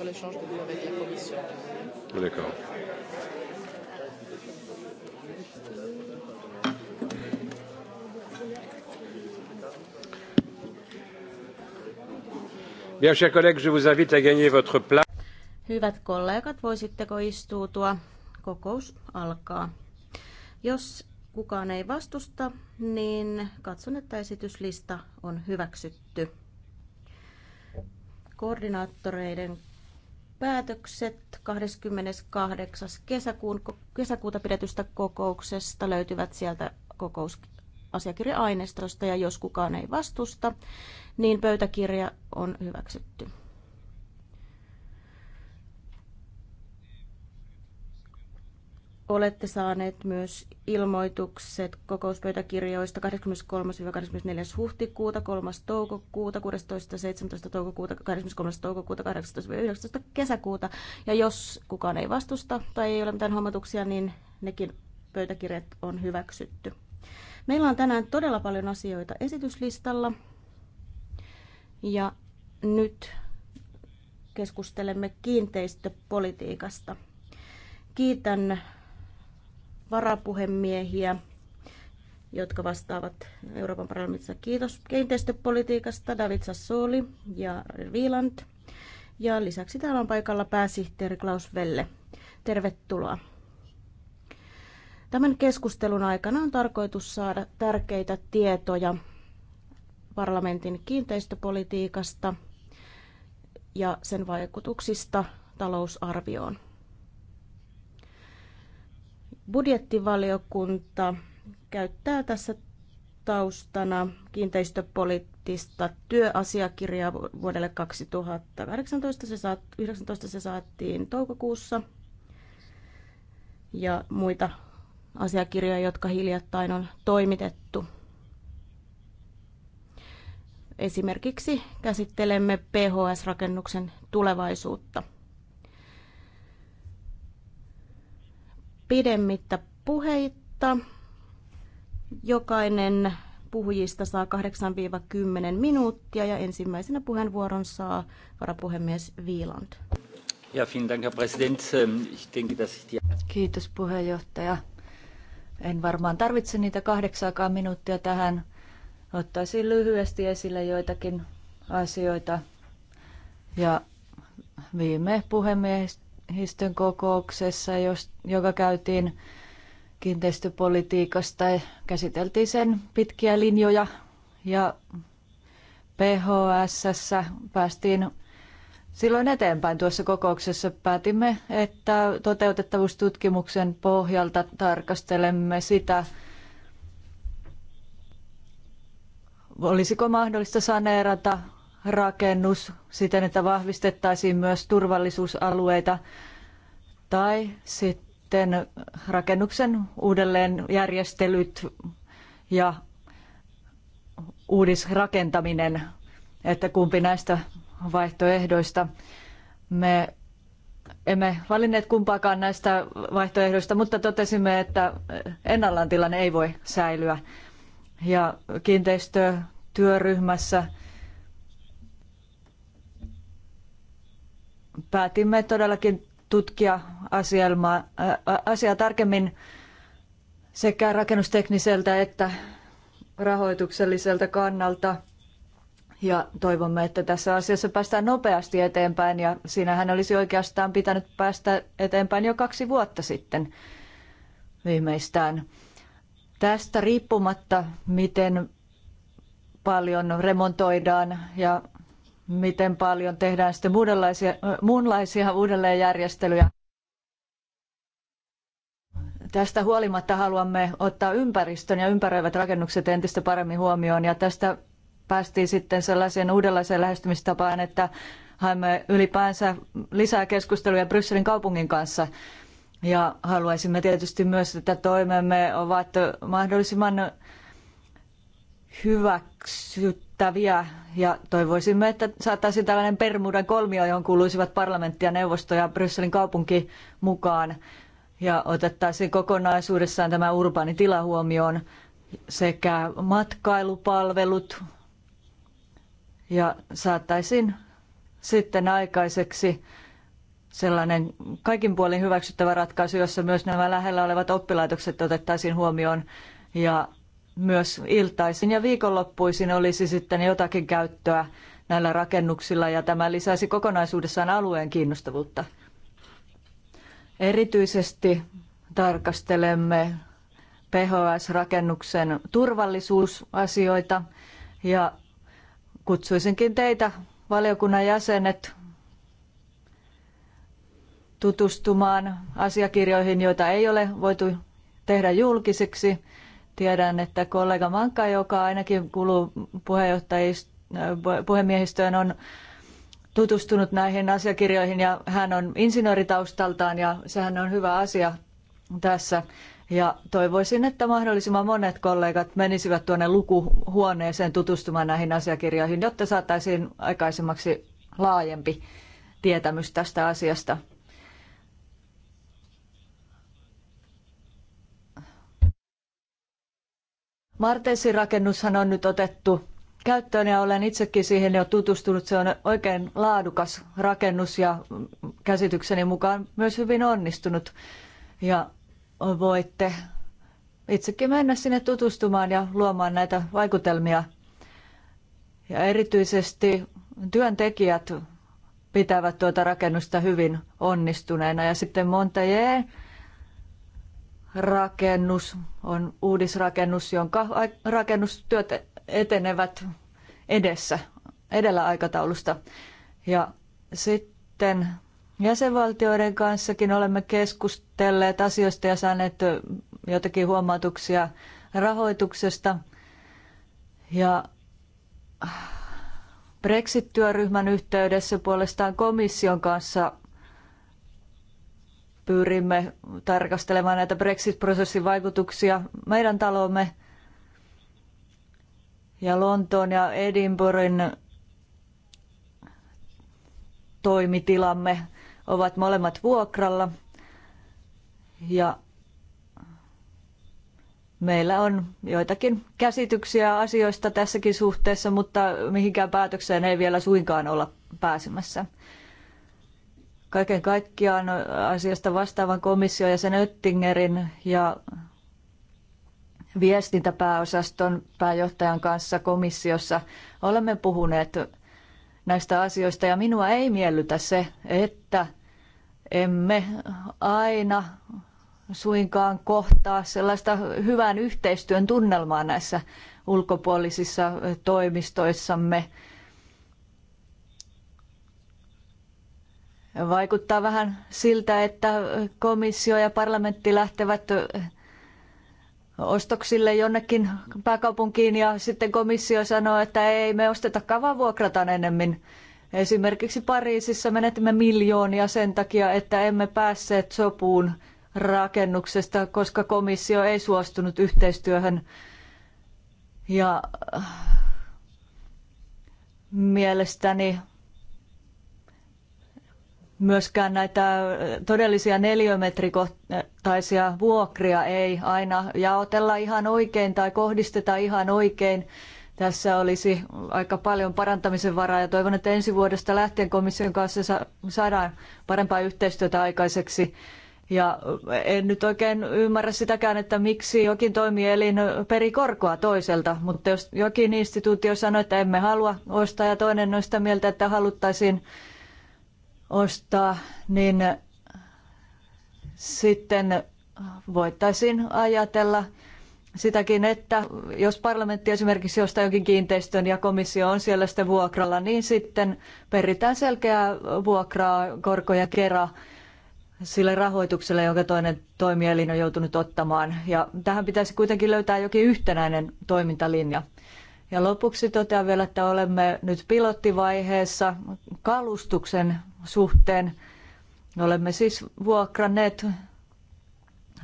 sur l'échange de vues avec la Commission. D'accord. Bien, chers collègues, je vous invite à gagner votre place. Hyvät kollegat, voisitteko istuutua? Kokous alkaa. Jos kukaan ei vastusta, niin katson, että esityslista on hyväksytty. Koordinaattoreiden Päätökset 28. Kesäkuun, kesäkuuta pidetystä kokouksesta löytyvät sieltä kokousasiakirja-aineistosta ja jos kukaan ei vastusta, niin pöytäkirja on hyväksytty. olette saaneet myös ilmoitukset kokouspöytäkirjoista 23-24. huhtikuuta, 3. toukokuuta, 16. 17. toukokuuta, 23. toukokuuta, 18. 19. kesäkuuta. Ja jos kukaan ei vastusta tai ei ole mitään huomautuksia, niin nekin pöytäkirjat on hyväksytty. Meillä on tänään todella paljon asioita esityslistalla. Ja nyt keskustelemme kiinteistöpolitiikasta. Kiitän varapuhemiehiä, jotka vastaavat Euroopan parlamentissa. Kiitos kiinteistöpolitiikasta David Sassoli ja Viland. Ja lisäksi täällä on paikalla pääsihteeri Klaus Velle. Tervetuloa. Tämän keskustelun aikana on tarkoitus saada tärkeitä tietoja parlamentin kiinteistöpolitiikasta ja sen vaikutuksista talousarvioon. Budjettivaliokunta käyttää tässä taustana kiinteistöpoliittista työasiakirjaa vuodelle 2018. Se, saat, 19 se saatiin toukokuussa ja muita asiakirjoja, jotka hiljattain on toimitettu. Esimerkiksi käsittelemme PHS-rakennuksen tulevaisuutta. pidemmittä puheitta. Jokainen puhujista saa 8-10 minuuttia ja ensimmäisenä puheenvuoron saa varapuhemies Viiland. Ja, Dank, Herr Präsident. Ähm, ich denke, dass ich die... Kiitos puheenjohtaja. En varmaan tarvitse niitä kahdeksaakaan minuuttia tähän. Ottaisin lyhyesti esille joitakin asioita. Ja viime puhemies Histo'n kokouksessa, joka käytiin kiinteistöpolitiikasta. Käsiteltiin sen pitkiä linjoja ja PHS:ssä päästiin silloin eteenpäin tuossa kokouksessa. Päätimme, että toteutettavuustutkimuksen pohjalta tarkastelemme sitä, olisiko mahdollista saneerata rakennus siten, että vahvistettaisiin myös turvallisuusalueita tai sitten rakennuksen uudelleenjärjestelyt ja uudisrakentaminen, että kumpi näistä vaihtoehdoista. Me emme valinneet kumpaakaan näistä vaihtoehdoista, mutta totesimme, että ennallaan tilanne ei voi säilyä. Ja kiinteistötyöryhmässä päätimme todellakin tutkia asiaa, asiaa tarkemmin sekä rakennustekniseltä että rahoitukselliselta kannalta. Ja toivomme, että tässä asiassa päästään nopeasti eteenpäin ja siinähän olisi oikeastaan pitänyt päästä eteenpäin jo kaksi vuotta sitten viimeistään. Tästä riippumatta, miten paljon remontoidaan ja miten paljon tehdään sitten muunlaisia, muunlaisia uudelleenjärjestelyjä. Tästä huolimatta haluamme ottaa ympäristön ja ympäröivät rakennukset entistä paremmin huomioon ja tästä päästiin sitten sellaiseen uudenlaiseen lähestymistapaan, että haemme ylipäänsä lisää keskusteluja Brysselin kaupungin kanssa. Ja haluaisimme tietysti myös, että toimemme ovat mahdollisimman hyväksyttyjä merkittäviä ja toivoisimme, että saataisiin tällainen Permudan kolmio, johon kuuluisivat parlamentti ja neuvosto ja Brysselin kaupunki mukaan ja otettaisiin kokonaisuudessaan tämä urbaani tila huomioon sekä matkailupalvelut ja saataisiin sitten aikaiseksi sellainen kaikin puolin hyväksyttävä ratkaisu, jossa myös nämä lähellä olevat oppilaitokset otettaisiin huomioon ja myös iltaisin ja viikonloppuisin olisi sitten jotakin käyttöä näillä rakennuksilla ja tämä lisäisi kokonaisuudessaan alueen kiinnostavuutta. Erityisesti tarkastelemme PHS-rakennuksen turvallisuusasioita ja kutsuisinkin teitä valiokunnan jäsenet tutustumaan asiakirjoihin, joita ei ole voitu tehdä julkisiksi Tiedän, että kollega Mankka, joka ainakin kuuluu äh, puhemiehistöön, on tutustunut näihin asiakirjoihin ja hän on insinööritaustaltaan ja sehän on hyvä asia tässä. Ja toivoisin, että mahdollisimman monet kollegat menisivät tuonne lukuhuoneeseen tutustumaan näihin asiakirjoihin, jotta saataisiin aikaisemmaksi laajempi tietämys tästä asiasta. Martesin rakennushan on nyt otettu käyttöön ja olen itsekin siihen jo tutustunut. Se on oikein laadukas rakennus ja käsitykseni mukaan myös hyvin onnistunut. Ja voitte itsekin mennä sinne tutustumaan ja luomaan näitä vaikutelmia. Ja erityisesti työntekijät pitävät tuota rakennusta hyvin onnistuneena. Ja sitten Montaigne rakennus on uudisrakennus, jonka rakennustyöt etenevät edessä, edellä aikataulusta. Ja sitten jäsenvaltioiden kanssakin olemme keskustelleet asioista ja saaneet jotakin huomautuksia rahoituksesta. Ja Brexit-työryhmän yhteydessä puolestaan komission kanssa pyrimme tarkastelemaan näitä Brexit-prosessin vaikutuksia meidän talomme ja Lontoon ja Edinburghin toimitilamme ovat molemmat vuokralla ja meillä on joitakin käsityksiä asioista tässäkin suhteessa, mutta mihinkään päätökseen ei vielä suinkaan olla pääsemässä. Kaiken kaikkiaan asiasta vastaavan komission ja sen Öttingerin ja viestintäpääosaston pääjohtajan kanssa komissiossa olemme puhuneet näistä asioista ja minua ei miellytä se, että emme aina suinkaan kohtaa sellaista hyvän yhteistyön tunnelmaa näissä ulkopuolisissa toimistoissamme Vaikuttaa vähän siltä, että komissio ja parlamentti lähtevät ostoksille jonnekin pääkaupunkiin ja sitten komissio sanoo, että ei me ostetakaan vaan vuokrataan ennemmin. Esimerkiksi Pariisissa menetimme miljoonia sen takia, että emme päässeet sopuun rakennuksesta, koska komissio ei suostunut yhteistyöhön. Ja äh, mielestäni myöskään näitä todellisia neliömetrikohtaisia vuokria ei aina jaotella ihan oikein tai kohdisteta ihan oikein. Tässä olisi aika paljon parantamisen varaa ja toivon, että ensi vuodesta lähtien komission kanssa saadaan parempaa yhteistyötä aikaiseksi. Ja en nyt oikein ymmärrä sitäkään, että miksi jokin toimielin peri korkoa toiselta, mutta jos jokin instituutio sanoo, että emme halua ostaa ja toinen on sitä mieltä, että haluttaisiin ostaa, niin sitten voitaisiin ajatella sitäkin, että jos parlamentti esimerkiksi ostaa jokin kiinteistön ja komissio on siellä sitten vuokralla, niin sitten peritään selkeää vuokraa korkoja kera sille rahoitukselle, jonka toinen toimielin on joutunut ottamaan. Ja tähän pitäisi kuitenkin löytää jokin yhtenäinen toimintalinja. Ja lopuksi totean vielä, että olemme nyt pilottivaiheessa kalustuksen suhteen. Olemme siis vuokranneet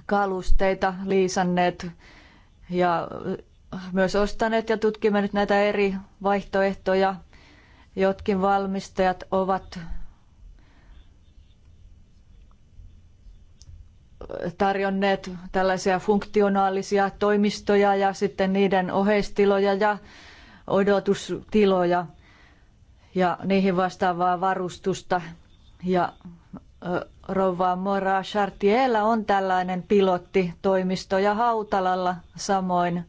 kalusteita, liisanneet ja myös ostaneet ja tutkimme nyt näitä eri vaihtoehtoja. Jotkin valmistajat ovat tarjonneet tällaisia funktionaalisia toimistoja ja sitten niiden oheistiloja ja odotustiloja ja niihin vastaavaa varustusta. Ja Rova Mora Chartierllä on tällainen pilottitoimisto ja Hautalalla samoin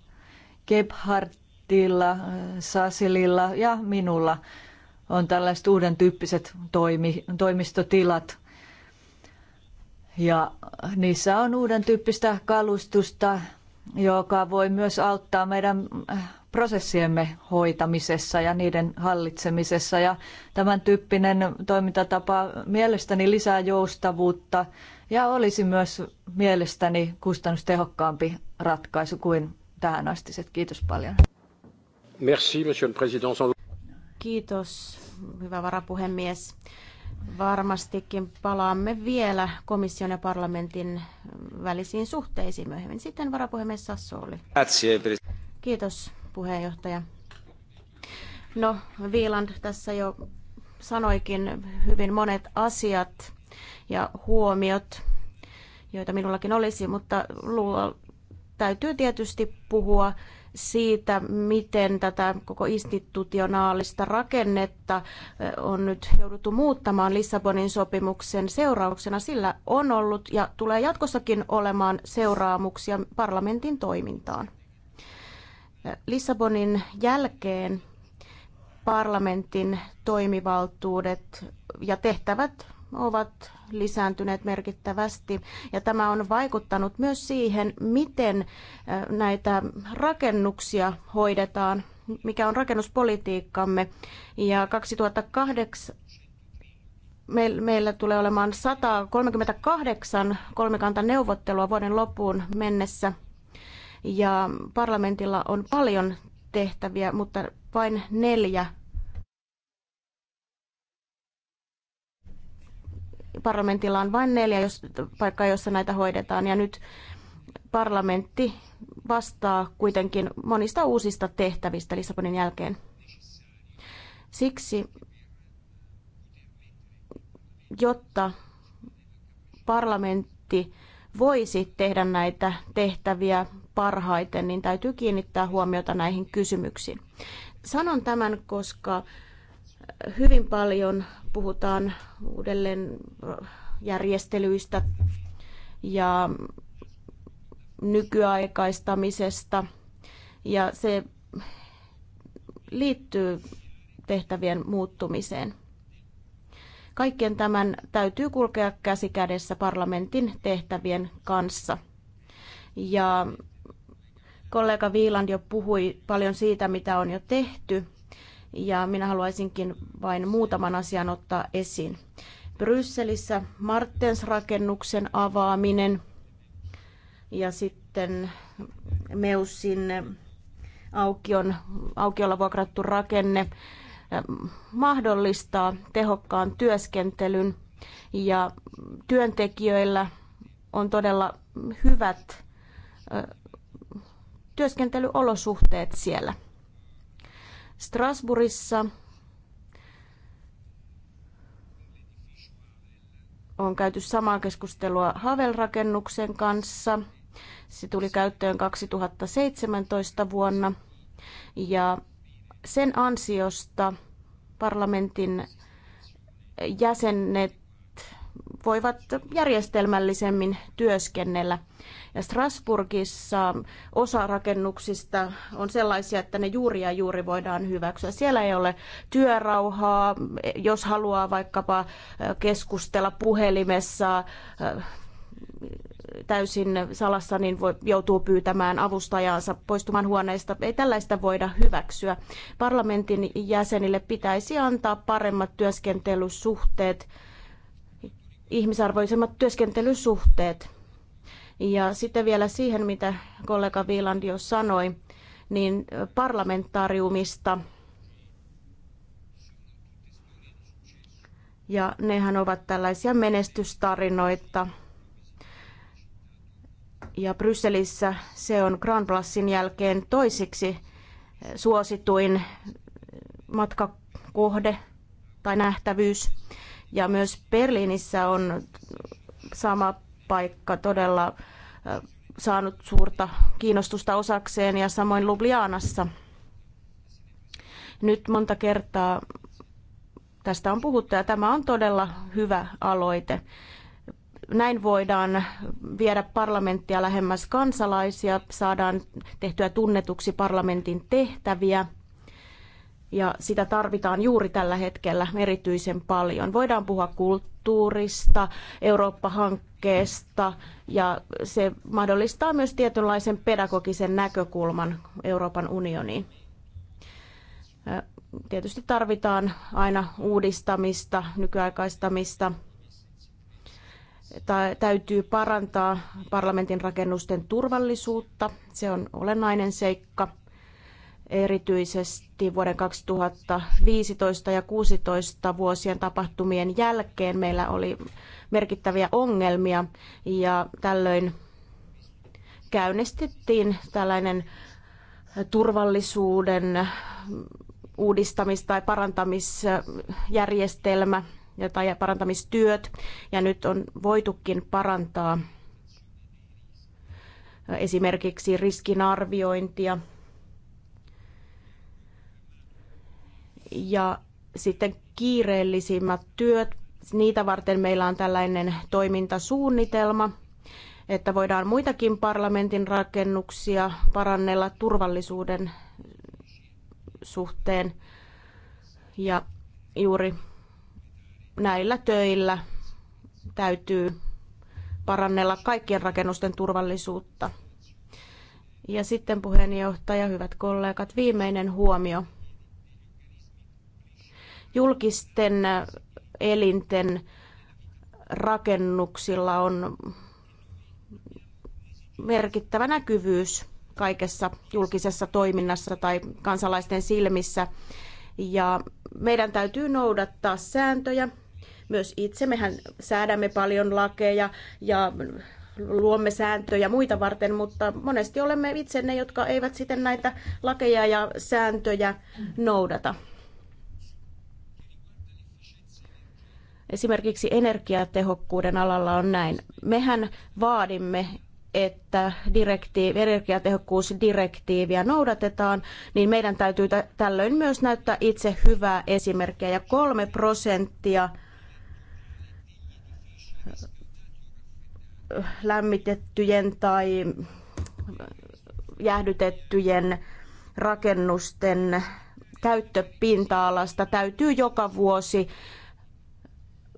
Gebhardtilla, Sasililla ja minulla on tällaiset uuden tyyppiset toimi, toimistotilat. Ja niissä on uuden tyyppistä kalustusta, joka voi myös auttaa meidän prosessiemme hoitamisessa ja niiden hallitsemisessa. Ja tämän tyyppinen toimintatapa mielestäni lisää joustavuutta ja olisi myös mielestäni kustannustehokkaampi ratkaisu kuin tähän astiset. Kiitos paljon. Merci, monsieur le président. Kiitos, hyvä varapuhemies. Varmastikin palaamme vielä komission ja parlamentin välisiin suhteisiin myöhemmin. Sitten varapuhemies Sassoli. Kiitos puheenjohtaja. No, Viiland tässä jo sanoikin hyvin monet asiat ja huomiot, joita minullakin olisi, mutta täytyy tietysti puhua siitä, miten tätä koko institutionaalista rakennetta on nyt jouduttu muuttamaan Lissabonin sopimuksen seurauksena. Sillä on ollut ja tulee jatkossakin olemaan seuraamuksia parlamentin toimintaan. Lissabonin jälkeen parlamentin toimivaltuudet ja tehtävät ovat lisääntyneet merkittävästi ja tämä on vaikuttanut myös siihen, miten äh, näitä rakennuksia hoidetaan, mikä on rakennuspolitiikkamme. Ja 2008 meillä tulee olemaan 138 kolmikanta neuvottelua vuoden loppuun mennessä – ja parlamentilla on paljon tehtäviä, mutta vain neljä parlamentilla on vain neljä jos, paikkaa, jossa näitä hoidetaan. Ja nyt parlamentti vastaa kuitenkin monista uusista tehtävistä Lissabonin jälkeen. Siksi, jotta parlamentti voisi tehdä näitä tehtäviä parhaiten, niin täytyy kiinnittää huomiota näihin kysymyksiin. Sanon tämän, koska hyvin paljon puhutaan uudelleen järjestelyistä ja nykyaikaistamisesta ja se liittyy tehtävien muuttumiseen. Kaikkien tämän täytyy kulkea käsi kädessä parlamentin tehtävien kanssa. Ja Kollega Viiland jo puhui paljon siitä, mitä on jo tehty, ja minä haluaisinkin vain muutaman asian ottaa esiin. Brysselissä Martens-rakennuksen avaaminen ja sitten Meussin aukion, aukiolla vuokrattu rakenne eh, mahdollistaa tehokkaan työskentelyn ja työntekijöillä on todella hyvät eh, työskentelyolosuhteet siellä. Strasbourgissa on käyty samaa keskustelua Havel-rakennuksen kanssa. Se tuli käyttöön 2017 vuonna ja sen ansiosta parlamentin jäsenet voivat järjestelmällisemmin työskennellä. Ja Strasburgissa osa rakennuksista on sellaisia, että ne juuri ja juuri voidaan hyväksyä. Siellä ei ole työrauhaa, jos haluaa vaikkapa keskustella puhelimessa täysin salassa, niin voi, joutuu pyytämään avustajaansa poistumaan huoneesta. Ei tällaista voida hyväksyä. Parlamentin jäsenille pitäisi antaa paremmat työskentelysuhteet ihmisarvoisemmat työskentelysuhteet. Ja sitten vielä siihen, mitä kollega Viiland jo sanoi, niin parlamentaariumista. Ja nehän ovat tällaisia menestystarinoita. Ja Brysselissä se on Grand Plassin jälkeen toisiksi suosituin matkakohde tai nähtävyys. Ja myös Berliinissä on sama paikka todella saanut suurta kiinnostusta osakseen ja samoin Ljubljanassa. Nyt monta kertaa tästä on puhuttu ja tämä on todella hyvä aloite. Näin voidaan viedä parlamenttia lähemmäs kansalaisia, saadaan tehtyä tunnetuksi parlamentin tehtäviä – ja sitä tarvitaan juuri tällä hetkellä erityisen paljon. Voidaan puhua kulttuurista, Eurooppa-hankkeesta ja se mahdollistaa myös tietynlaisen pedagogisen näkökulman Euroopan unioniin. Tietysti tarvitaan aina uudistamista, nykyaikaistamista. Täytyy parantaa parlamentin rakennusten turvallisuutta. Se on olennainen seikka erityisesti vuoden 2015 ja 2016 vuosien tapahtumien jälkeen meillä oli merkittäviä ongelmia ja tällöin käynnistettiin tällainen turvallisuuden uudistamis- tai parantamisjärjestelmä tai parantamistyöt ja nyt on voitukin parantaa esimerkiksi riskinarviointia Ja sitten kiireellisimmät työt, niitä varten meillä on tällainen toimintasuunnitelma, että voidaan muitakin parlamentin rakennuksia parannella turvallisuuden suhteen. Ja juuri näillä töillä täytyy parannella kaikkien rakennusten turvallisuutta. Ja sitten puheenjohtaja, hyvät kollegat, viimeinen huomio – Julkisten elinten rakennuksilla on merkittävä näkyvyys kaikessa julkisessa toiminnassa tai kansalaisten silmissä. Ja meidän täytyy noudattaa sääntöjä myös itse. Mehän säädämme paljon lakeja ja luomme sääntöjä muita varten, mutta monesti olemme itse ne, jotka eivät sitten näitä lakeja ja sääntöjä noudata. Esimerkiksi energiatehokkuuden alalla on näin. Mehän vaadimme että direktiivi, energiatehokkuusdirektiiviä noudatetaan, niin meidän täytyy tällöin myös näyttää itse hyvää esimerkkiä. Ja kolme prosenttia lämmitettyjen tai jäähdytettyjen rakennusten käyttöpinta-alasta täytyy joka vuosi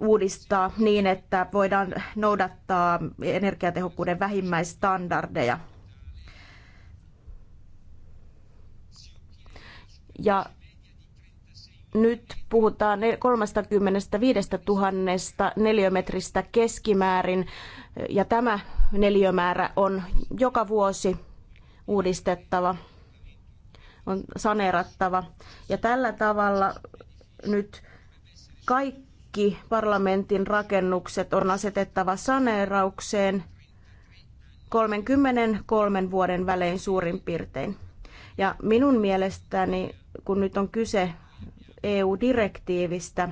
uudistaa niin, että voidaan noudattaa energiatehokkuuden vähimmäistandardeja. Ja nyt puhutaan 35 000 neliömetristä keskimäärin, ja tämä neliömäärä on joka vuosi uudistettava, on saneerattava. Ja tällä tavalla nyt kaikki kaikki parlamentin rakennukset on asetettava saneeraukseen 33 vuoden välein suurin piirtein. Ja minun mielestäni, kun nyt on kyse EU-direktiivistä,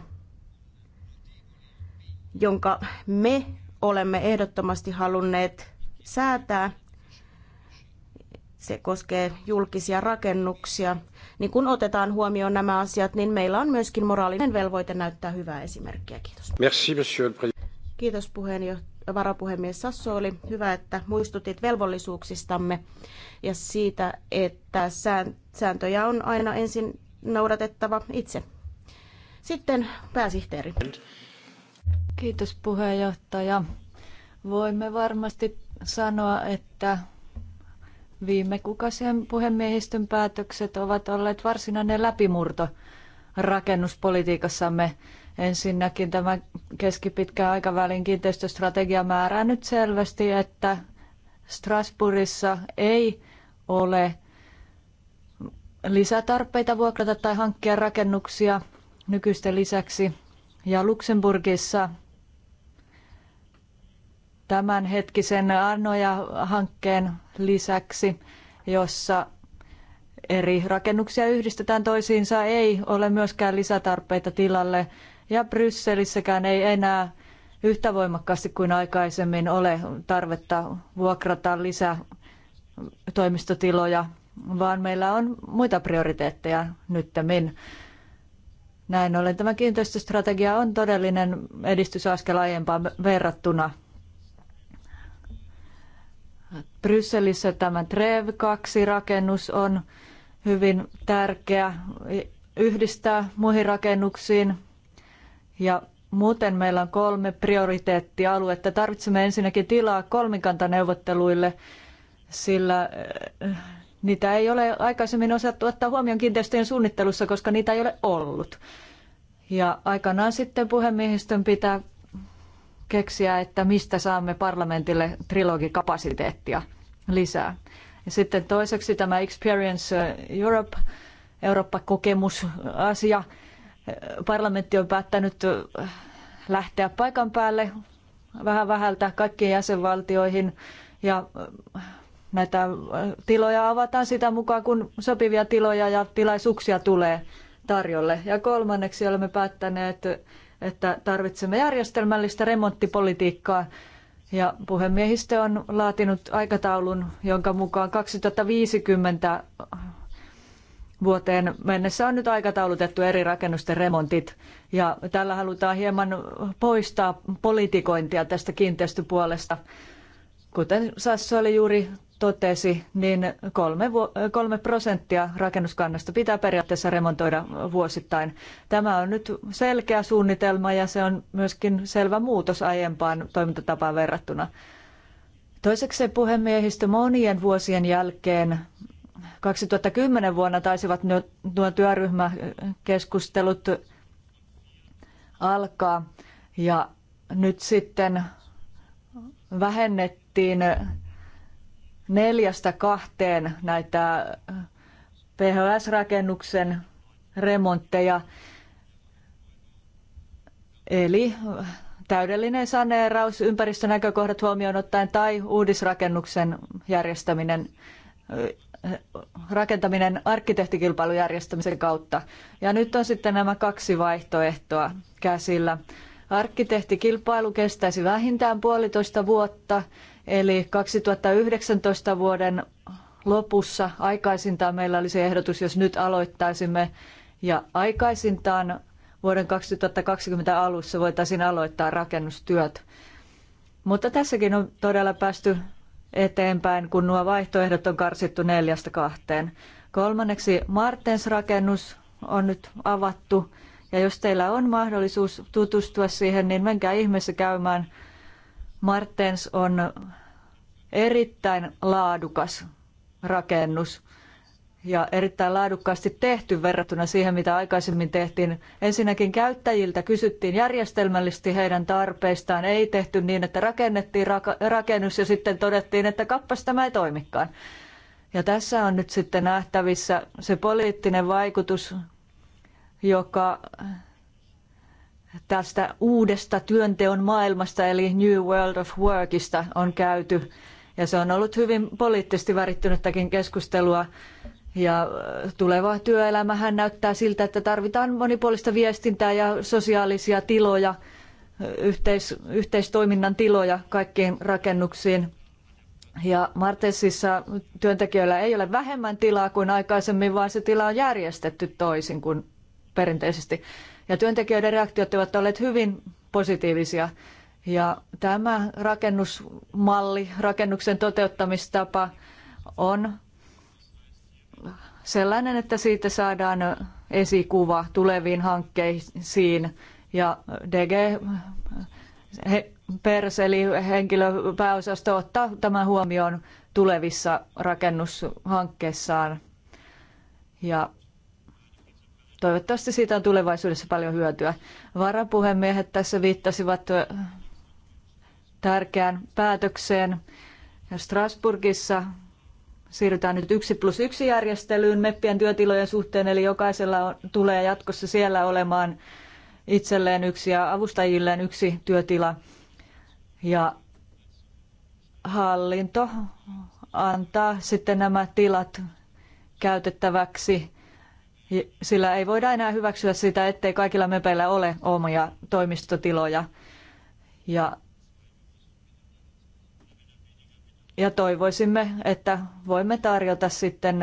jonka me olemme ehdottomasti halunneet säätää, se koskee julkisia rakennuksia, niin kun otetaan huomioon nämä asiat, niin meillä on myöskin moraalinen velvoite näyttää hyvää esimerkkiä. Kiitos. Merci, monsieur Kiitos puheenjohtaja, varapuhemies Sasso. Oli Hyvä, että muistutit velvollisuuksistamme ja siitä, että sääntöjä on aina ensin noudatettava itse. Sitten pääsihteeri. Kiitos puheenjohtaja. Voimme varmasti sanoa, että Viime kukaisen puhemiehistön päätökset ovat olleet varsinainen läpimurto rakennuspolitiikassamme. Ensinnäkin tämä keskipitkän aikavälin kiinteistöstrategia määrää nyt selvästi, että Strasbourgissa ei ole lisätarpeita vuokrata tai hankkia rakennuksia nykyisten lisäksi. Ja Luxemburgissa tämänhetkisen Arnoja-hankkeen lisäksi, jossa eri rakennuksia yhdistetään toisiinsa, ei ole myöskään lisätarpeita tilalle ja Brysselissäkään ei enää yhtä voimakkaasti kuin aikaisemmin ole tarvetta vuokrata lisää toimistotiloja, vaan meillä on muita prioriteetteja nyttemmin. Näin ollen tämä kiinteistöstrategia on todellinen edistysaskel aiempaan verrattuna – Brysselissä tämä TREV-2-rakennus on hyvin tärkeä yhdistää muihin rakennuksiin. Ja muuten meillä on kolme prioriteettialuetta. Tarvitsemme ensinnäkin tilaa kolmikantaneuvotteluille, sillä eh, niitä ei ole aikaisemmin osattu ottaa huomioon kiinteistöjen suunnittelussa, koska niitä ei ole ollut. Ja aikanaan sitten puhemiehistön pitää keksiä, että mistä saamme parlamentille trilogikapasiteettia lisää. Ja sitten toiseksi tämä Experience Europe, Eurooppa-kokemusasia. Parlamentti on päättänyt lähteä paikan päälle vähän vähältä kaikkiin jäsenvaltioihin ja näitä tiloja avataan sitä mukaan, kun sopivia tiloja ja tilaisuuksia tulee tarjolle. Ja kolmanneksi olemme päättäneet että tarvitsemme järjestelmällistä remonttipolitiikkaa. Ja puhemiehistö on laatinut aikataulun, jonka mukaan 2050 vuoteen mennessä on nyt aikataulutettu eri rakennusten remontit. Ja tällä halutaan hieman poistaa politikointia tästä kiinteistöpuolesta. Kuten Sassu oli juuri totesi, niin kolme, kolme prosenttia rakennuskannasta pitää periaatteessa remontoida vuosittain. Tämä on nyt selkeä suunnitelma ja se on myöskin selvä muutos aiempaan toimintatapaan verrattuna. Toiseksi puhemiehistö monien vuosien jälkeen 2010 vuonna taisivat nuo työryhmäkeskustelut alkaa ja nyt sitten vähennettiin neljästä kahteen näitä äh, PHS-rakennuksen remontteja. Eli äh, täydellinen saneeraus, ympäristönäkökohdat huomioon ottaen tai uudisrakennuksen järjestäminen äh, rakentaminen arkkitehtikilpailujärjestämisen kautta. Ja nyt on sitten nämä kaksi vaihtoehtoa käsillä. Arkkitehtikilpailu kestäisi vähintään puolitoista vuotta Eli 2019 vuoden lopussa aikaisintaan meillä oli se ehdotus, jos nyt aloittaisimme, ja aikaisintaan vuoden 2020 alussa voitaisiin aloittaa rakennustyöt. Mutta tässäkin on todella päästy eteenpäin, kun nuo vaihtoehdot on karsittu neljästä kahteen. Kolmanneksi Martens-rakennus on nyt avattu, ja jos teillä on mahdollisuus tutustua siihen, niin menkää ihmeessä käymään – Martens on erittäin laadukas rakennus ja erittäin laadukkaasti tehty verrattuna siihen, mitä aikaisemmin tehtiin. Ensinnäkin käyttäjiltä kysyttiin järjestelmällisesti heidän tarpeistaan. Ei tehty niin, että rakennettiin rakennus ja sitten todettiin, että kappas tämä ei toimikaan. Ja tässä on nyt sitten nähtävissä se poliittinen vaikutus, joka tästä uudesta työnteon maailmasta eli New World of Workista on käyty. Ja se on ollut hyvin poliittisesti värittynyttäkin keskustelua. Ja tuleva työelämähän näyttää siltä, että tarvitaan monipuolista viestintää ja sosiaalisia tiloja, yhteis, yhteistoiminnan tiloja kaikkiin rakennuksiin. Ja Martessissa työntekijöillä ei ole vähemmän tilaa kuin aikaisemmin, vaan se tila on järjestetty toisin kuin perinteisesti. Ja työntekijöiden reaktiot ovat olleet hyvin positiivisia. Ja tämä rakennusmalli, rakennuksen toteuttamistapa on sellainen, että siitä saadaan esikuva tuleviin hankkeisiin. Ja DG PERS eli henkilöpääosasto ottaa tämän huomioon tulevissa rakennushankkeissaan. Ja Toivottavasti siitä on tulevaisuudessa paljon hyötyä. Varapuhemiehet tässä viittasivat tärkeään päätökseen. Strasbourgissa siirrytään nyt yksi plus yksi järjestelyyn meppien työtilojen suhteen, eli jokaisella on, tulee jatkossa siellä olemaan itselleen yksi ja avustajilleen yksi työtila. Ja hallinto antaa sitten nämä tilat käytettäväksi sillä ei voida enää hyväksyä sitä, ettei kaikilla mepeillä ole omia toimistotiloja. Ja, ja toivoisimme, että voimme tarjota sitten,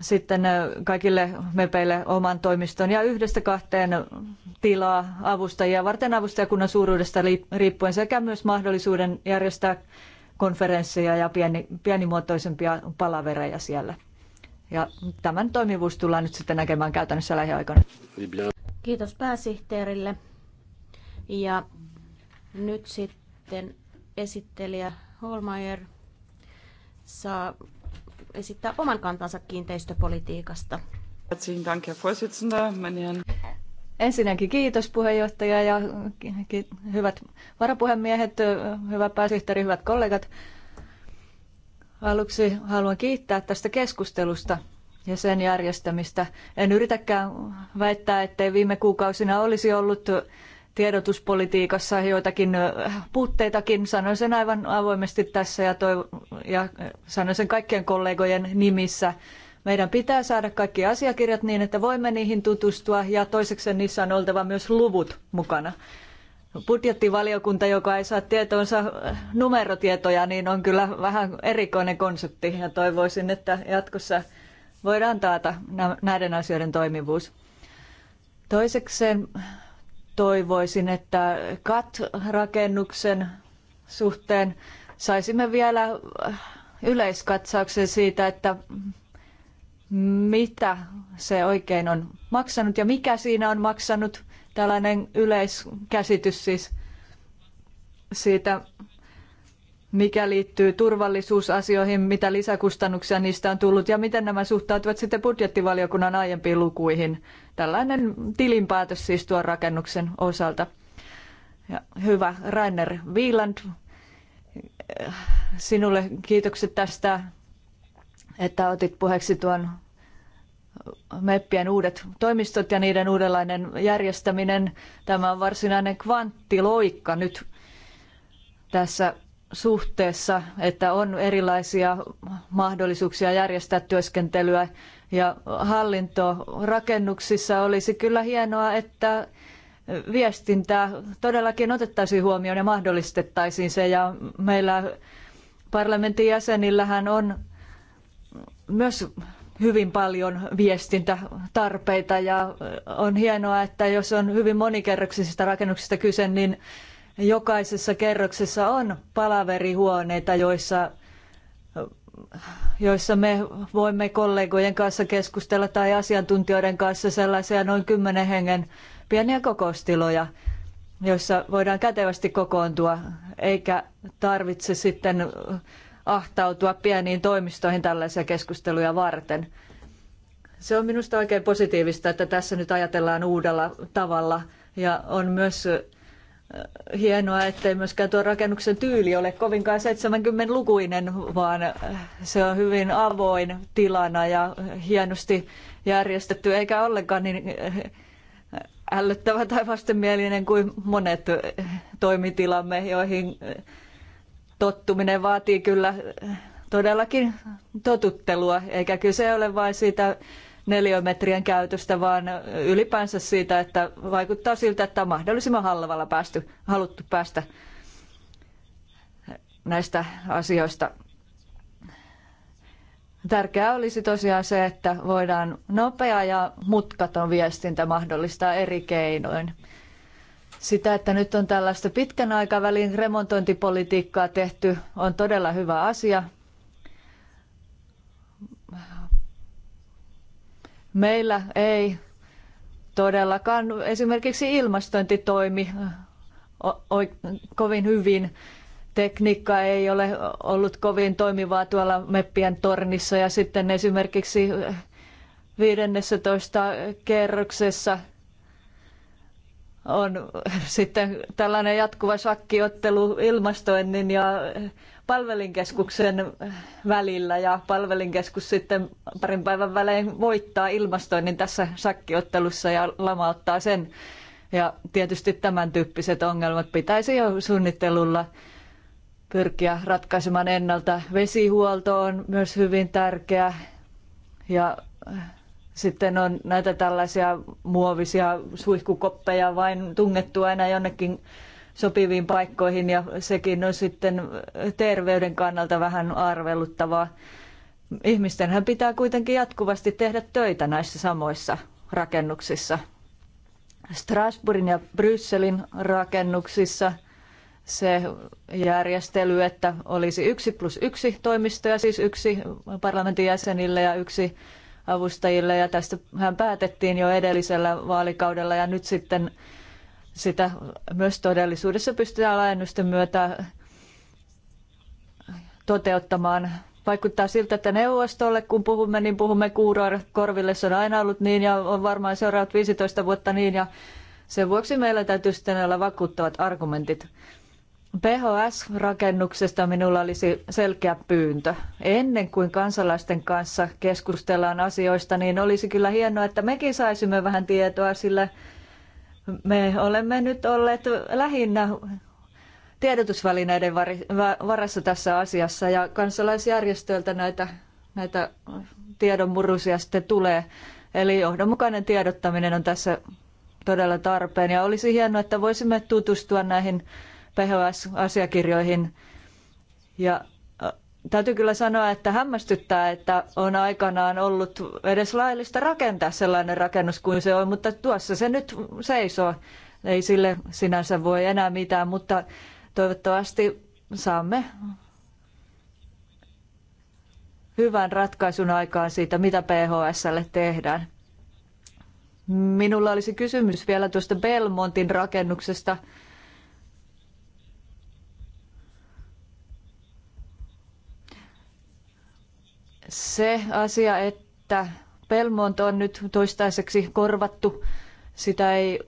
sitten kaikille mepeille oman toimiston ja yhdestä kahteen tilaa avustajia varten avustajakunnan suuruudesta riippuen sekä myös mahdollisuuden järjestää konferensseja ja pieni, pienimuotoisempia palavereja siellä. Ja tämän toimivuus tullaan nyt sitten näkemään käytännössä lähiaikoina. Kiitos pääsihteerille. Ja nyt sitten esittelijä Holmeier saa esittää oman kantansa kiinteistöpolitiikasta. Ensinnäkin kiitos puheenjohtaja ja hyvät varapuhemiehet, hyvä pääsihteeri, hyvät kollegat. Aluksi haluan kiittää tästä keskustelusta ja sen järjestämistä. En yritäkään väittää, ettei viime kuukausina olisi ollut tiedotuspolitiikassa joitakin äh, puutteitakin. Sanoin sen aivan avoimesti tässä ja, toiv- ja äh, sanoin sen kaikkien kollegojen nimissä. Meidän pitää saada kaikki asiakirjat niin, että voimme niihin tutustua ja toiseksi niissä on oltava myös luvut mukana budjettivaliokunta, joka ei saa tietoonsa äh, numerotietoja, niin on kyllä vähän erikoinen konsepti ja toivoisin, että jatkossa voidaan taata näiden asioiden toimivuus. Toisekseen toivoisin, että CAT-rakennuksen suhteen saisimme vielä äh, yleiskatsauksen siitä, että mitä se oikein on maksanut ja mikä siinä on maksanut – tällainen yleiskäsitys siis siitä, mikä liittyy turvallisuusasioihin, mitä lisäkustannuksia niistä on tullut ja miten nämä suhtautuvat sitten budjettivaliokunnan aiempiin lukuihin. Tällainen tilinpäätös siis tuon rakennuksen osalta. Ja hyvä Rainer Wieland, sinulle kiitokset tästä, että otit puheeksi tuon meppien uudet toimistot ja niiden uudenlainen järjestäminen. Tämä on varsinainen kvanttiloikka nyt tässä suhteessa, että on erilaisia mahdollisuuksia järjestää työskentelyä ja hallinto rakennuksissa olisi kyllä hienoa, että viestintää todellakin otettaisiin huomioon ja mahdollistettaisiin se. Ja meillä parlamentin jäsenillähän on myös hyvin paljon viestintätarpeita ja on hienoa, että jos on hyvin monikerroksisista rakennuksista kyse, niin jokaisessa kerroksessa on palaverihuoneita, joissa, joissa me voimme kollegojen kanssa keskustella tai asiantuntijoiden kanssa sellaisia noin kymmenen hengen pieniä kokoustiloja, joissa voidaan kätevästi kokoontua, eikä tarvitse sitten ahtautua pieniin toimistoihin tällaisia keskusteluja varten. Se on minusta oikein positiivista, että tässä nyt ajatellaan uudella tavalla ja on myös hienoa, ettei myöskään tuo rakennuksen tyyli ole kovinkaan 70-lukuinen, vaan se on hyvin avoin tilana ja hienosti järjestetty, eikä ollenkaan niin ällöttävä tai vastenmielinen kuin monet toimitilamme, joihin tottuminen vaatii kyllä eh, todellakin totuttelua, eikä kyse ole vain siitä neliömetrien käytöstä, vaan ylipäänsä siitä, että vaikuttaa siltä, että on mahdollisimman halvalla päästy, haluttu päästä näistä asioista. Tärkeää olisi tosiaan se, että voidaan nopea ja mutkaton viestintä mahdollistaa eri keinoin. Sitä, että nyt on tällaista pitkän aikavälin remontointipolitiikkaa tehty, on todella hyvä asia. Meillä ei todellakaan esimerkiksi ilmastointi toimi kovin hyvin. Tekniikka ei ole ollut kovin toimivaa tuolla Meppien tornissa ja sitten esimerkiksi 15 kerroksessa on sitten tällainen jatkuva shakkiottelu ilmastoinnin ja palvelinkeskuksen välillä ja palvelinkeskus sitten parin päivän välein voittaa ilmastoinnin tässä shakkiottelussa ja lamauttaa sen. Ja tietysti tämän tyyppiset ongelmat pitäisi jo suunnittelulla pyrkiä ratkaisemaan ennalta. Vesihuolto on myös hyvin tärkeä ja sitten on näitä tällaisia muovisia suihkukoppeja vain tungettu aina jonnekin sopiviin paikkoihin ja sekin on sitten terveyden kannalta vähän arveluttavaa. Ihmistenhän pitää kuitenkin jatkuvasti tehdä töitä näissä samoissa rakennuksissa. Strasbourgin ja Brysselin rakennuksissa se järjestely, että olisi yksi plus yksi toimistoja, siis yksi parlamentin jäsenille ja yksi avustajille ja tästähän päätettiin jo edellisellä vaalikaudella ja nyt sitten sitä myös todellisuudessa pystytään laajennusten myötä toteuttamaan. Vaikuttaa siltä, että neuvostolle kun puhumme, niin puhumme korville, Se on aina ollut niin ja on varmaan seuraavat 15 vuotta niin ja sen vuoksi meillä täytyy sitten olla vakuuttavat argumentit. BHS-rakennuksesta minulla olisi selkeä pyyntö. Ennen kuin kansalaisten kanssa keskustellaan asioista, niin olisi kyllä hienoa, että mekin saisimme vähän tietoa, sillä me olemme nyt olleet lähinnä tiedotusvälineiden varassa tässä asiassa ja kansalaisjärjestöiltä näitä, näitä tiedonmurusia sitten tulee. Eli johdonmukainen tiedottaminen on tässä todella tarpeen ja olisi hienoa, että voisimme tutustua näihin PHS-asiakirjoihin. Ja täytyy kyllä sanoa, että hämmästyttää, että on aikanaan ollut edes laillista rakentaa sellainen rakennus kuin se on, mutta tuossa se nyt seisoo. Ei sille sinänsä voi enää mitään, mutta toivottavasti saamme hyvän ratkaisun aikaan siitä, mitä PHSlle tehdään. Minulla olisi kysymys vielä tuosta Belmontin rakennuksesta. se asia, että Pelmont on nyt toistaiseksi korvattu, sitä ei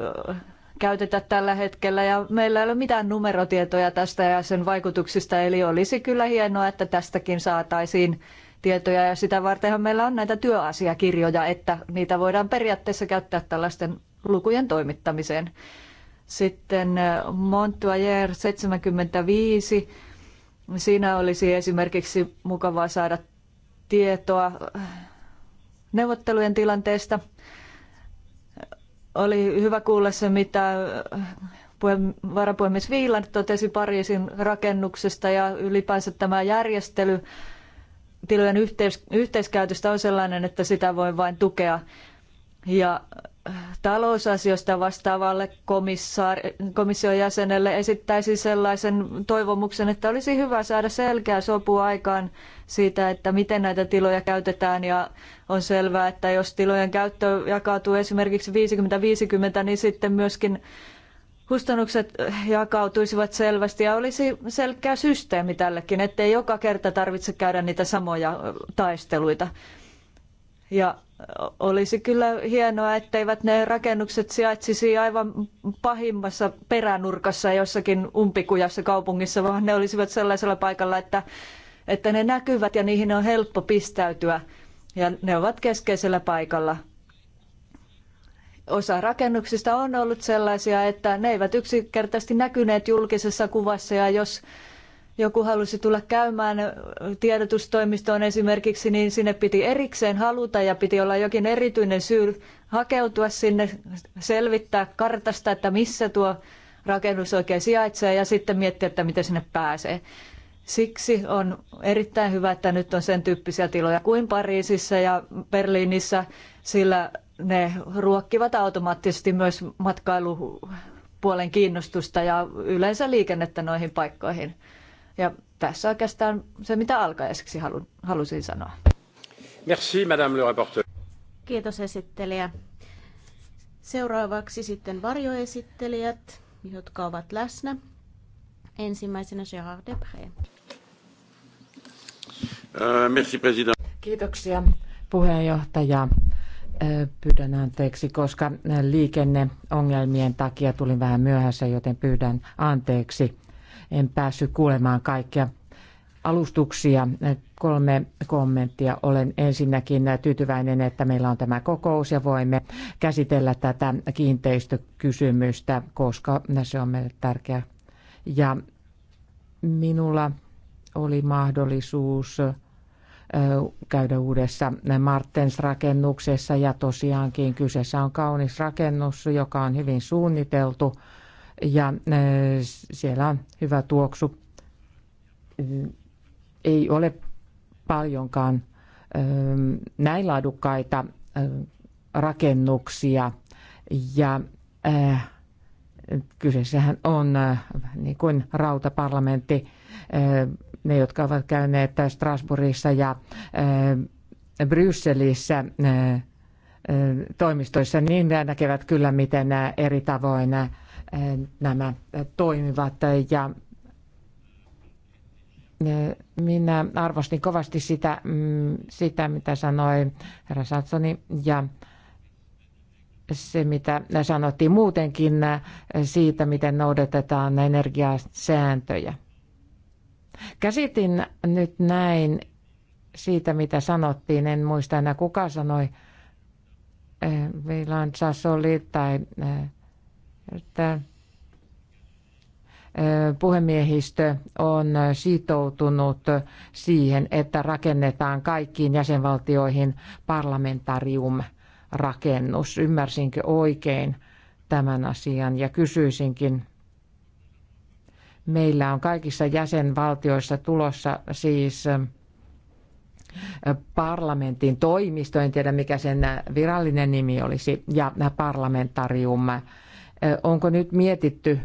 käytetä tällä hetkellä ja meillä ei ole mitään numerotietoja tästä ja sen vaikutuksista, eli olisi kyllä hienoa, että tästäkin saataisiin tietoja ja sitä vartenhan meillä on näitä työasiakirjoja, että niitä voidaan periaatteessa käyttää tällaisten lukujen toimittamiseen. Sitten Montoyer 75, siinä olisi esimerkiksi mukavaa saada tietoa neuvottelujen tilanteesta. Oli hyvä kuulla se, mitä varapuhemies Viiland totesi Pariisin rakennuksesta ja ylipäänsä tämä järjestely tilojen yhteis- yhteiskäytöstä on sellainen, että sitä voi vain tukea ja äh, talousasioista vastaavalle komission jäsenelle esittäisi sellaisen toivomuksen, että olisi hyvä saada selkeä sopu aikaan siitä, että miten näitä tiloja käytetään ja on selvää, että jos tilojen käyttö jakautuu esimerkiksi 50-50, niin sitten myöskin kustannukset äh, jakautuisivat selvästi ja olisi selkeä systeemi tällekin, ettei joka kerta tarvitse käydä niitä samoja äh, taisteluita. Ja olisi kyllä hienoa, etteivät ne rakennukset sijaitsisi aivan pahimmassa peränurkassa jossakin umpikujassa kaupungissa, vaan ne olisivat sellaisella paikalla, että, että ne näkyvät ja niihin on helppo pistäytyä ja ne ovat keskeisellä paikalla. Osa rakennuksista on ollut sellaisia, että ne eivät yksinkertaisesti näkyneet julkisessa kuvassa ja jos joku halusi tulla käymään tiedotustoimistoon esimerkiksi, niin sinne piti erikseen haluta ja piti olla jokin erityinen syy hakeutua sinne, selvittää kartasta, että missä tuo rakennus oikein sijaitsee ja sitten miettiä, että miten sinne pääsee. Siksi on erittäin hyvä, että nyt on sen tyyppisiä tiloja kuin Pariisissa ja Berliinissä, sillä ne ruokkivat automaattisesti myös matkailupuolen kiinnostusta ja yleensä liikennettä noihin paikkoihin. Ja tässä oikeastaan se, mitä alkaiseksi halun, halusin sanoa. Merci, madame le rapporteur. Kiitos esittelijä. Seuraavaksi sitten varjoesittelijät, jotka ovat läsnä. Ensimmäisenä Gérard Depré. Uh, merci, president. Kiitoksia puheenjohtaja. Pyydän anteeksi, koska liikenneongelmien takia tulin vähän myöhässä, joten pyydän anteeksi en päässyt kuulemaan kaikkia alustuksia. Kolme kommenttia. Olen ensinnäkin tyytyväinen, että meillä on tämä kokous ja voimme käsitellä tätä kiinteistökysymystä, koska se on meille tärkeä. Ja minulla oli mahdollisuus käydä uudessa Martens-rakennuksessa ja tosiaankin kyseessä on kaunis rakennus, joka on hyvin suunniteltu ja äh, siellä on hyvä tuoksu. Äh, ei ole paljonkaan äh, näin laadukkaita rakennuksia ja kyseessähän on niin kuin rautaparlamentti, ne jotka ovat käyneet Strasbourgissa ja Brysselissä toimistoissa, niin näkevät kyllä, miten eri tavoin nämä toimivat ja eh, minä arvostin kovasti sitä, mm, sitä mitä sanoi herra Satsoni ja se, mitä sanottiin muutenkin eh, siitä, miten noudatetaan energiasääntöjä. Käsitin nyt näin siitä, mitä sanottiin. En muista enää, kuka sanoi eh, Vilan Sassoli tai että puhemiehistö on sitoutunut siihen, että rakennetaan kaikkiin jäsenvaltioihin parlamentarium-rakennus. Ymmärsinkö oikein tämän asian ja kysyisinkin meillä on kaikissa jäsenvaltioissa tulossa siis parlamentin toimisto, en tiedä mikä sen virallinen nimi olisi, ja parlamentarium Onko nyt mietitty,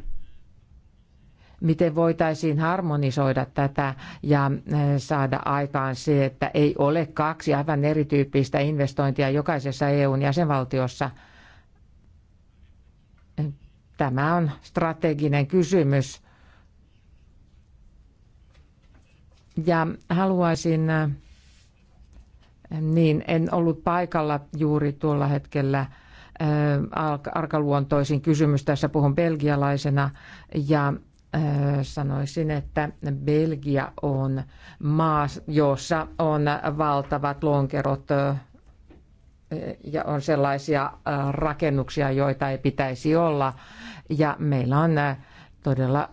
miten voitaisiin harmonisoida tätä ja saada aikaan se, että ei ole kaksi aivan erityyppistä investointia jokaisessa EUn jäsenvaltiossa? Tämä on strateginen kysymys. Ja haluaisin, niin en ollut paikalla juuri tuolla hetkellä, arkaluontoisin kysymys. Tässä puhun belgialaisena ja sanoisin, että Belgia on maa, jossa on valtavat lonkerot ja on sellaisia rakennuksia, joita ei pitäisi olla. Ja meillä on todella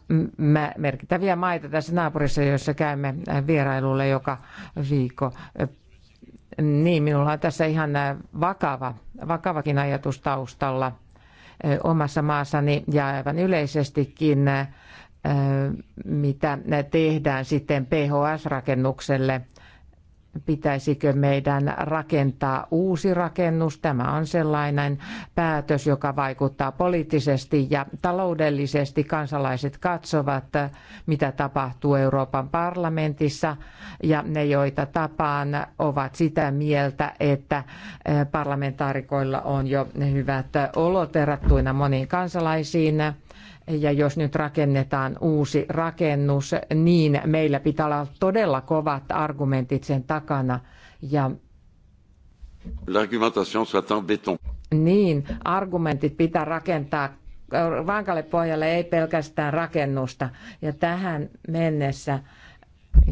merkittäviä maita tässä naapurissa, joissa käymme vierailulle joka viikko. Niin, minulla on tässä ihan äh, vakava, vakavakin ajatus taustalla äh, omassa maassani ja aivan yleisestikin, äh, mitä tehdään sitten PHS-rakennukselle – pitäisikö meidän rakentaa uusi rakennus. Tämä on sellainen päätös, joka vaikuttaa poliittisesti ja taloudellisesti. Kansalaiset katsovat, mitä tapahtuu Euroopan parlamentissa ja ne, joita tapaan, ovat sitä mieltä, että eh, parlamentaarikoilla on jo hyvät olot verrattuina moniin kansalaisiin ja jos nyt rakennetaan uusi rakennus, niin meillä pitää olla todella kovat argumentit sen takana. Ja L'argumentation soit en Niin, argumentit pitää rakentaa äh, vankalle pohjalle, ei pelkästään rakennusta. Ja tähän mennessä,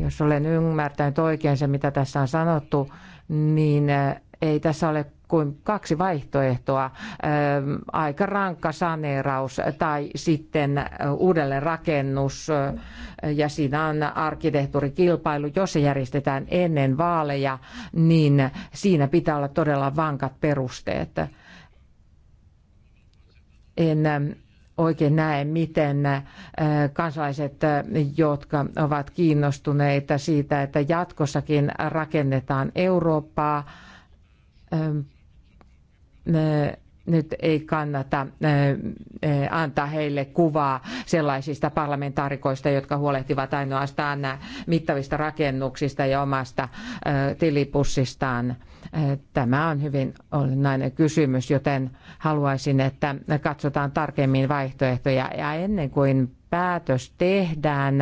jos olen ymmärtänyt oikein se, mitä tässä on sanottu, niin äh, ei tässä ole kuin kaksi vaihtoehtoa, öö, aika rankka saneeraus tai sitten uudelleenrakennus ja siinä on arkkitehtuurikilpailu, jos se järjestetään ennen vaaleja, niin siinä pitää olla todella vankat perusteet. En oikein näe, miten kansalaiset, jotka ovat kiinnostuneita siitä, että jatkossakin rakennetaan Eurooppaa, nyt ei kannata antaa heille kuvaa sellaisista parlamentaarikoista, jotka huolehtivat ainoastaan mittavista rakennuksista ja omasta tilipussistaan. Tämä on hyvin olennainen kysymys, joten haluaisin, että katsotaan tarkemmin vaihtoehtoja ja ennen kuin päätös tehdään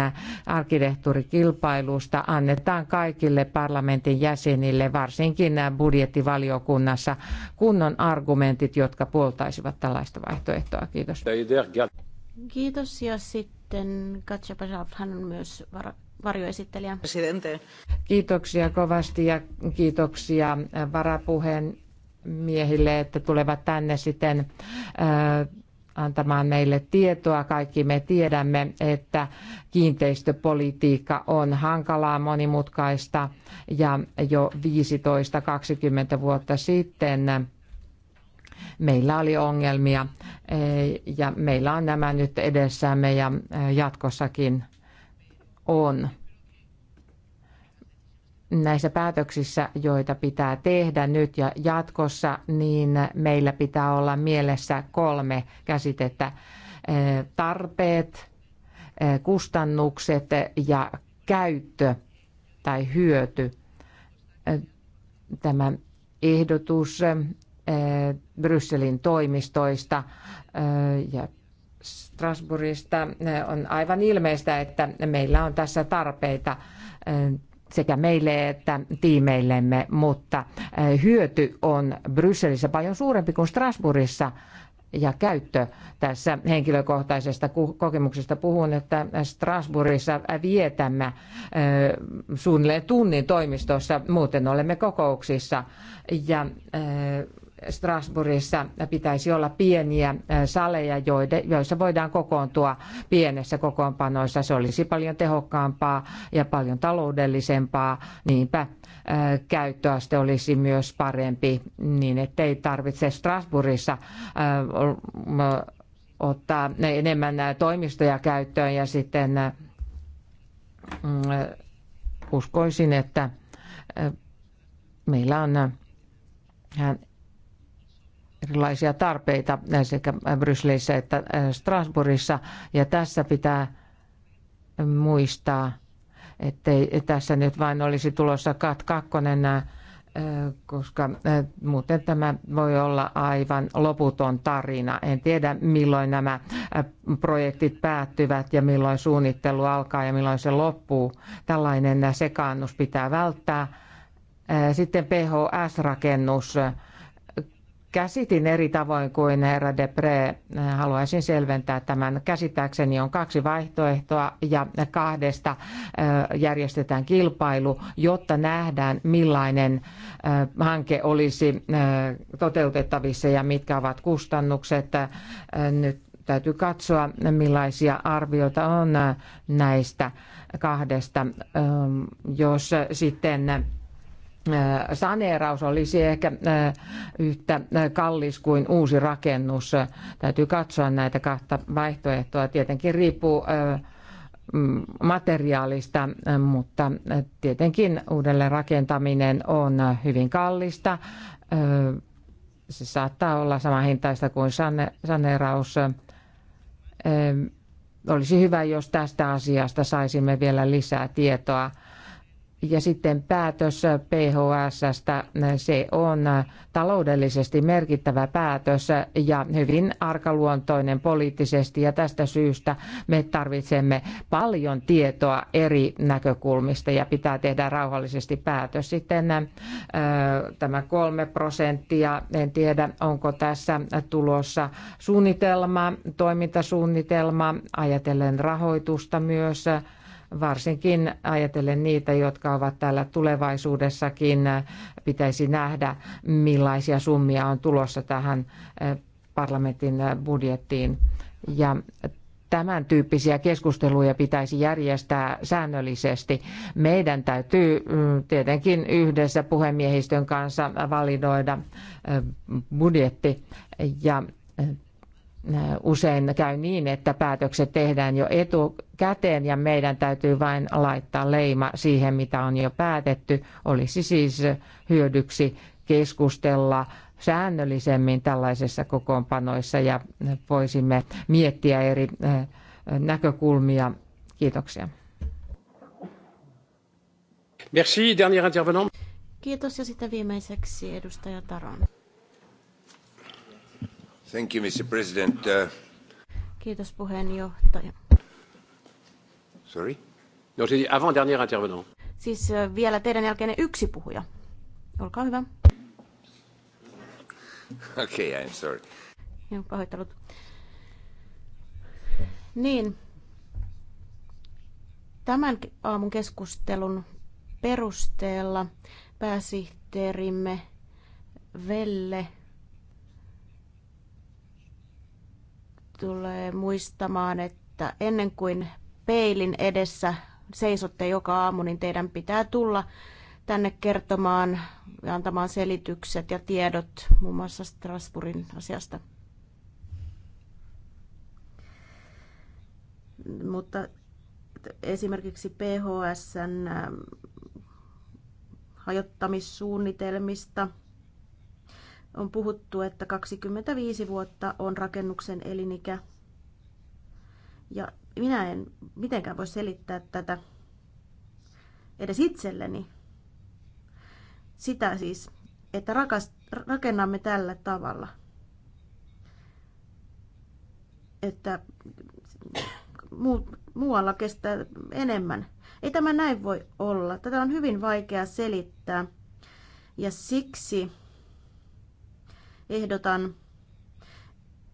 arkkitehtuurikilpailusta, annetaan kaikille parlamentin jäsenille, varsinkin budjettivaliokunnassa, kunnon argumentit, jotka puoltaisivat tällaista vaihtoehtoa. Kiitos. Kiitos ja sitten Katja Pajav, hän on myös var- varjoesittelijä. Kiitoksia kovasti ja kiitoksia varapuheen miehille, että tulevat tänne sitten äh, antamaan meille tietoa. Kaikki me tiedämme, että kiinteistöpolitiikka on hankalaa, monimutkaista ja jo 15-20 vuotta sitten meillä oli ongelmia eh, ja meillä on nämä nyt edessämme ja eh, jatkossakin on näissä päätöksissä, joita pitää tehdä nyt ja jatkossa, niin meillä pitää olla mielessä kolme käsitettä. Tarpeet, kustannukset ja käyttö tai hyöty. Tämä ehdotus Brysselin toimistoista ja Strasbourgista on aivan ilmeistä, että meillä on tässä tarpeita sekä meille että tiimeillemme, mutta hyöty on Brysselissä paljon suurempi kuin Strasbourgissa ja käyttö tässä henkilökohtaisesta kokemuksesta puhun, että Strasbourgissa vietämme suunnilleen tunnin toimistossa, muuten olemme kokouksissa ja Strasbourgissa pitäisi olla pieniä saleja, joissa voidaan kokoontua pienessä kokoonpanoissa. Se olisi paljon tehokkaampaa ja paljon taloudellisempaa. Niinpä käyttöaste olisi myös parempi, niin ettei tarvitse Strasbourgissa ottaa enemmän toimistoja käyttöön ja sitten uskoisin, että meillä on hän erilaisia tarpeita eh, sekä eh, Brysselissä että eh, Strasbourgissa. Ja tässä pitää muistaa, ettei tässä nyt vain olisi tulossa kat kakkonen, koska muuten tämä voi olla aivan loputon tarina. En tiedä, milloin nämä projektit päättyvät ja milloin suunnittelu alkaa ja milloin se loppuu. Tällainen sekaannus pitää välttää. Sitten PHS-rakennus käsitin eri tavoin kuin herra Depre. Haluaisin selventää tämän. Käsittääkseni on kaksi vaihtoehtoa ja kahdesta järjestetään kilpailu, jotta nähdään millainen hanke olisi toteutettavissa ja mitkä ovat kustannukset. Nyt täytyy katsoa, millaisia arvioita on näistä kahdesta. Jos sitten saneeraus olisi ehkä yhtä kallis kuin uusi rakennus. Täytyy katsoa näitä kahta vaihtoehtoa. Tietenkin riippuu materiaalista, mutta tietenkin uudelle rakentaminen on hyvin kallista. Se saattaa olla sama hintaista kuin saneeraus. Olisi hyvä, jos tästä asiasta saisimme vielä lisää tietoa ja sitten päätös PHSstä, se on taloudellisesti merkittävä päätös ja hyvin arkaluontoinen poliittisesti ja tästä syystä me tarvitsemme paljon tietoa eri näkökulmista ja pitää tehdä rauhallisesti päätös. Sitten äh, tämä kolme prosenttia, en tiedä onko tässä tulossa suunnitelma, toimintasuunnitelma, ajatellen rahoitusta myös varsinkin ajatellen niitä, jotka ovat täällä tulevaisuudessakin, pitäisi nähdä, millaisia summia on tulossa tähän eh, parlamentin eh, budjettiin. Ja tämän tyyppisiä keskusteluja pitäisi järjestää säännöllisesti. Meidän täytyy mm, tietenkin yhdessä puhemiehistön kanssa validoida eh, budjetti ja usein käy niin, että päätökset tehdään jo etukäteen ja meidän täytyy vain laittaa leima siihen, mitä on jo päätetty. Olisi siis hyödyksi keskustella säännöllisemmin tällaisessa kokoonpanoissa ja voisimme miettiä eri näkökulmia. Kiitoksia. Merci, dernier intervenant. Kiitos ja sitten viimeiseksi edustaja Taron. Thank you, Mr. President. Uh, Kiitos puheenjohtaja. Sorry. No, siis avant dernier intervenant. Siis vielä teidän jälkeinen yksi puhuja. Olkaa hyvä. Okei, okay, I'm sorry. Joo, pahoittelut. Niin, tämän aamun keskustelun perusteella pääsihteerimme Velle tulee muistamaan, että ennen kuin peilin edessä seisotte joka aamu, niin teidän pitää tulla tänne kertomaan ja antamaan selitykset ja tiedot muun muassa Strasbourgin asiasta. Mutta esimerkiksi PHSn ähm, hajottamissuunnitelmista – on puhuttu, että 25 vuotta on rakennuksen elinikä. Ja minä en mitenkään voi selittää tätä edes itselleni. Sitä siis, että rakast, rakennamme tällä tavalla. Että muu, muualla kestää enemmän. Ei tämä näin voi olla. Tätä on hyvin vaikea selittää. Ja siksi ehdotan,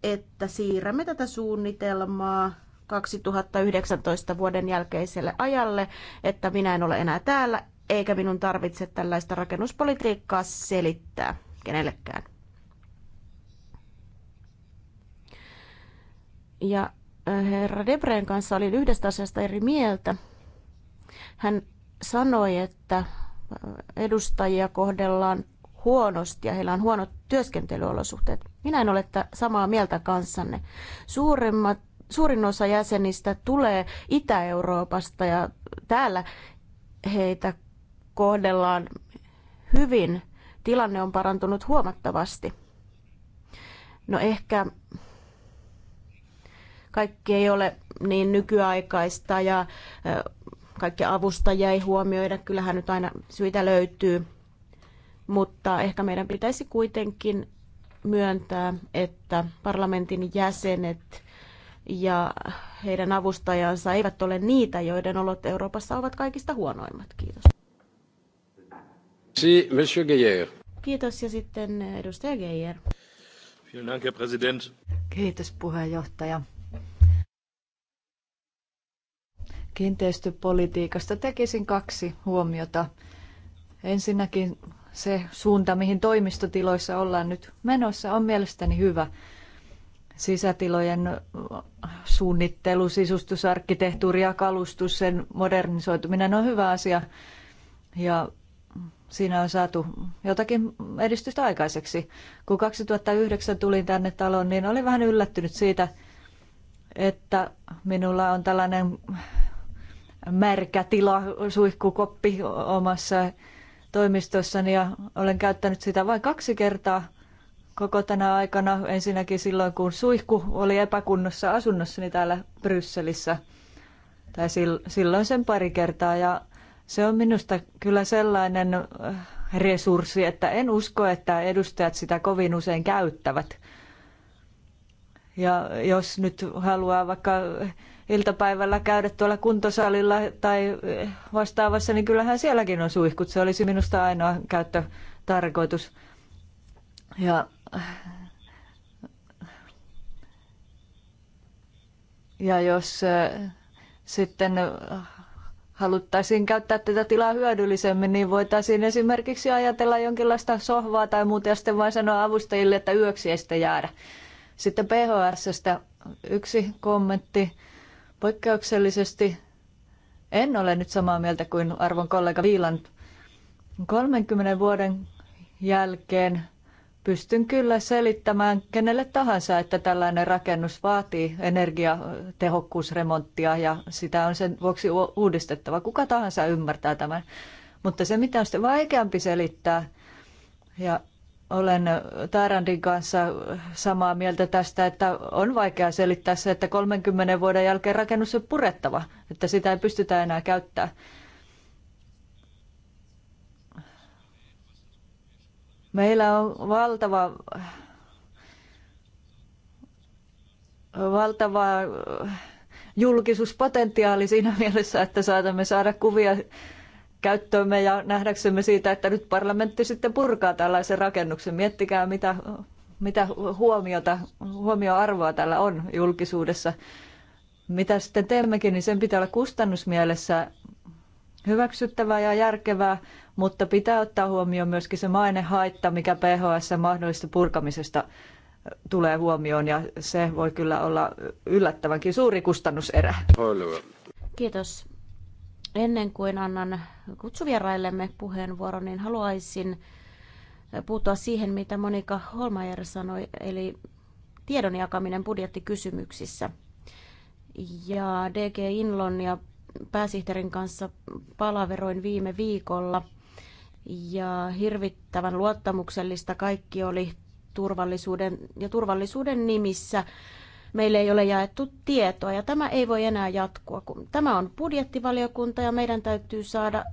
että siirrämme tätä suunnitelmaa 2019 vuoden jälkeiselle ajalle, että minä en ole enää täällä, eikä minun tarvitse tällaista rakennuspolitiikkaa selittää kenellekään. Ja herra Debreen kanssa olin yhdestä asiasta eri mieltä. Hän sanoi, että edustajia kohdellaan huonosti ja heillä on huonot työskentelyolosuhteet. Minä en ole samaa mieltä kanssanne. Suurimmat, suurin osa jäsenistä tulee Itä-Euroopasta ja täällä heitä kohdellaan hyvin. Tilanne on parantunut huomattavasti. No ehkä kaikki ei ole niin nykyaikaista ja kaikki avustajia ei huomioida. Kyllähän nyt aina syitä löytyy mutta ehkä meidän pitäisi kuitenkin myöntää, että parlamentin jäsenet ja heidän avustajansa eivät ole niitä, joiden olot Euroopassa ovat kaikista huonoimmat. Kiitos. Si, Monsieur Geyer. Kiitos ja sitten edustaja Geijer. Kiitos puheenjohtaja. Kiinteistöpolitiikasta tekisin kaksi huomiota. Ensinnäkin se suunta, mihin toimistotiloissa ollaan nyt menossa, on mielestäni hyvä. Sisätilojen suunnittelu, sisustus, arkkitehtuuri ja kalustus, sen modernisoituminen on hyvä asia. Ja siinä on saatu jotakin edistystä aikaiseksi. Kun 2009 tulin tänne taloon, niin olin vähän yllättynyt siitä, että minulla on tällainen märkä tila, suihkukoppi omassa toimistossani ja olen käyttänyt sitä vain kaksi kertaa koko tänä aikana. Ensinnäkin silloin, kun suihku oli epäkunnossa asunnossani täällä Brysselissä. Tai silloin sen pari kertaa ja se on minusta kyllä sellainen äh, resurssi, että en usko, että edustajat sitä kovin usein käyttävät. Ja jos nyt haluaa vaikka iltapäivällä käydä tuolla kuntosalilla tai vastaavassa, niin kyllähän sielläkin on suihkut. Se olisi minusta ainoa käyttötarkoitus. Ja Ja jos äh, sitten haluttaisiin käyttää tätä tilaa hyödyllisemmin, niin voitaisiin esimerkiksi ajatella jonkinlaista sohvaa tai muuta ja sitten vain sanoa avustajille, että yöksi ei sitten jäädä. Sitten PHSstä yksi kommentti. Poikkeuksellisesti en ole nyt samaa mieltä kuin arvon kollega Viilan. 30 vuoden jälkeen pystyn kyllä selittämään kenelle tahansa, että tällainen rakennus vaatii energiatehokkuusremonttia ja sitä on sen vuoksi uudistettava. Kuka tahansa ymmärtää tämän. Mutta se, mitä on sitten vaikeampi selittää ja olen Tarandin kanssa samaa mieltä tästä, että on vaikea selittää se, että 30 vuoden jälkeen rakennus on purettava, että sitä ei pystytä enää käyttämään. Meillä on valtava, valtava julkisuuspotentiaali siinä mielessä, että saatamme saada kuvia käyttöömme ja nähdäksemme siitä, että nyt parlamentti sitten purkaa tällaisen rakennuksen. Miettikää, mitä, mitä huomiota, huomioarvoa tällä on julkisuudessa. Mitä sitten teemmekin, niin sen pitää olla kustannusmielessä hyväksyttävää ja järkevää, mutta pitää ottaa huomioon myöskin se mainehaitta, mikä PHS mahdollisesta purkamisesta tulee huomioon ja se voi kyllä olla yllättävänkin suuri kustannuserä. Kiitos. Ennen kuin annan kutsuvieraillemme puheenvuoron, niin haluaisin puuttua siihen, mitä Monika Holmajer sanoi, eli tiedon jakaminen budjettikysymyksissä. Ja DG Inlon ja pääsihteerin kanssa palaveroin viime viikolla. Ja hirvittävän luottamuksellista kaikki oli turvallisuuden ja turvallisuuden nimissä meille ei ole jaettu tietoa ja tämä ei voi enää jatkua. Kun tämä on budjettivaliokunta ja meidän täytyy saada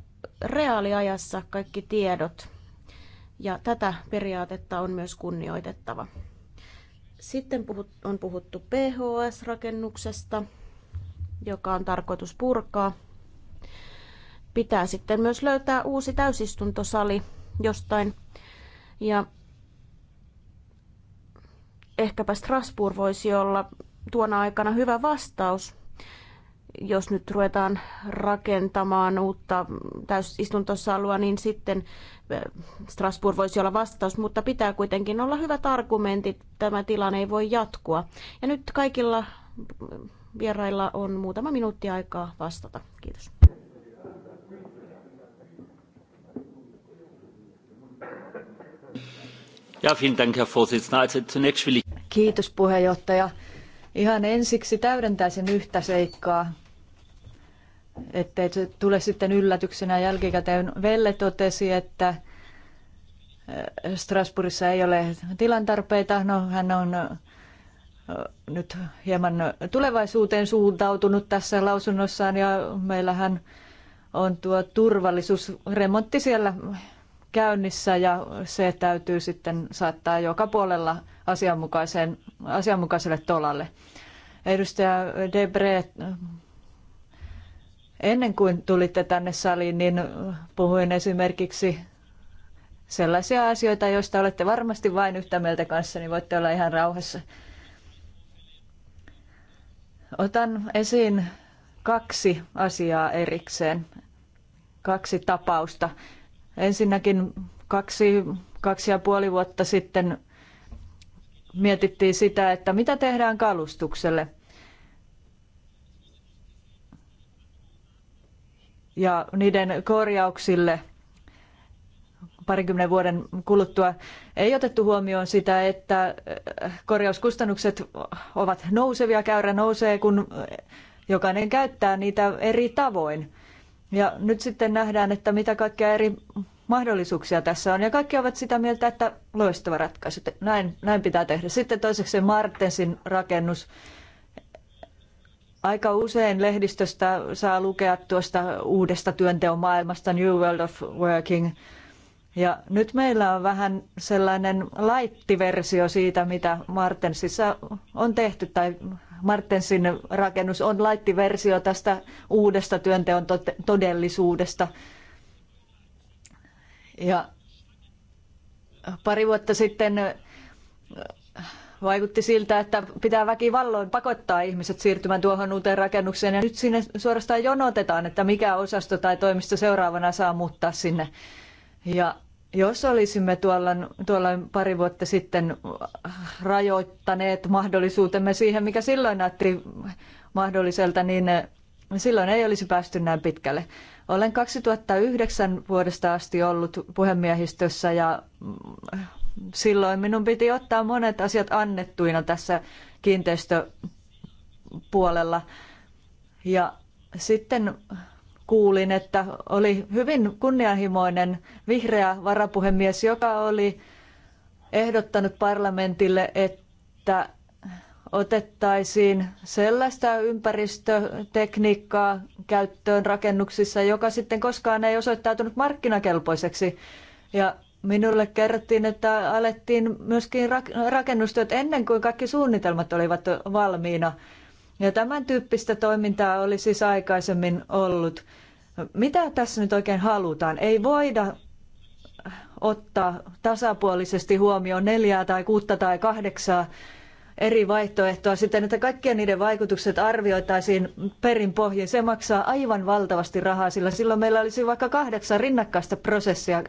reaaliajassa kaikki tiedot. Ja tätä periaatetta on myös kunnioitettava. Sitten on puhuttu PHS-rakennuksesta, joka on tarkoitus purkaa. Pitää sitten myös löytää uusi täysistuntosali jostain. Ja ehkäpä Strasbourg voisi olla tuona aikana hyvä vastaus, jos nyt ruvetaan rakentamaan uutta täysistuntosalua, niin sitten eh, Strasbourg voisi olla vastaus, mutta pitää kuitenkin olla hyvät argumentit. Tämä tilanne ei voi jatkua. Ja nyt kaikilla vierailla on muutama minuutti aikaa vastata. Kiitos. Kiitos puheenjohtaja. Ihan ensiksi täydentäisin yhtä seikkaa, ettei se tule sitten yllätyksenä jälkikäteen. Velle totesi, että eh, Strasbourgissa ei ole tilantarpeita. No, hän on eh, nyt hieman tulevaisuuteen suuntautunut tässä lausunnossaan ja meillähän on tuo turvallisuusremontti siellä käynnissä ja se täytyy sitten saattaa joka puolella asianmukaiseen, asianmukaiselle tolalle. Edustaja Debre, ennen kuin tulitte tänne saliin, niin puhuin esimerkiksi sellaisia asioita, joista olette varmasti vain yhtä mieltä kanssa, niin voitte olla ihan rauhassa. Otan esiin kaksi asiaa erikseen, kaksi tapausta, Ensinnäkin kaksi, kaksi ja puoli vuotta sitten mietittiin sitä, että mitä tehdään kalustukselle. Ja niiden korjauksille parikymmenen vuoden kuluttua ei otettu huomioon sitä, että äh, korjauskustannukset ovat nousevia, käyrä nousee, kun jokainen käyttää niitä eri tavoin. Ja nyt sitten nähdään, että mitä kaikkea eri mahdollisuuksia tässä on. Ja kaikki ovat sitä mieltä, että loistava ratkaisu. Näin, näin pitää tehdä. Sitten toiseksi Martensin rakennus. Aika usein lehdistöstä saa lukea tuosta uudesta työnteon maailmasta, New World of Working. Ja nyt meillä on vähän sellainen laittiversio siitä, mitä Martensissa on tehty tai Martensin rakennus on laittiversio tästä uudesta työnteon todellisuudesta. Ja pari vuotta sitten vaikutti siltä, että pitää väkivalloin pakottaa ihmiset siirtymään tuohon uuteen rakennukseen. Ja nyt sinne suorastaan jonotetaan, että mikä osasto tai toimisto seuraavana saa muuttaa sinne. Ja jos olisimme tuolla, tuolla pari vuotta sitten rajoittaneet mahdollisuutemme siihen, mikä silloin näytti mahdolliselta, niin eh, silloin ei olisi päästy näin pitkälle. Olen 2009 vuodesta asti ollut puhemiehistössä ja mm, silloin minun piti ottaa monet asiat annettuina tässä kiinteistöpuolella. Ja sitten kuulin, että oli hyvin kunnianhimoinen vihreä varapuhemies, joka oli ehdottanut parlamentille, että otettaisiin sellaista ympäristötekniikkaa käyttöön rakennuksissa, joka sitten koskaan ei osoittautunut markkinakelpoiseksi. Ja minulle kerrottiin, että alettiin myöskin rakennustyöt ennen kuin kaikki suunnitelmat olivat valmiina. Ja tämän tyyppistä toimintaa oli siis aikaisemmin ollut. Mitä tässä nyt oikein halutaan? Ei voida ottaa tasapuolisesti huomioon neljää tai kuutta tai kahdeksaa eri vaihtoehtoa siten, että kaikkien niiden vaikutukset arvioitaisiin perin pohjin. Se maksaa aivan valtavasti rahaa, sillä silloin meillä olisi vaikka kahdeksan rinnakkaista prosessia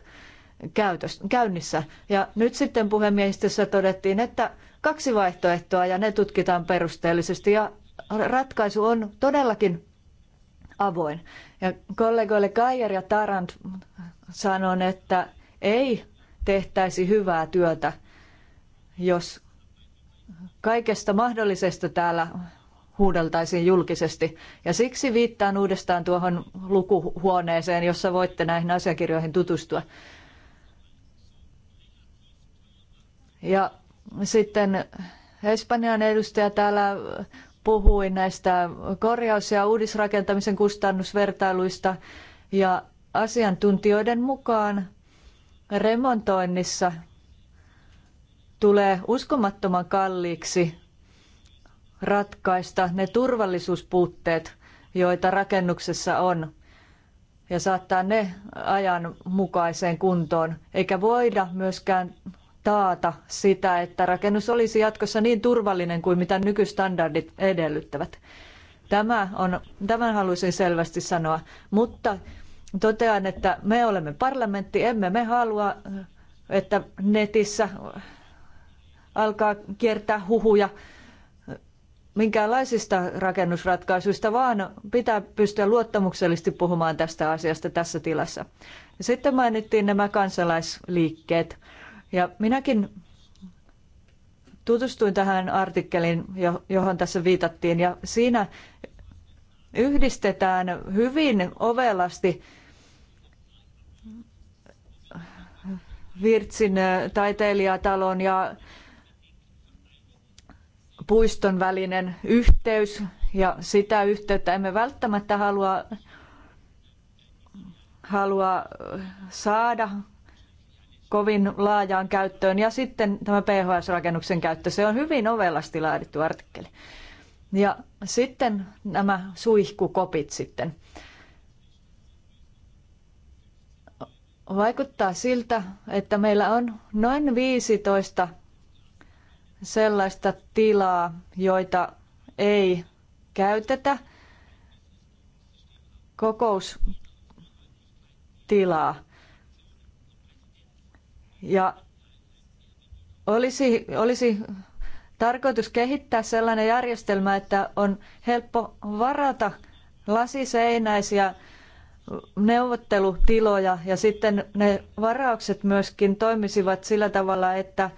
käytös, käynnissä. Ja nyt sitten puhemiehistössä todettiin, että kaksi vaihtoehtoa ja ne tutkitaan perusteellisesti ja ratkaisu on todellakin avoin. Ja kollegoille Kajer ja Tarant sanon, että ei tehtäisi hyvää työtä, jos kaikesta mahdollisesta täällä huudeltaisiin julkisesti. Ja siksi viittaan uudestaan tuohon lukuhuoneeseen, jossa voitte näihin asiakirjoihin tutustua. Ja sitten Espanjan edustaja täällä puhui näistä korjaus- ja uudisrakentamisen kustannusvertailuista ja asiantuntijoiden mukaan remontoinnissa tulee uskomattoman kalliiksi ratkaista ne turvallisuuspuutteet, joita rakennuksessa on, ja saattaa ne ajan mukaiseen kuntoon, eikä voida myöskään taata sitä, että rakennus olisi jatkossa niin turvallinen kuin mitä nykystandardit edellyttävät. Tämä on, tämän halusin selvästi sanoa, mutta totean, että me olemme parlamentti, emme me halua, että netissä alkaa kiertää huhuja minkäänlaisista rakennusratkaisuista, vaan pitää pystyä luottamuksellisesti puhumaan tästä asiasta tässä tilassa. Sitten mainittiin nämä kansalaisliikkeet. Ja minäkin tutustuin tähän artikkeliin, johon tässä viitattiin, ja siinä yhdistetään hyvin ovelasti Virtsin taiteilijatalon ja puiston välinen yhteys ja sitä yhteyttä emme välttämättä halua, halua saada kovin laajaan käyttöön. Ja sitten tämä PHS-rakennuksen käyttö, se on hyvin ovelasti laadittu artikkeli. Ja sitten nämä suihkukopit sitten. Vaikuttaa siltä, että meillä on noin 15 sellaista tilaa, joita ei käytetä. Kokoustilaa. Ja olisi, olisi tarkoitus kehittää sellainen järjestelmä, että on helppo varata lasiseinäisiä neuvottelutiloja ja sitten ne varaukset myöskin toimisivat sillä tavalla, että,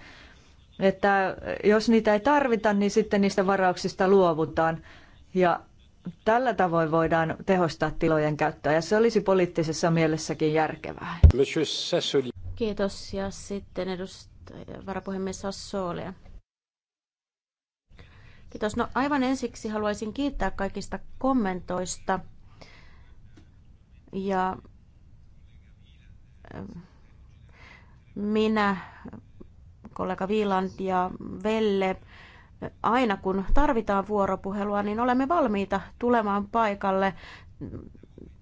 että jos niitä ei tarvita, niin sitten niistä varauksista luovutaan. Ja tällä tavoin voidaan tehostaa tilojen käyttöä ja se olisi poliittisessa mielessäkin järkevää. Monsieur Kiitos. Ja sitten edustaja, varapuhemies Sassoolia. Kiitos. No aivan ensiksi haluaisin kiittää kaikista kommentoista. Ja minä, kollega Viiland ja Velle, aina kun tarvitaan vuoropuhelua, niin olemme valmiita tulemaan paikalle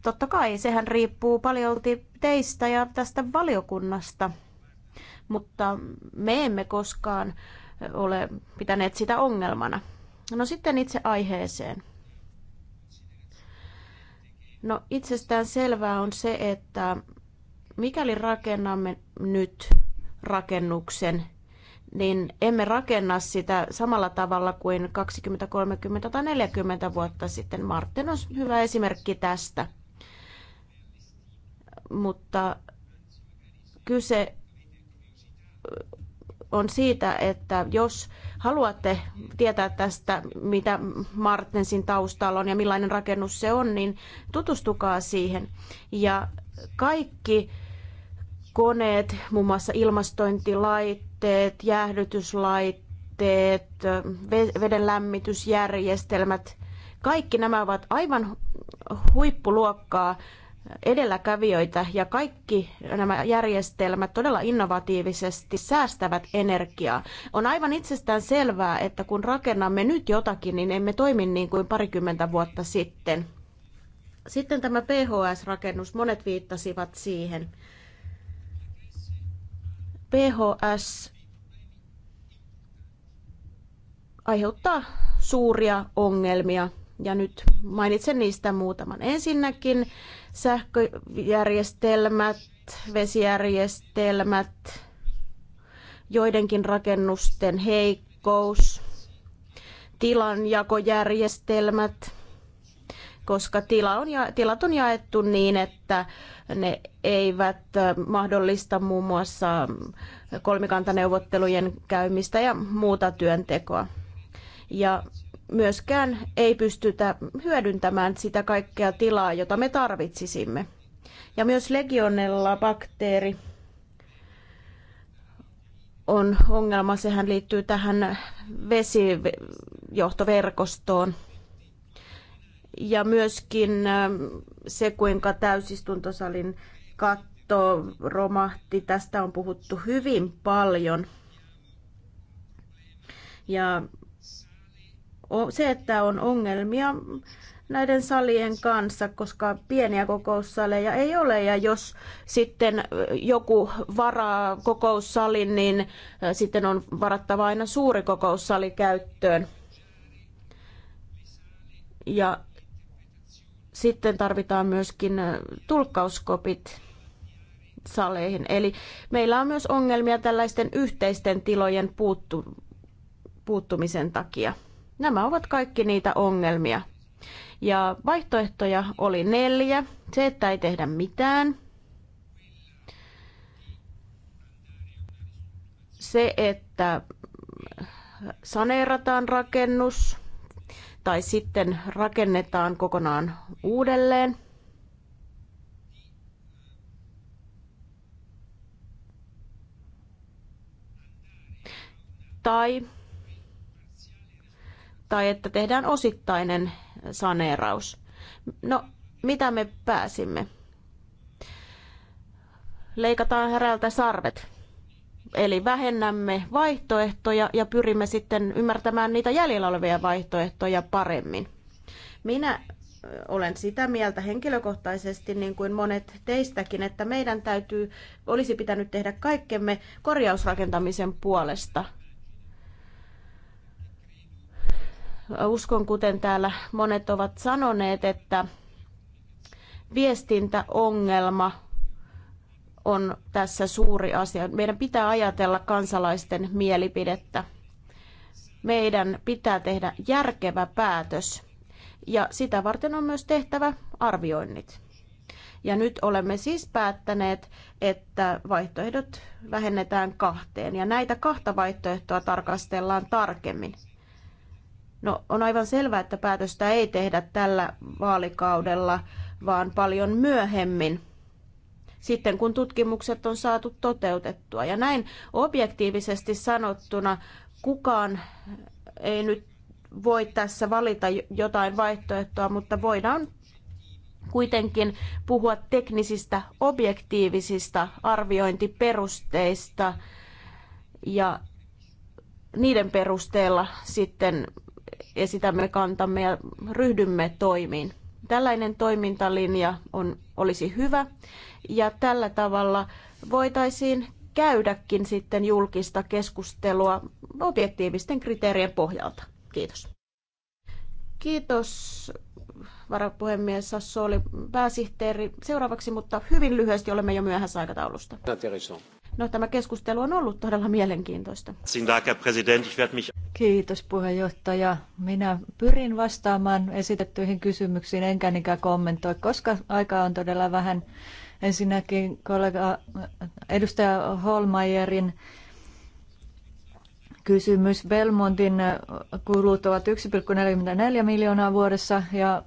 Totta kai, sehän riippuu paljolti teistä ja tästä valiokunnasta, mutta me emme koskaan ole pitäneet sitä ongelmana. No sitten itse aiheeseen. No itsestään selvää on se, että mikäli rakennamme nyt rakennuksen, niin emme rakenna sitä samalla tavalla kuin 20, 30 tai 40 vuotta sitten. Martin on hyvä esimerkki tästä mutta kyse on siitä, että jos haluatte tietää tästä, mitä Martensin taustalla on ja millainen rakennus se on, niin tutustukaa siihen. Ja kaikki koneet, muun muassa ilmastointilaitteet, jäähdytyslaitteet, veden lämmitysjärjestelmät, kaikki nämä ovat aivan huippuluokkaa edelläkävijöitä ja kaikki nämä järjestelmät todella innovatiivisesti säästävät energiaa. On aivan itsestään selvää, että kun rakennamme nyt jotakin, niin emme toimi niin kuin parikymmentä vuotta sitten. Sitten tämä PHS-rakennus, monet viittasivat siihen. PHS aiheuttaa suuria ongelmia ja nyt mainitsen niistä muutaman. Ensinnäkin sähköjärjestelmät, vesijärjestelmät, joidenkin rakennusten heikkous, tilanjakojärjestelmät, koska tila on ja, tilat on jaettu niin, että ne eivät mahdollista muun muassa kolmikantaneuvottelujen käymistä ja muuta työntekoa. Ja myöskään ei pystytä hyödyntämään sitä kaikkea tilaa, jota me tarvitsisimme. Ja myös legionella bakteeri on ongelma, sehän liittyy tähän vesijohtoverkostoon. Ja myöskin ähm, se, kuinka täysistuntosalin katto romahti, tästä on puhuttu hyvin paljon. Ja se, että on ongelmia näiden salien kanssa, koska pieniä kokoussaleja ei ole. Ja jos sitten joku varaa kokoussalin, niin sitten on varattava aina suuri kokoussali käyttöön. Ja sitten tarvitaan myöskin tulkkauskopit saleihin. Eli meillä on myös ongelmia tällaisten yhteisten tilojen puuttu, puuttumisen takia. Nämä ovat kaikki niitä ongelmia. Ja vaihtoehtoja oli neljä. Se, että ei tehdä mitään. Se, että saneerataan rakennus tai sitten rakennetaan kokonaan uudelleen. Tai tai että tehdään osittainen saneeraus. No, mitä me pääsimme? Leikataan herältä sarvet. Eli vähennämme vaihtoehtoja ja pyrimme sitten ymmärtämään niitä jäljellä olevia vaihtoehtoja paremmin. Minä olen sitä mieltä henkilökohtaisesti, niin kuin monet teistäkin, että meidän täytyy, olisi pitänyt tehdä kaikkemme korjausrakentamisen puolesta. Uskon, kuten täällä monet ovat sanoneet, että viestintäongelma on tässä suuri asia. Meidän pitää ajatella kansalaisten mielipidettä. Meidän pitää tehdä järkevä päätös ja sitä varten on myös tehtävä arvioinnit. Ja nyt olemme siis päättäneet, että vaihtoehdot vähennetään kahteen ja näitä kahta vaihtoehtoa tarkastellaan tarkemmin. No on aivan selvää, että päätöstä ei tehdä tällä vaalikaudella, vaan paljon myöhemmin sitten kun tutkimukset on saatu toteutettua. Ja näin objektiivisesti sanottuna kukaan ei nyt voi tässä valita jotain vaihtoehtoa, mutta voidaan kuitenkin puhua teknisistä, objektiivisista arviointiperusteista ja niiden perusteella sitten esitämme kantamme ja ryhdymme toimiin. Tällainen toimintalinja on, olisi hyvä ja tällä tavalla voitaisiin käydäkin sitten julkista keskustelua objektiivisten kriteerien pohjalta. Kiitos. Kiitos varapuhemies Sassoli pääsihteeri seuraavaksi, mutta hyvin lyhyesti olemme jo myöhässä aikataulusta. No, tämä keskustelu on ollut todella mielenkiintoista. Kiitos puheenjohtaja. Minä pyrin vastaamaan esitettyihin kysymyksiin, enkä niinkään kommentoi, koska aika on todella vähän. Ensinnäkin kollega edustaja Holmajerin kysymys. Belmontin kulut ovat 1,44 miljoonaa vuodessa ja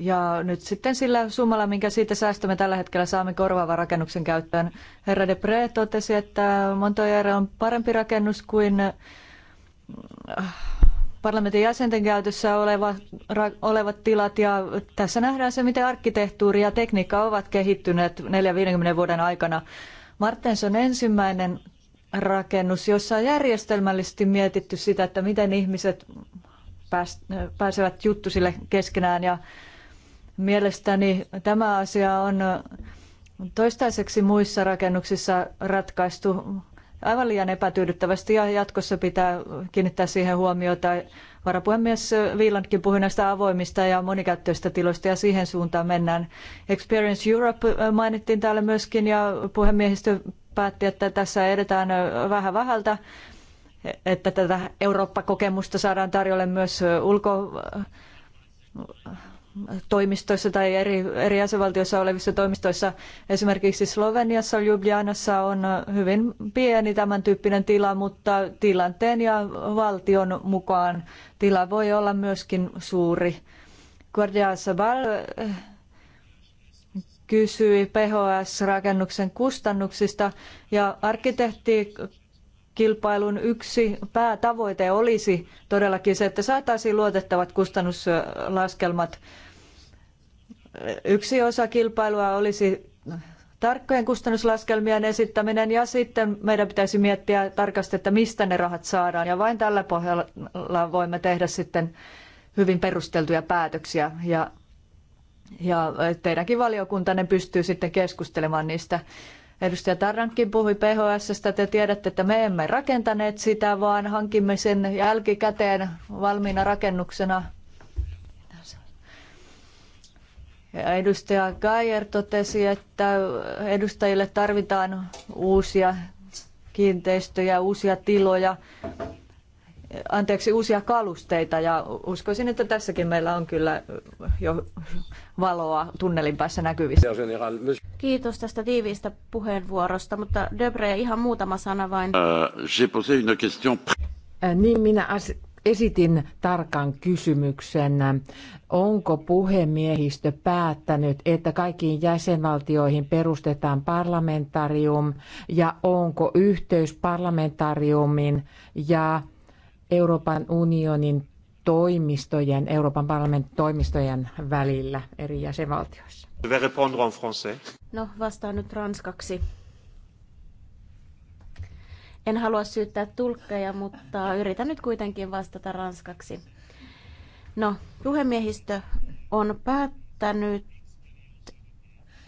Ja nyt sitten sillä summalla, minkä siitä säästämme tällä hetkellä, saamme korvaavan rakennuksen käyttöön. Herra de Pre totesi, että Montoyere on parempi rakennus kuin äh, parlamentin jäsenten käytössä oleva, ra, olevat tilat. Ja tässä nähdään se, miten arkkitehtuuri ja tekniikka ovat kehittyneet 4-50 vuoden aikana. Martens on ensimmäinen rakennus, jossa on järjestelmällisesti mietitty sitä, että miten ihmiset äh, pääsevät juttusille keskenään ja Mielestäni tämä asia on toistaiseksi muissa rakennuksissa ratkaistu aivan liian epätyydyttävästi ja jatkossa pitää kiinnittää siihen huomiota. Varapuhemies Viilandkin puhui näistä avoimista ja monikäyttöistä tiloista ja siihen suuntaan mennään. Experience Europe mainittiin täällä myöskin ja puhemiehistö päätti, että tässä edetään vähän vähältä, että tätä Eurooppa-kokemusta saadaan tarjolle myös ulko toimistoissa tai eri, eri jäsenvaltioissa olevissa toimistoissa. Esimerkiksi Sloveniassa Ljubljanassa on hyvin pieni tämän tyyppinen tila, mutta tilanteen ja valtion mukaan tila voi olla myöskin suuri. Guardia Sabal eh, kysyi PHS-rakennuksen kustannuksista ja arkkitehti kilpailun yksi päätavoite olisi todellakin se, että saataisiin luotettavat kustannuslaskelmat. Yksi osa kilpailua olisi tarkkojen kustannuslaskelmien esittäminen ja sitten meidän pitäisi miettiä tarkasti, että mistä ne rahat saadaan ja vain tällä pohjalla voimme tehdä sitten hyvin perusteltuja päätöksiä ja, ja teidänkin valiokuntanne pystyy sitten keskustelemaan niistä Edustaja Tarrankin puhui PHSstä. Te tiedätte, että me emme rakentaneet sitä, vaan hankimme sen jälkikäteen valmiina rakennuksena. Ja edustaja Geier totesi, että edustajille tarvitaan uusia kiinteistöjä, uusia tiloja anteeksi, uusia kalusteita ja uskoisin, että tässäkin meillä on kyllä jo valoa tunnelin päässä näkyvissä. Kiitos tästä tiiviistä puheenvuorosta, mutta Debre, ihan muutama sana vain. Äh, äh, niin minä as- esitin tarkan kysymyksen. Onko puhemiehistö päättänyt, että kaikkiin jäsenvaltioihin perustetaan parlamentarium ja onko yhteys parlamentariumin ja Euroopan unionin toimistojen, Euroopan parlamentin toimistojen välillä eri jäsenvaltioissa? No, vastaan nyt ranskaksi. En halua syyttää tulkkeja, mutta yritän nyt kuitenkin vastata ranskaksi. No, puhemiehistö on päättänyt,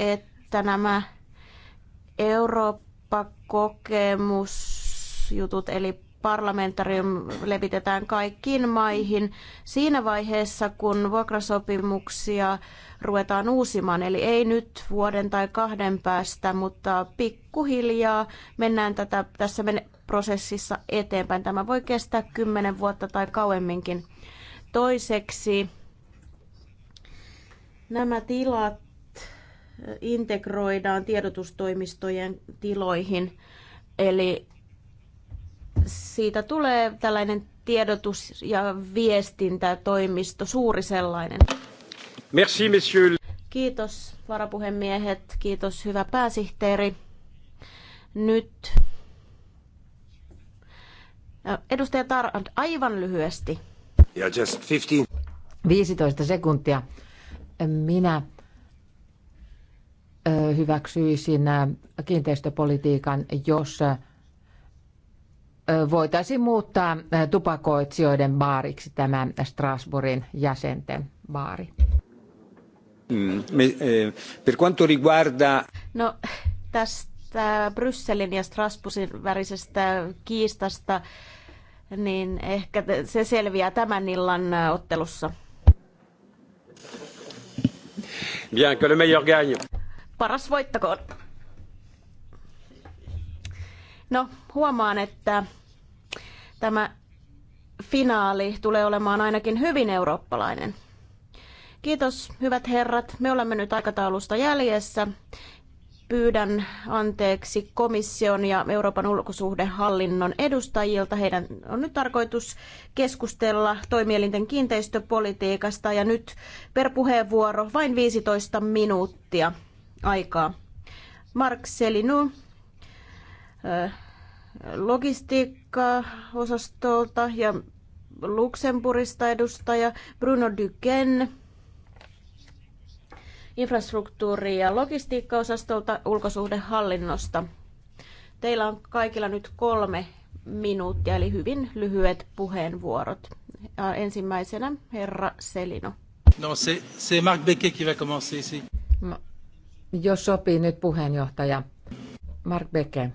että nämä Eurooppa-kokemusjutut, eli parlamentarium levitetään kaikkiin maihin siinä vaiheessa, kun vuokrasopimuksia ruvetaan uusimaan. Eli ei nyt vuoden tai kahden päästä, mutta pikkuhiljaa mennään tätä, tässä prosessissa eteenpäin. Tämä voi kestää kymmenen vuotta tai kauemminkin. Toiseksi nämä tilat integroidaan tiedotustoimistojen tiloihin. Eli siitä tulee tällainen tiedotus- ja viestintätoimisto, suuri sellainen. Merci, monsieur. Kiitos varapuhemiehet, kiitos hyvä pääsihteeri. Nyt äh, edustaja Tarant, aivan lyhyesti. Yeah, just 15. 15 sekuntia. Minä äh, hyväksyisin äh, kiinteistöpolitiikan, jos voitaisiin muuttaa tupakoitsijoiden baariksi tämä Strasbourgin jäsenten baari? Mm, eh, per quanto riguarda... No, tästä Brysselin ja Strasbourgin värisestä kiistasta, niin ehkä se selviää tämän illan ottelussa. Bien, que le meilleur gagne. Paras voittakoon. No, huomaan, että tämä finaali tulee olemaan ainakin hyvin eurooppalainen. Kiitos, hyvät herrat. Me olemme nyt aikataulusta jäljessä. Pyydän anteeksi komission ja Euroopan ulkosuhdehallinnon edustajilta. Heidän on nyt tarkoitus keskustella toimielinten kiinteistöpolitiikasta ja nyt per puheenvuoro vain 15 minuuttia aikaa. Mark Selinu, logistiikka-osastolta ja Luxemburgista edustaja Bruno Duquen infrastruktuuri- ja logistiikkaosastolta ulkosuhdehallinnosta. Teillä on kaikilla nyt kolme minuuttia, eli hyvin lyhyet puheenvuorot. Ja ensimmäisenä herra Selino. No, se, se Marc Becquet qui va commencer ici. No, jos sopii nyt puheenjohtaja. Marc Becquet.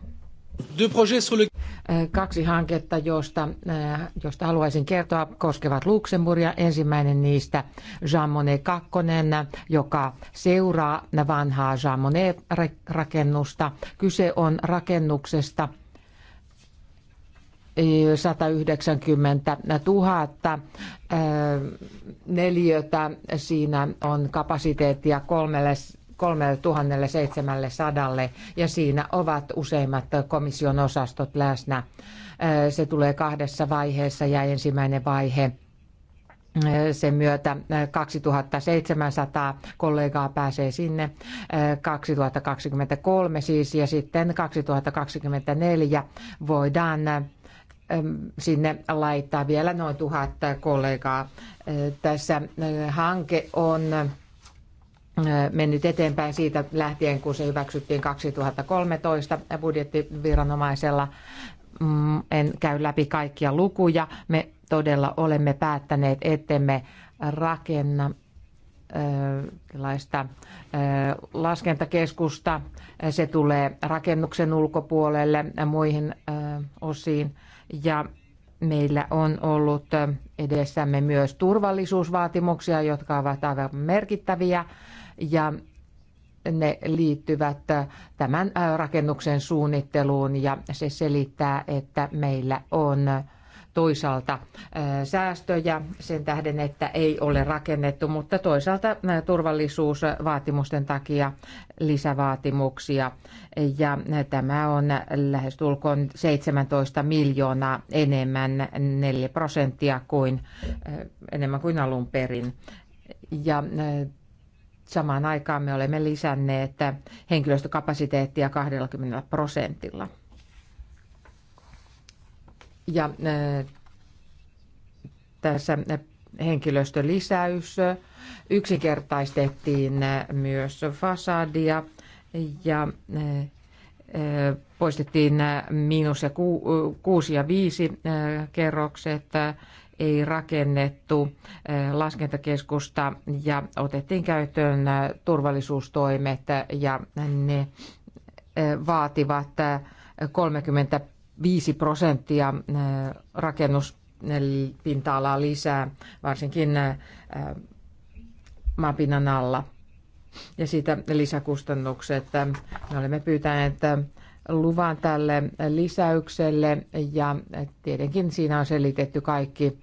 Äh, kaksi hanketta, josta, äh, josta haluaisin kertoa, koskevat Luxemburgia. Ensimmäinen niistä Jean Monnet 2, joka seuraa vanhaa Jean Monnet-rakennusta. Kyse on rakennuksesta 190 äh, 000 neliötä. Siinä on kapasiteettia kolmelle 3700 ja siinä ovat useimmat komission osastot läsnä. Se tulee kahdessa vaiheessa ja ensimmäinen vaihe sen myötä 2700 kollegaa pääsee sinne 2023 siis ja sitten 2024 voidaan sinne laittaa vielä noin tuhat kollegaa. Tässä hanke on mennyt eteenpäin siitä lähtien, kun se hyväksyttiin 2013 budjettiviranomaisella. Mm, en käy läpi kaikkia lukuja. Me todella olemme päättäneet, ettemme rakenna tällaista laskentakeskusta. Se tulee rakennuksen ulkopuolelle muihin osiin. Ja meillä on ollut edessämme myös turvallisuusvaatimuksia, jotka ovat aivan merkittäviä ja ne liittyvät tämän äh, rakennuksen suunnitteluun ja se selittää, että meillä on toisaalta äh, säästöjä sen tähden, että ei ole rakennettu, mutta toisaalta äh, turvallisuusvaatimusten takia lisävaatimuksia. Ja tämä on lähestulkoon 17 miljoonaa enemmän, 4 prosenttia kuin, enemmän kuin alun perin. Ja Samaan aikaan me olemme lisänneet henkilöstökapasiteettia 20 prosentilla. Ja tässä henkilöstölisäys yksinkertaistettiin myös fasadia ja poistettiin miinus ja kuusi ja viisi kerrokset ei rakennettu eh, laskentakeskusta ja otettiin käyttöön eh, turvallisuustoimet ja ne eh, vaativat 35 prosenttia rakennuspinta-alaa lisää, varsinkin maapinnan alla. Ja siitä lisäkustannukset. Me olemme pyytäneet luvan tälle lisäykselle ja tietenkin siinä on selitetty kaikki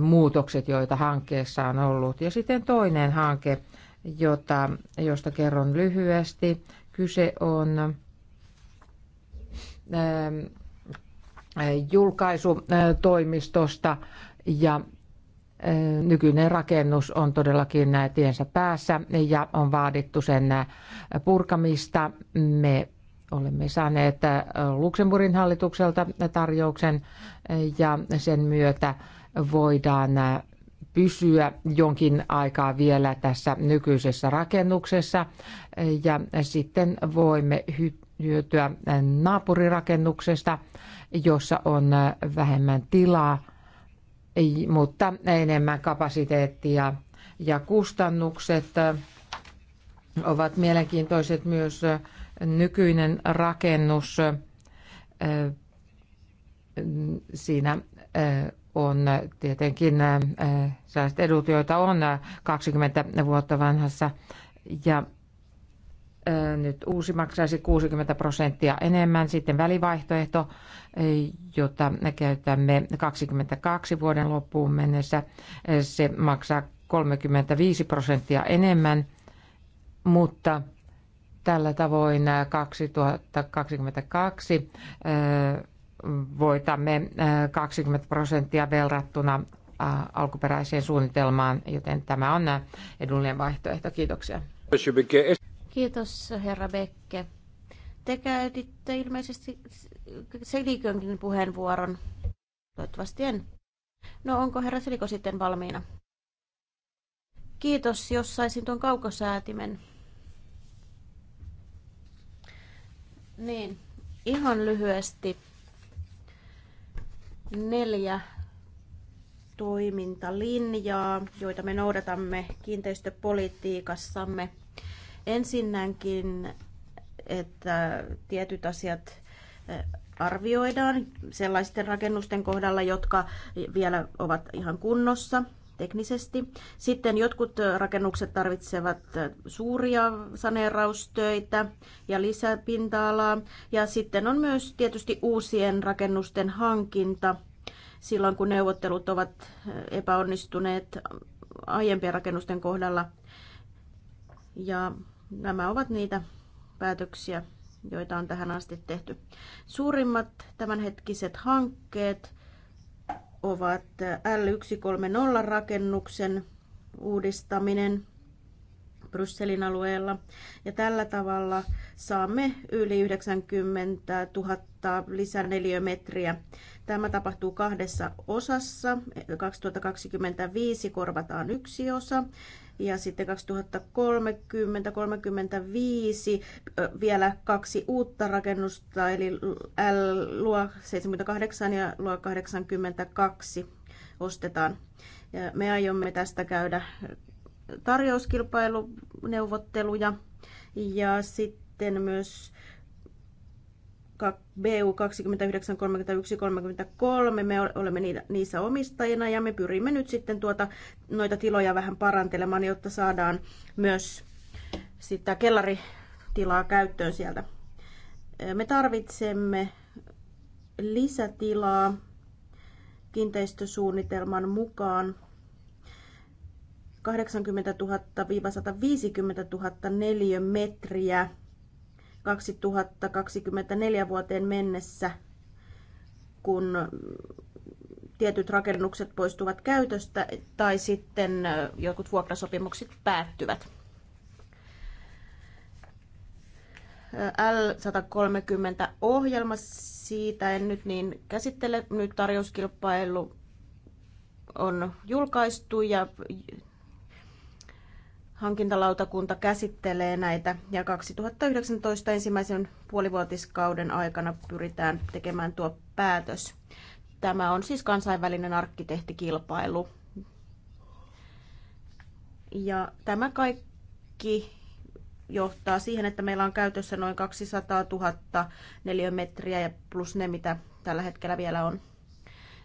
muutokset, joita hankkeessa on ollut. Ja sitten toinen hanke, jota, josta kerron lyhyesti. Kyse on ähm, julkaisutoimistosta ja äh, nykyinen rakennus on todellakin tiensä päässä ja on vaadittu sen äh, purkamista. Me olemme saaneet äh, Luxemburgin hallitukselta tarjouksen äh, ja sen myötä voidaan äh, pysyä jonkin aikaa vielä tässä nykyisessä rakennuksessa ja sitten voimme hyötyä naapurirakennuksesta, jossa on vähemmän tilaa, mutta enemmän kapasiteettia ja kustannukset ovat mielenkiintoiset myös nykyinen rakennus, siinä on tietenkin sellaiset edut, joita on 20 vuotta vanhassa. Ja nyt uusi maksaisi 60 prosenttia enemmän. Sitten välivaihtoehto, jota käytämme 22 vuoden loppuun mennessä, se maksaa 35 prosenttia enemmän, mutta Tällä tavoin 2022 äh, äh, voitamme 20 äh, prosenttia verrattuna alkuperäiseen suunnitelmaan, joten tämä on edullinen vaihtoehto. Kiitoksia. Kiitos herra Bekke. Te käytitte ilmeisesti Selikönkin puheenvuoron. Toivottavasti en. No onko herra Seliko sitten valmiina? Kiitos, jos saisin tuon kaukosäätimen. Niin, ihan lyhyesti neljä toimintalinjaa, joita me noudatamme kiinteistöpolitiikassamme. Ensinnäkin, että tietyt asiat eh, arvioidaan sellaisten rakennusten kohdalla, jotka vielä ovat ihan kunnossa teknisesti. Sitten jotkut rakennukset tarvitsevat suuria saneeraustöitä ja lisäpinta-alaa. Ja sitten on myös tietysti uusien rakennusten hankinta silloin, kun neuvottelut ovat epäonnistuneet aiempien rakennusten kohdalla. Ja nämä ovat niitä päätöksiä, joita on tähän asti tehty. Suurimmat tämänhetkiset hankkeet ovat L130-rakennuksen uudistaminen Brysselin alueella. Ja tällä tavalla saamme yli 90 000 lisäneliömetriä. Tämä tapahtuu kahdessa osassa. 2025 korvataan yksi osa ja sitten 2030-35 vielä kaksi uutta rakennusta, eli L, luo 78 ja luo 82 ostetaan. Ja me aiomme tästä käydä tarjouskilpailuneuvotteluja ja sitten myös BU 29.31.33, Me olemme niissä omistajina ja me pyrimme nyt sitten tuota, noita tiloja vähän parantelemaan, jotta saadaan myös sitä kellaritilaa käyttöön sieltä. Me tarvitsemme lisätilaa kiinteistösuunnitelman mukaan 80 000-150 000 neliömetriä 2024 vuoteen mennessä, kun tietyt rakennukset poistuvat käytöstä tai sitten jotkut vuokrasopimukset päättyvät. L130-ohjelma, siitä en nyt niin käsittele. Nyt tarjouskilpailu on julkaistu ja hankintalautakunta käsittelee näitä ja 2019 ensimmäisen puolivuotiskauden aikana pyritään tekemään tuo päätös. Tämä on siis kansainvälinen arkkitehtikilpailu. Ja tämä kaikki johtaa siihen, että meillä on käytössä noin 200 000 neliömetriä ja plus ne, mitä tällä hetkellä vielä on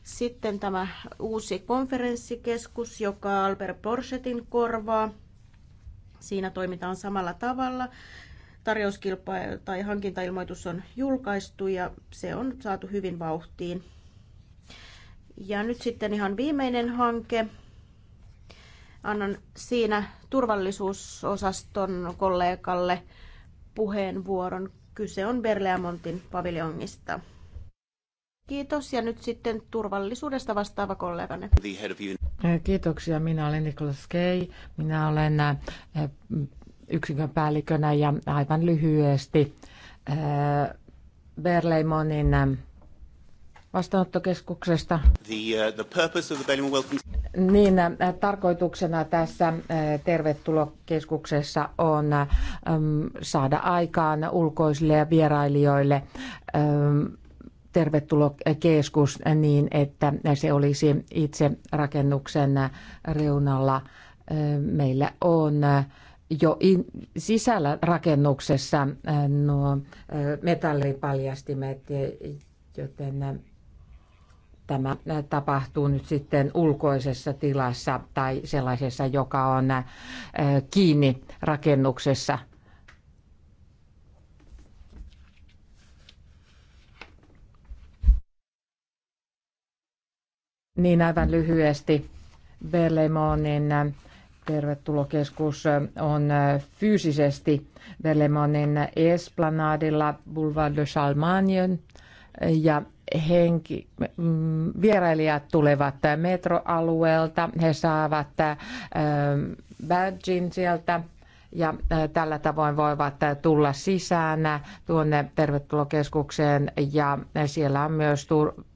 sitten tämä uusi konferenssikeskus, joka Albert Borchetin korvaa. Siinä toimitaan samalla tavalla. Tarjouskilpailu tai hankintailmoitus on julkaistu ja se on saatu hyvin vauhtiin. Ja nyt sitten ihan viimeinen hanke. Annan siinä turvallisuusosaston kollegalle puheenvuoron. Kyse on Berleamontin paviljongista. Kiitos ja nyt sitten turvallisuudesta vastaava kolleganne. Eh, kiitoksia. Minä olen Nicholas Kei. Minä olen eh, yksikön päällikönä ja aivan lyhyesti eh, Berleimonin vastaanottokeskuksesta. The, uh, the purpose of the Berlin Welcome... Niin, tarkoituksena tässä tervetulokeskuksessa on mm, saada aikaan ulkoisille ja vierailijoille tervetulokeskus äh, niin, että se olisi itse rakennuksen reunalla. Äh, meillä on äh, jo in, sisällä rakennuksessa nuo metallipaljastimet, joten tämä tapahtuu nyt sitten ulkoisessa tilassa tai sellaisessa, joka on kiinni rakennuksessa – Niin aivan lyhyesti. Berlemonin tervetulokeskus on fyysisesti Berlemonin Esplanadilla Boulevard de Charlemagne ja henki, mm, vierailijat tulevat metroalueelta, he saavat äh, badgin sieltä ja äh, tällä tavoin voivat tulla sisään tuonne tervetulokeskukseen ja siellä on myös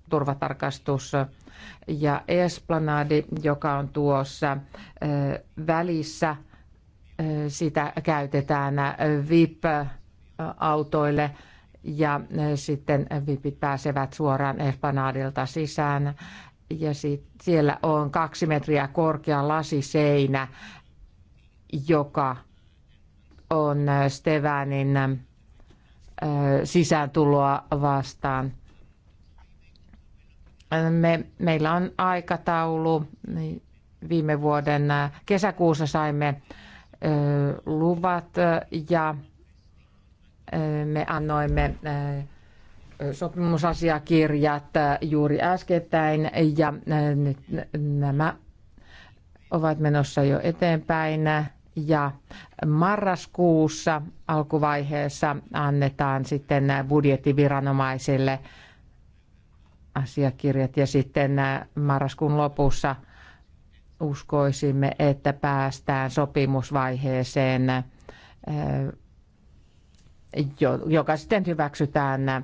turvatarkastus ja Esplanadi, joka on tuossa välissä, sitä käytetään VIP-autoille ja sitten VIPit pääsevät suoraan Esplanadilta sisään. Ja sit siellä on kaksi metriä korkea lasiseinä, joka on Stevanin sisääntuloa vastaan. Me, meillä on aikataulu. Viime vuoden äh, kesäkuussa saimme luvat ja me annoimme sopimusasiakirjat juuri äskettäin ja nyt nämä ovat menossa jo eteenpäin ja marraskuussa alkuvaiheessa annetaan sitten budjettiviranomaisille asiakirjat ja sitten äh, marraskuun lopussa uskoisimme, että päästään sopimusvaiheeseen, äh, joka sitten hyväksytään äh,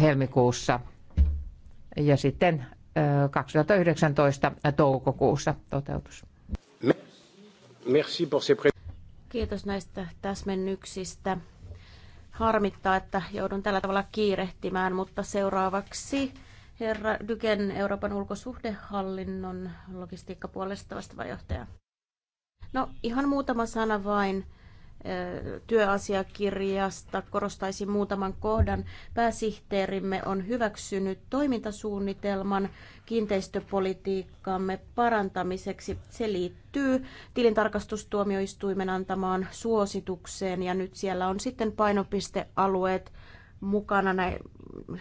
helmikuussa ja sitten 2019 toukokuussa toteutus. Kiitos näistä täsmennyksistä. Harmittaa, että joudun tällä tavalla kiirehtimään, mutta seuraavaksi herra Dyken Euroopan ulkosuhdehallinnon logistiikkapuolesta vastaava johtaja. No ihan muutama sana vain työasiakirjasta korostaisin muutaman kohdan. Pääsihteerimme on hyväksynyt toimintasuunnitelman kiinteistöpolitiikkaamme parantamiseksi. Se liittyy tilintarkastustuomioistuimen antamaan suositukseen ja nyt siellä on sitten painopistealueet mukana. Ne,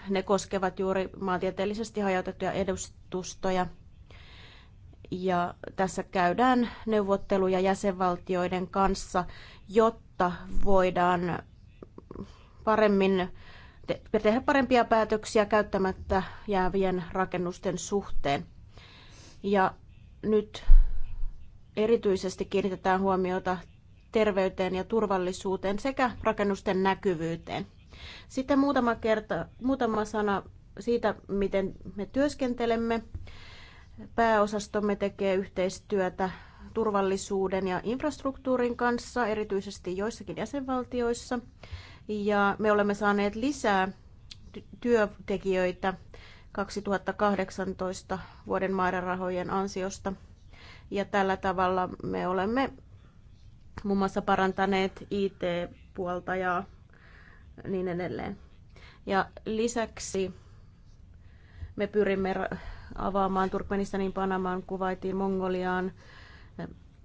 ne koskevat juuri maantieteellisesti hajautettuja edustustoja ja tässä käydään neuvotteluja jäsenvaltioiden kanssa jotta voidaan paremmin te- tehdä parempia päätöksiä käyttämättä jäävien rakennusten suhteen. Ja nyt erityisesti kiinnitetään huomiota terveyteen ja turvallisuuteen sekä rakennusten näkyvyyteen. Sitten muutama, kerta, muutama sana siitä, miten me työskentelemme. Pääosastomme tekee yhteistyötä turvallisuuden ja infrastruktuurin kanssa, erityisesti joissakin jäsenvaltioissa. Ja me olemme saaneet lisää työntekijöitä 2018 vuoden määrärahojen ansiosta. Ja tällä tavalla me olemme muun muassa parantaneet IT-puolta ja niin edelleen. Ja lisäksi me pyrimme avaamaan Turkmenistanin, Panamaan, Kuvaitiin, Mongoliaan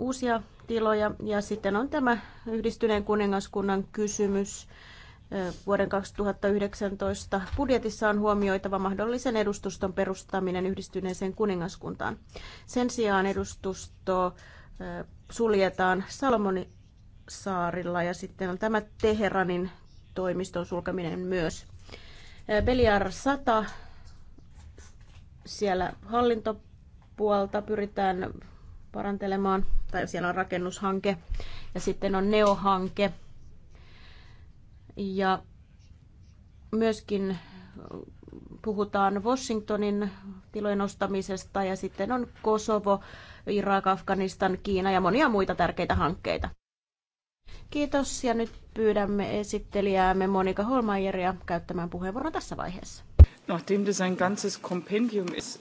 uusia tiloja. Ja sitten on tämä yhdistyneen kuningaskunnan kysymys. Vuoden 2019 budjetissa on huomioitava mahdollisen edustuston perustaminen yhdistyneeseen kuningaskuntaan. Sen sijaan edustusto suljetaan Salomonisaarilla ja sitten on tämä Teheranin toimiston sulkeminen myös. Beliar 100, siellä hallintopuolta pyritään parantelemaan, tai siellä on rakennushanke, ja sitten on neohanke, ja myöskin puhutaan Washingtonin tilojen ostamisesta ja sitten on Kosovo, Irak, Afganistan, Kiina ja monia muita tärkeitä hankkeita. Kiitos ja nyt pyydämme esittelijäämme Monika Holmajeria käyttämään puheenvuoron tässä vaiheessa.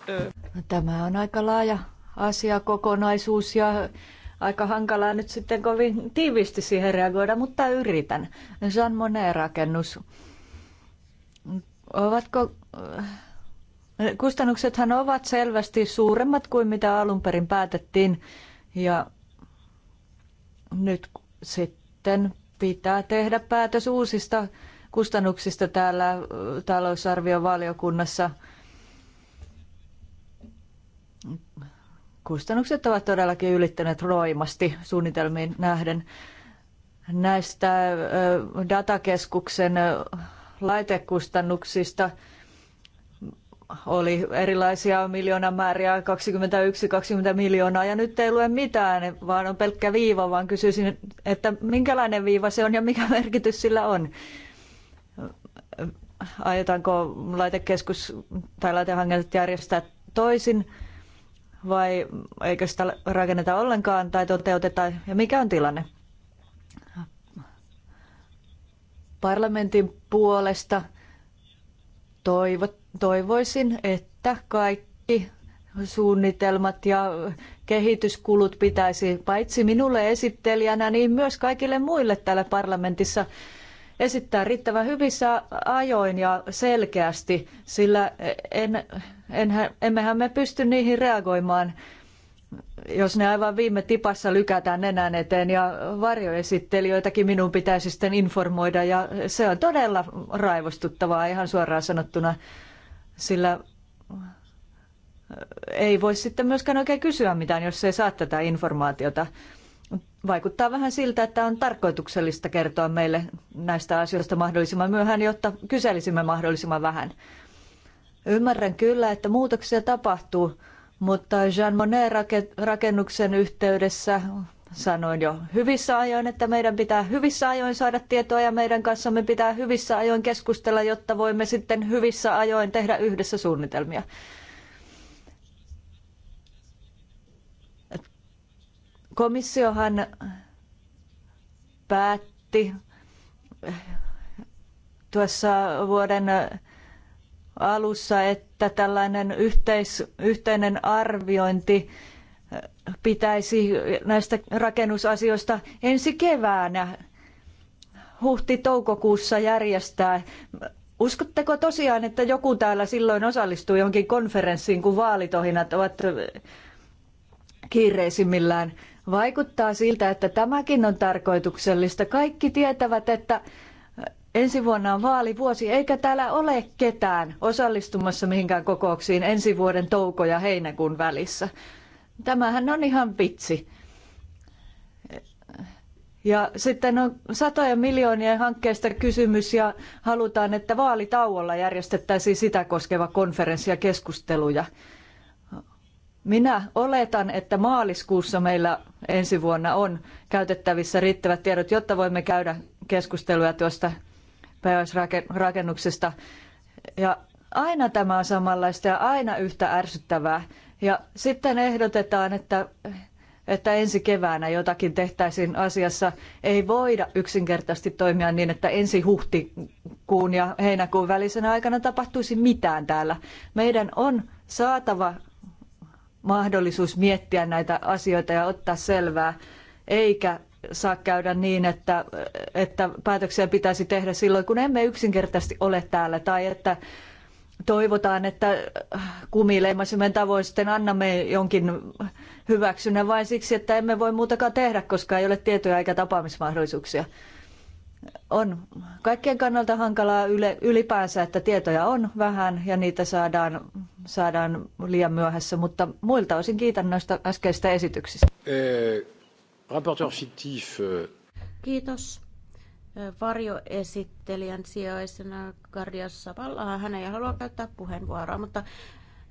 Äh, Tämä on aika laaja asiakokonaisuus ja aika hankalaa nyt sitten kovin tiivisti siihen reagoida, mutta yritän. Jean Monnet-rakennus. Ovatko... Kustannuksethan ovat selvästi suuremmat kuin mitä alun perin päätettiin ja nyt sitten pitää tehdä päätös uusista kustannuksista täällä talousarviovaliokunnassa kustannukset ovat todellakin ylittäneet roimasti suunnitelmiin nähden. Näistä datakeskuksen laitekustannuksista oli erilaisia miljoonamääriä, 21-20 miljoonaa, ja nyt ei lue mitään, vaan on pelkkä viiva, vaan kysyisin, että minkälainen viiva se on ja mikä merkitys sillä on. Aiotaanko laitekeskus tai laitehankinnat järjestää toisin? vai eikö sitä rakenneta ollenkaan tai toteuteta ja mikä on tilanne? Parlamentin puolesta toivo, toivoisin, että kaikki suunnitelmat ja kehityskulut pitäisi paitsi minulle esittelijänä, niin myös kaikille muille täällä parlamentissa esittää riittävän hyvissä ajoin ja selkeästi, sillä en, enhän, emmehän me pysty niihin reagoimaan, jos ne aivan viime tipassa lykätään nenän eteen ja varjoesittelijöitäkin minun pitäisi sitten informoida ja se on todella raivostuttavaa ihan suoraan sanottuna, sillä ei voi sitten myöskään oikein kysyä mitään, jos ei saa tätä informaatiota vaikuttaa vähän siltä, että on tarkoituksellista kertoa meille näistä asioista mahdollisimman myöhään, jotta kyselisimme mahdollisimman vähän. Ymmärrän kyllä, että muutoksia tapahtuu, mutta Jean Monnet-rakennuksen yhteydessä sanoin jo hyvissä ajoin, että meidän pitää hyvissä ajoin saada tietoa ja meidän kanssamme pitää hyvissä ajoin keskustella, jotta voimme sitten hyvissä ajoin tehdä yhdessä suunnitelmia. Komissiohan päätti tuossa vuoden alussa, että tällainen yhteis, yhteinen arviointi pitäisi näistä rakennusasioista ensi keväänä huhti-toukokuussa järjestää. Uskotteko tosiaan, että joku täällä silloin osallistuu johonkin konferenssiin, kun vaalitohinat ovat kiireisimmillään? Vaikuttaa siltä, että tämäkin on tarkoituksellista. Kaikki tietävät, että äh, ensi vuonna on vaalivuosi, eikä täällä ole ketään osallistumassa mihinkään kokouksiin ensi vuoden touko- ja heinäkuun välissä. Tämähän on ihan vitsi. Ja sitten on satoja miljoonien hankkeista kysymys ja halutaan, että vaalitauolla järjestettäisiin sitä koskeva konferenssi ja keskusteluja. Minä oletan, että maaliskuussa meillä ensi vuonna on käytettävissä riittävät tiedot, jotta voimme käydä keskusteluja tuosta päiväisrakennuksesta. Ja aina tämä on samanlaista ja aina yhtä ärsyttävää. Ja sitten ehdotetaan, että, että ensi keväänä jotakin tehtäisiin asiassa. Ei voida yksinkertaisesti toimia niin, että ensi huhtikuun ja heinäkuun välisenä aikana tapahtuisi mitään täällä. Meidän on saatava mahdollisuus miettiä näitä asioita ja ottaa selvää, eikä saa käydä niin, että, että päätöksiä pitäisi tehdä silloin, kun emme yksinkertaisesti ole täällä, tai että toivotaan, että kumileimasimen tavoin sitten annamme jonkin hyväksynnän vain siksi, että emme voi muutakaan tehdä, koska ei ole tietoja eikä tapaamismahdollisuuksia on kaikkien kannalta hankalaa yle, ylipäänsä, että tietoja on vähän ja niitä saadaan, saadaan liian myöhässä, mutta muilta osin kiitän noista äskeistä esityksistä. Eh, eh. Kiitos. Eh, varjoesittelijän sijaisena Karja Savalla. Hän ei halua käyttää puheenvuoroa, mutta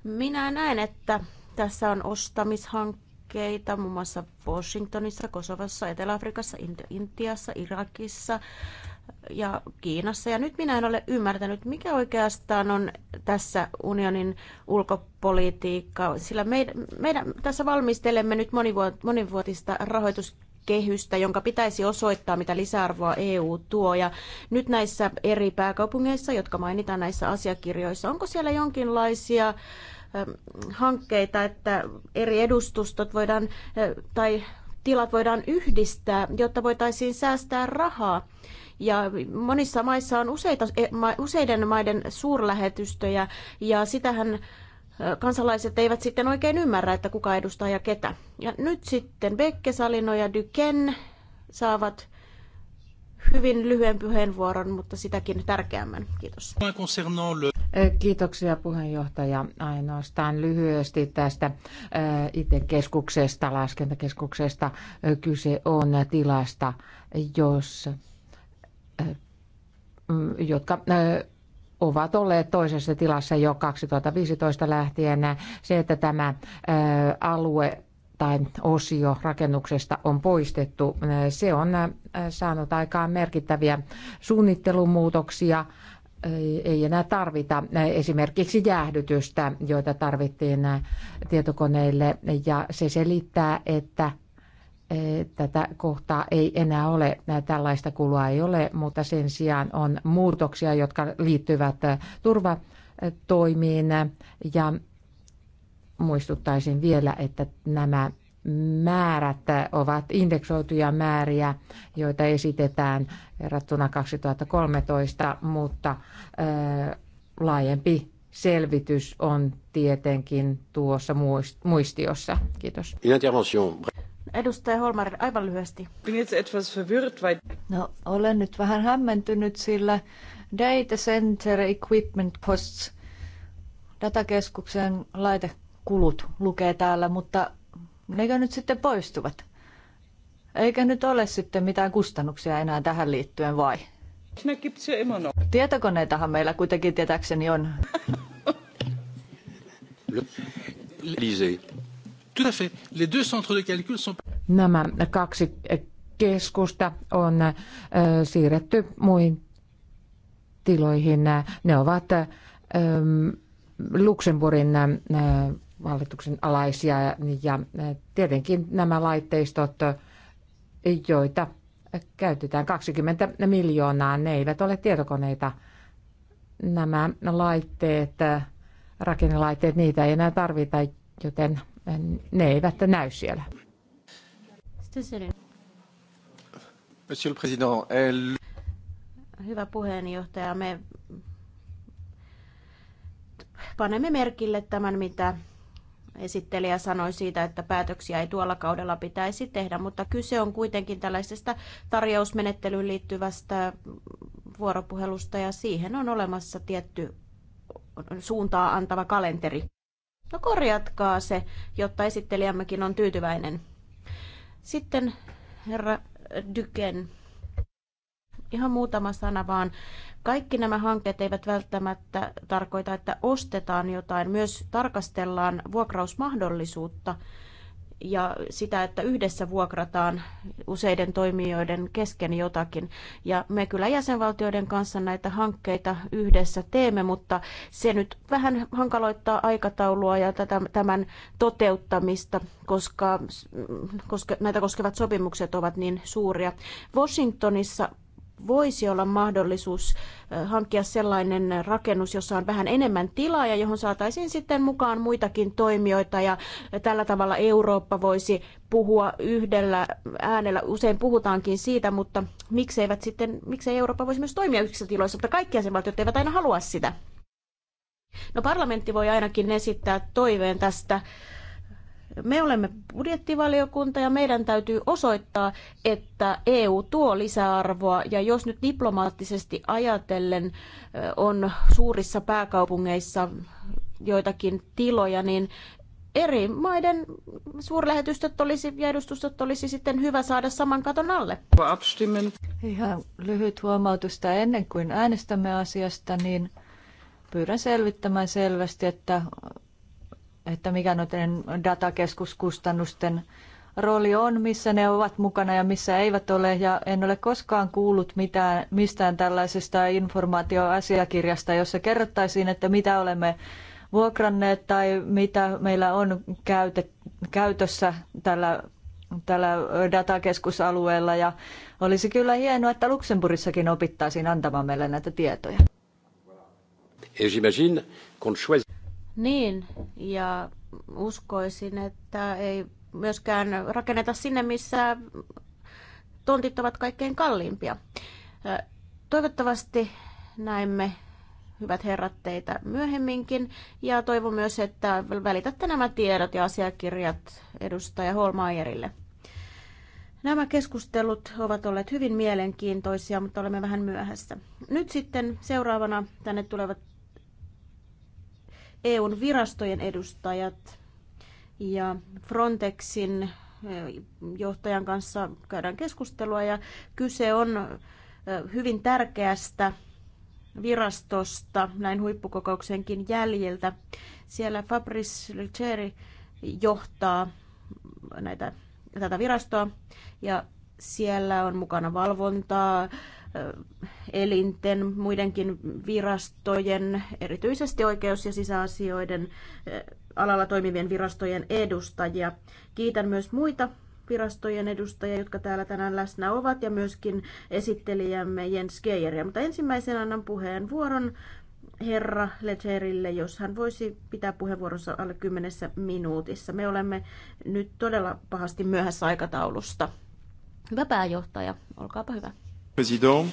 minä näen, että tässä on ostamishankkeita hankkeita muun muassa Washingtonissa, Kosovassa, Etelä-Afrikassa, Intiassa, Irakissa ja Kiinassa. Ja nyt minä en ole ymmärtänyt, mikä oikeastaan on tässä unionin ulkopolitiikka, sillä meidän, meidän tässä valmistelemme nyt monivuotista rahoitus kehystä, jonka pitäisi osoittaa, mitä lisäarvoa EU tuo. Ja nyt näissä eri pääkaupungeissa, jotka mainitaan näissä asiakirjoissa, onko siellä jonkinlaisia äh, hankkeita, että eri edustustot voidaan tai tilat voidaan yhdistää, jotta voitaisiin säästää rahaa. Ja monissa maissa on useita, e, useiden maiden suurlähetystöjä ja sitähän kansalaiset eivät sitten oikein ymmärrä, että kuka edustaa ja ketä. Ja nyt sitten Bekke, Salino ja Duken saavat hyvin lyhyen puheenvuoron, mutta sitäkin tärkeämmän. Kiitos. Kiitoksia puheenjohtaja. Ainoastaan lyhyesti tästä it keskuksesta, laskentakeskuksesta. Kyse on tilasta, jos, jotka ovat olleet toisessa tilassa jo 2015 lähtien. Se, että tämä alue tai osio rakennuksesta on poistettu. Se on äh, saanut aikaan merkittäviä suunnittelumuutoksia. Ei enää tarvita äh, esimerkiksi jäähdytystä, joita tarvittiin äh, tietokoneille, ja se selittää, että tätä kohtaa ei enää ole, tällaista kulua ei ole, mutta sen sijaan on muutoksia, jotka liittyvät turvatoimiin ja muistuttaisin vielä, että nämä määrät ovat indeksoituja määriä, joita esitetään verrattuna 2013, mutta laajempi selvitys on tietenkin tuossa muistiossa. Kiitos. Edustaja Holmar, aivan lyhyesti. No, olen nyt vähän hämmentynyt, sillä Data Center Equipment costs datakeskuksen laite kulut lukee täällä, mutta nekö nyt sitten poistuvat? Eikä nyt ole sitten mitään kustannuksia enää tähän liittyen vai? Tietokoneitahan meillä kuitenkin tietääkseni on. Nämä kaksi keskusta on siirretty muihin tiloihin. Ne ovat Luxemburgin valituksen alaisia ja tietenkin nämä laitteistot, joita käytetään 20 miljoonaa, ne eivät ole tietokoneita. Nämä laitteet, rakennelaitteet, niitä ei enää tarvita, joten ne eivät näy siellä. Hyvä puheenjohtaja, me panemme merkille tämän, mitä esittelijä sanoi siitä, että päätöksiä ei tuolla kaudella pitäisi tehdä, mutta kyse on kuitenkin tällaisesta tarjousmenettelyyn liittyvästä vuoropuhelusta ja siihen on olemassa tietty suuntaa antava kalenteri. No korjatkaa se, jotta esittelijämmekin on tyytyväinen. Sitten herra Dyken Ihan muutama sana vaan. Kaikki nämä hankkeet eivät välttämättä tarkoita, että ostetaan jotain. Myös tarkastellaan vuokrausmahdollisuutta ja sitä, että yhdessä vuokrataan useiden toimijoiden kesken jotakin. Ja me kyllä jäsenvaltioiden kanssa näitä hankkeita yhdessä teemme, mutta se nyt vähän hankaloittaa aikataulua ja tätä, tämän toteuttamista, koska, koska näitä koskevat sopimukset ovat niin suuria. Washingtonissa voisi olla mahdollisuus hankkia sellainen rakennus, jossa on vähän enemmän tilaa ja johon saataisiin sitten mukaan muitakin toimijoita ja tällä tavalla Eurooppa voisi puhua yhdellä äänellä. Usein puhutaankin siitä, mutta mikseivät sitten, miksei Eurooppa voisi myös toimia yksissä tiloissa, mutta kaikki jäsenvaltiot eivät aina halua sitä. No parlamentti voi ainakin esittää toiveen tästä me olemme budjettivaliokunta ja meidän täytyy osoittaa, että EU tuo lisäarvoa ja jos nyt diplomaattisesti ajatellen on suurissa pääkaupungeissa joitakin tiloja, niin eri maiden suurlähetystöt olisi ja edustustot olisi sitten hyvä saada saman katon alle. Ihan lyhyt huomautus ennen kuin äänestämme asiasta, niin pyydän selvittämään selvästi, että että mikä noiden datakeskuskustannusten rooli on, missä ne ovat mukana ja missä eivät ole. Ja en ole koskaan kuullut mitään, mistään tällaisesta informaatioasiakirjasta, jossa kerrottaisiin, että mitä olemme vuokranneet tai mitä meillä on käytet, käytössä tällä, tällä datakeskusalueella. Ja olisi kyllä hienoa, että Luxemburissakin opittaisiin antamaan meille näitä tietoja. Et j'imagine qu'on choisit niin, ja uskoisin, että ei myöskään rakenneta sinne, missä tontit ovat kaikkein kalliimpia. Toivottavasti näemme, hyvät herrat, teitä myöhemminkin. Ja toivon myös, että välitätte nämä tiedot ja asiakirjat edustaja Holmaierille. Nämä keskustelut ovat olleet hyvin mielenkiintoisia, mutta olemme vähän myöhässä. Nyt sitten seuraavana tänne tulevat EUn virastojen edustajat ja Frontexin eh, johtajan kanssa käydään keskustelua ja kyse on eh, hyvin tärkeästä virastosta näin huippukokouksenkin jäljiltä. Siellä Fabrice Lucheri johtaa näitä, tätä virastoa ja siellä on mukana valvontaa, elinten, muidenkin virastojen, erityisesti oikeus- ja sisäasioiden alalla toimivien virastojen edustajia. Kiitän myös muita virastojen edustajia, jotka täällä tänään läsnä ovat, ja myöskin esittelijämme Jens Geijeriä. Mutta ensimmäisen annan puheenvuoron herra Lecherille, jos hän voisi pitää puheenvuoronsa alle kymmenessä minuutissa. Me olemme nyt todella pahasti myöhässä aikataulusta. Hyvä pääjohtaja, olkaapa hyvä. Euh,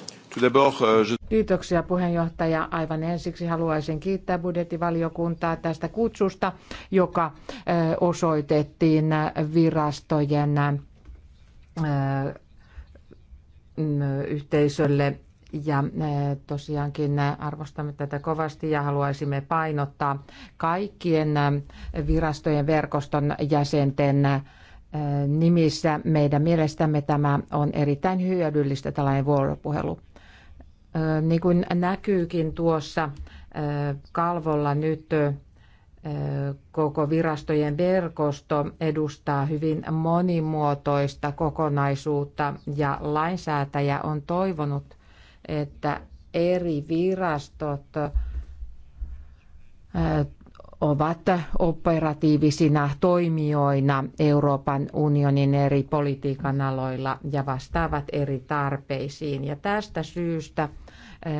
Kiitoksia puheenjohtaja. Aivan ensiksi haluaisin kiittää budjettivaliokuntaa tästä kutsusta, joka äh, osoitettiin virastojen äh, mm, yhteisölle. Ja äh, tosiaankin arvostamme tätä kovasti ja haluaisimme painottaa kaikkien virastojen verkoston jäsenten nimissä. Meidän mielestämme tämä on erittäin hyödyllistä tällainen vuoropuhelu. Niin kuin näkyykin tuossa kalvolla nyt koko virastojen verkosto edustaa hyvin monimuotoista kokonaisuutta ja lainsäätäjä on toivonut, että eri virastot ovat operatiivisina toimijoina Euroopan unionin eri politiikan aloilla ja vastaavat eri tarpeisiin. Ja tästä syystä eh,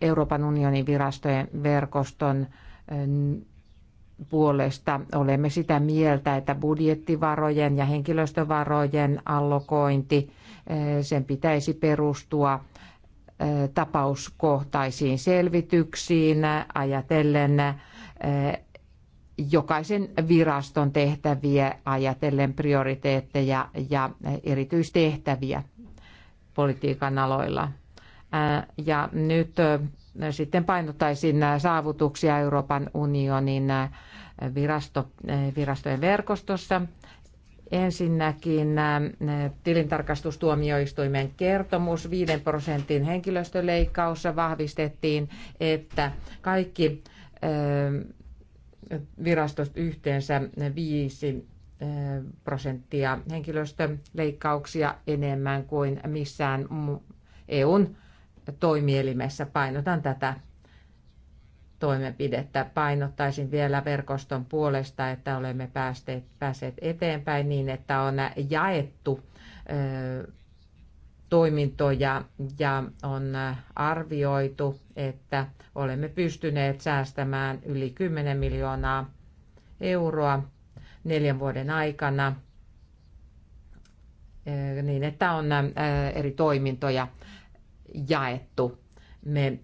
Euroopan unionin virastojen verkoston eh, puolesta olemme sitä mieltä, että budjettivarojen ja henkilöstövarojen allokointi, eh, sen pitäisi perustua tapauskohtaisiin selvityksiin ajatellen jokaisen viraston tehtäviä ajatellen prioriteetteja ja erityistehtäviä politiikan aloilla. Ja nyt sitten painottaisin saavutuksia Euroopan unionin virasto, virastojen verkostossa. Ensinnäkin tilintarkastustuomioistuimen kertomus, 5 prosentin henkilöstöleikkaus vahvistettiin, että kaikki virastosta yhteensä 5 prosenttia henkilöstöleikkauksia enemmän kuin missään EUn toimielimessä. Painotan tätä toimenpidettä. Painottaisin vielä verkoston puolesta, että olemme päästeet, päässeet eteenpäin niin, että on jaettu toimintoja ja on äh, arvioitu, että olemme pystyneet säästämään yli 10 miljoonaa euroa neljän vuoden aikana äh, niin, että on äh, eri toimintoja jaettu. Me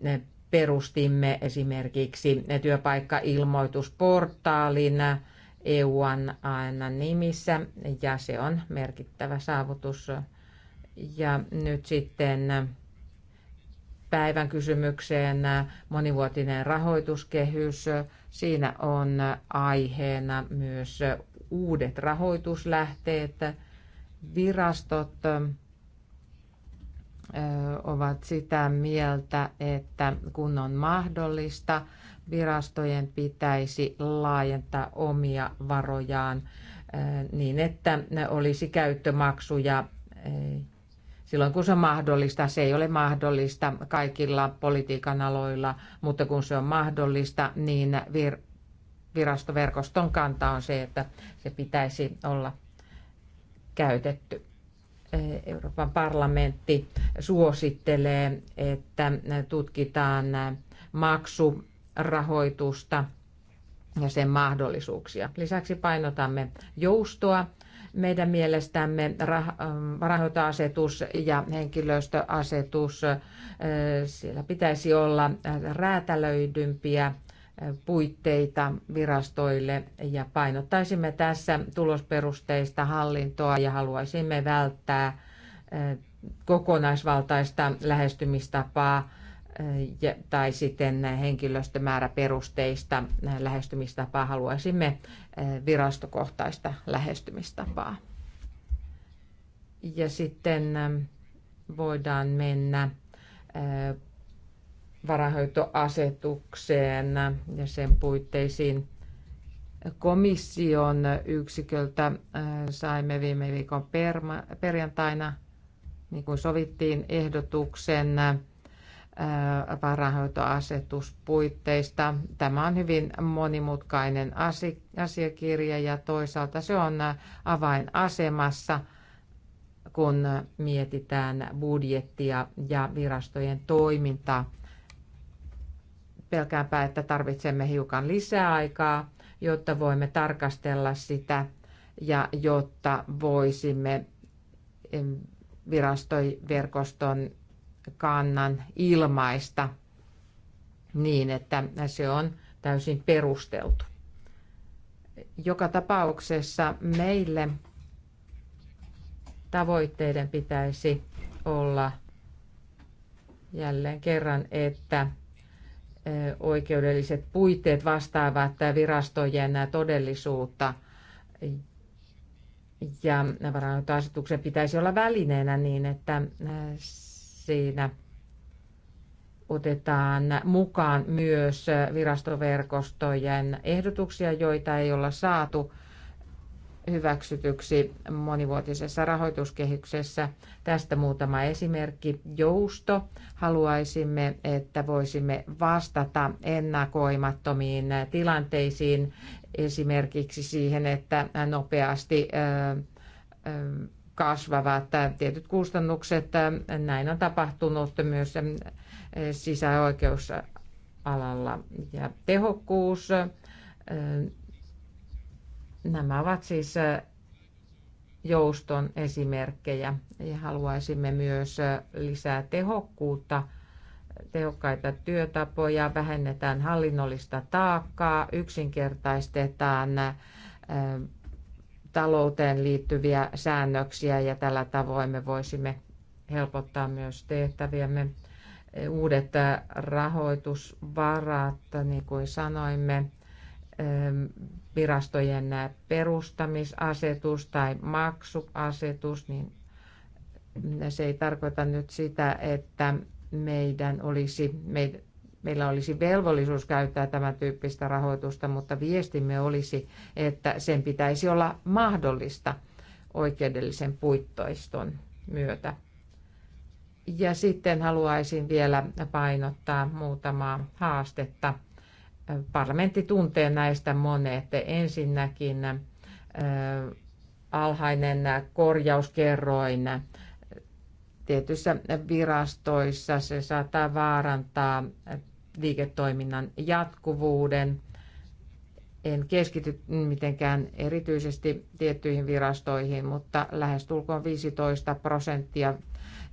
perustimme esimerkiksi työpaikkailmoitusportaalin EUan aina nimissä ja se on merkittävä saavutus ja nyt sitten päivän kysymykseen monivuotinen rahoituskehys. Siinä on aiheena myös uudet rahoituslähteet. Virastot ovat sitä mieltä, että kun on mahdollista, virastojen pitäisi laajentaa omia varojaan niin, että ne olisi käyttömaksuja silloin kun se on mahdollista. Se ei ole mahdollista kaikilla politiikan aloilla, mutta kun se on mahdollista, niin vir- virastoverkoston kanta on se, että se pitäisi olla käytetty. Euroopan parlamentti suosittelee, että tutkitaan maksurahoitusta ja sen mahdollisuuksia. Lisäksi painotamme joustoa meidän mielestämme ähm, varahoitoasetus ja henkilöstöasetus, äh, siellä pitäisi olla äh, räätälöidympiä äh, puitteita virastoille ja painottaisimme tässä tulosperusteista hallintoa ja haluaisimme välttää kokonaisvaltaista lähestymistapaa tai sitten henkilöstömääräperusteista lähestymistapaa. Haluaisimme virastokohtaista lähestymistapaa. Ja sitten voidaan mennä varahoitoasetukseen ja sen puitteisiin. Komission yksiköltä saimme viime viikon perjantaina, niin kuin sovittiin, ehdotuksen varainhoitoasetuspuitteista. Tämä on hyvin monimutkainen asiakirja ja toisaalta se on avainasemassa, kun mietitään budjettia ja virastojen toimintaa. Pelkäänpä, että tarvitsemme hiukan lisää aikaa, jotta voimme tarkastella sitä ja jotta voisimme virastoverkoston kannan ilmaista niin, että se on täysin perusteltu. Joka tapauksessa meille tavoitteiden pitäisi olla jälleen kerran, että oikeudelliset puitteet vastaavat virastojen todellisuutta ja varainhoitoasetuksen pitäisi olla välineenä niin, että siinä otetaan mukaan myös virastoverkostojen ehdotuksia, joita ei olla saatu hyväksytyksi monivuotisessa rahoituskehyksessä. Tästä muutama esimerkki. Jousto. Haluaisimme, että voisimme vastata ennakoimattomiin tilanteisiin, esimerkiksi siihen, että nopeasti kasvavat. Tietyt kustannukset, näin on tapahtunut myös sisäoikeusalalla. Ja tehokkuus, nämä ovat siis jouston esimerkkejä ja haluaisimme myös lisää tehokkuutta, tehokkaita työtapoja, vähennetään hallinnollista taakkaa, yksinkertaistetaan talouteen liittyviä säännöksiä ja tällä tavoin me voisimme helpottaa myös tehtäviämme. Uudet rahoitusvarat, niin kuin sanoimme, virastojen perustamisasetus tai maksuasetus, niin se ei tarkoita nyt sitä, että meidän olisi, meillä olisi velvollisuus käyttää tämän tyyppistä rahoitusta, mutta viestimme olisi, että sen pitäisi olla mahdollista oikeudellisen puittoiston myötä. Ja sitten haluaisin vielä painottaa muutamaa haastetta. Parlamentti tuntee näistä monet. Ensinnäkin alhainen korjauskerroin tietyissä virastoissa. Se saattaa vaarantaa liiketoiminnan jatkuvuuden. En keskity mitenkään erityisesti tiettyihin virastoihin, mutta lähestulkoon 15 prosenttia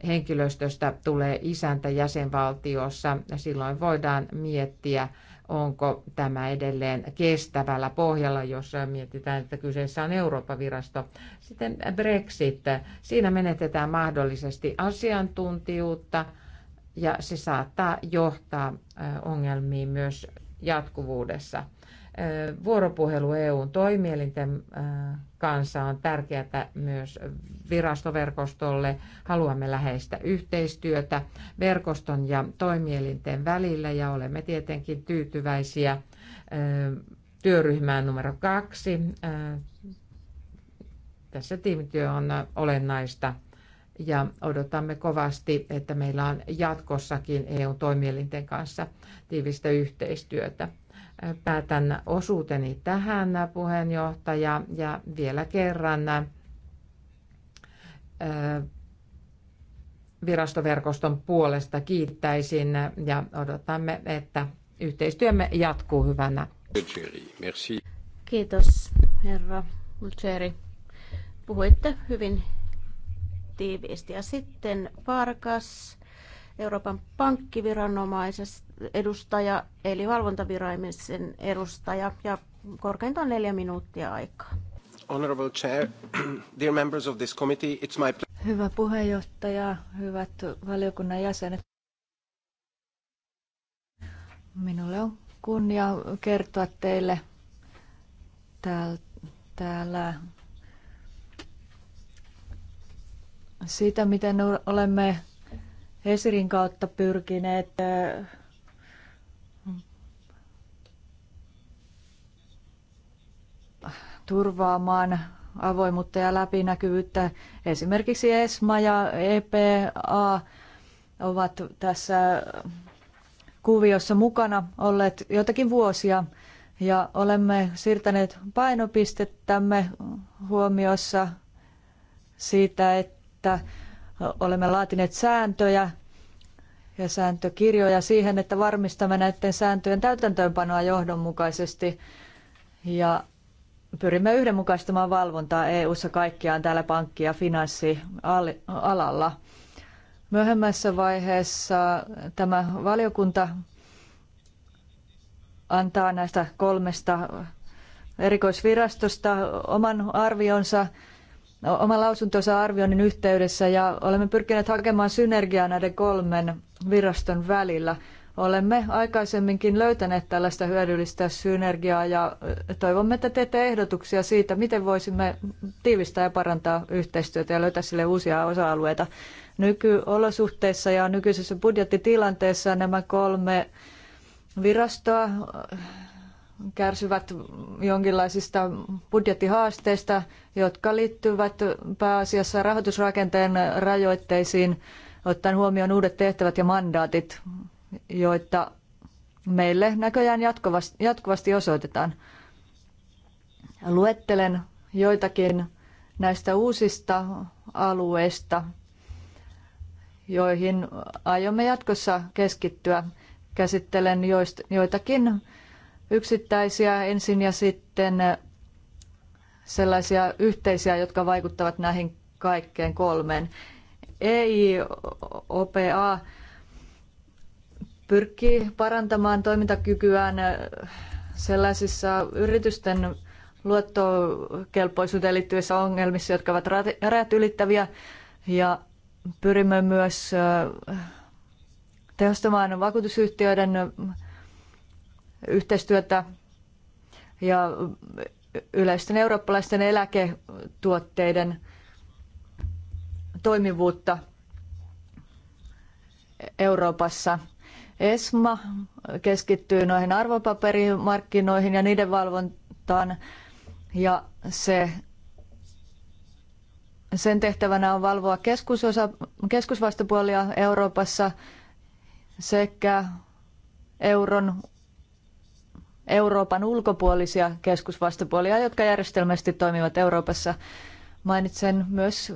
henkilöstöstä tulee isäntä jäsenvaltiossa. Silloin voidaan miettiä, onko tämä edelleen kestävällä pohjalla, jos mietitään, että kyseessä on Euroopan virasto Sitten Brexit. Siinä menetetään mahdollisesti asiantuntijuutta – ja se saattaa johtaa ongelmiin myös jatkuvuudessa. Vuoropuhelu EUn toimielinten kanssa on tärkeää myös virastoverkostolle. Haluamme läheistä yhteistyötä verkoston ja toimielinten välillä ja olemme tietenkin tyytyväisiä työryhmään numero kaksi. Tässä tiimityö on olennaista ja odotamme kovasti, että meillä on jatkossakin EU-toimielinten kanssa tiivistä yhteistyötä. Päätän osuuteni tähän puheenjohtaja ja vielä kerran virastoverkoston puolesta kiittäisin ja odotamme, että yhteistyömme jatkuu hyvänä. Kiitos herra Ulceri. Puhuitte hyvin tiiviisti. Ja sitten Varkas, Euroopan pankkiviranomaisen edustaja, eli valvontaviraimisen edustaja, ja korkeintaan neljä minuuttia aikaa. Honorable Chair, dear members of this committee, it's my pleasure. Hyvä puheenjohtaja, hyvät valiokunnan jäsenet. Minulle on kunnia kertoa teille täällä siitä, miten olemme Hesirin kautta pyrkineet turvaamaan avoimuutta ja läpinäkyvyyttä. Esimerkiksi ESMA ja EPA ovat tässä kuviossa mukana olleet joitakin vuosia ja olemme siirtäneet painopistettämme huomiossa siitä, että että olemme laatineet sääntöjä ja sääntökirjoja siihen, että varmistamme näiden sääntöjen täytäntöönpanoa johdonmukaisesti ja pyrimme yhdenmukaistamaan valvontaa EU-ssa kaikkiaan täällä pankki- ja finanssialalla. Myöhemmässä vaiheessa tämä valiokunta antaa näistä kolmesta erikoisvirastosta oman arvionsa oman lausuntonsa arvioinnin yhteydessä ja olemme pyrkineet hakemaan synergiaa näiden kolmen viraston välillä. Olemme aikaisemminkin löytäneet tällaista hyödyllistä synergiaa ja toivomme, että teette ehdotuksia siitä, miten voisimme tiivistää ja parantaa yhteistyötä ja löytää sille uusia osa-alueita. Nykyolosuhteissa ja nykyisessä budjettitilanteessa nämä kolme virastoa kärsivät jonkinlaisista budjettihaasteista, jotka liittyvät pääasiassa rahoitusrakenteen rajoitteisiin, ottaen huomioon uudet tehtävät ja mandaatit, joita meille näköjään jatkuvasti osoitetaan. Luettelen joitakin näistä uusista alueista, joihin aiomme jatkossa keskittyä. Käsittelen joist, joitakin yksittäisiä ensin ja sitten äh, sellaisia yhteisiä, jotka vaikuttavat näihin kaikkeen kolmeen. EIOPA pyrkii parantamaan toimintakykyään äh, sellaisissa yritysten luottokelpoisuuteen liittyvissä ongelmissa, jotka ovat rajat ylittäviä ja pyrimme myös äh, tehostamaan vakuutusyhtiöiden yhteistyötä ja yleisten eurooppalaisten eläketuotteiden toimivuutta Euroopassa. ESMA keskittyy noihin arvopaperimarkkinoihin ja niiden valvontaan ja se, sen tehtävänä on valvoa keskusosa, keskusvastapuolia Euroopassa sekä euron Euroopan ulkopuolisia keskusvastapuolia, jotka järjestelmästi toimivat Euroopassa. Mainitsen myös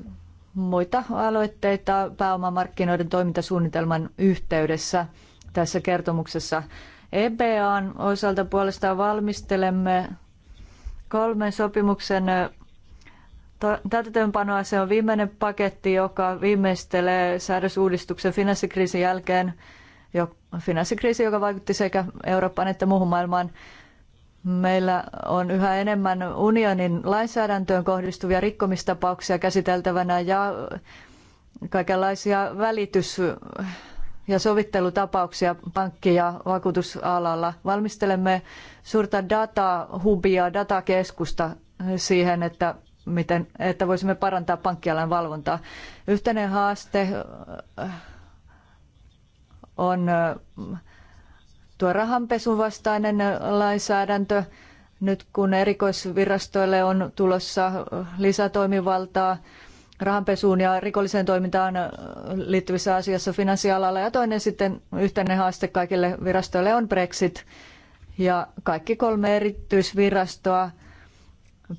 muita aloitteita pääomamarkkinoiden toimintasuunnitelman yhteydessä tässä kertomuksessa. EBAn osalta puolestaan valmistelemme kolmen sopimuksen täytäntöönpanoa. Se on viimeinen paketti, joka viimeistelee säädösuudistuksen finanssikriisin jälkeen jo finanssikriisi, joka vaikutti sekä Eurooppaan että muuhun maailmaan. Meillä on yhä enemmän unionin lainsäädäntöön kohdistuvia rikkomistapauksia käsiteltävänä ja kaikenlaisia välitys- ja sovittelutapauksia pankki- ja vakuutusalalla. Valmistelemme suurta datahubia, datakeskusta siihen, että, miten, että voisimme parantaa pankkialan valvontaa. Yhteinen haaste on tuo rahanpesun vastainen lainsäädäntö. Nyt kun erikoisvirastoille on tulossa lisätoimivaltaa rahanpesuun ja rikolliseen toimintaan liittyvissä asioissa finanssialalla ja toinen sitten yhteinen haaste kaikille virastoille on Brexit. Ja kaikki kolme erityisvirastoa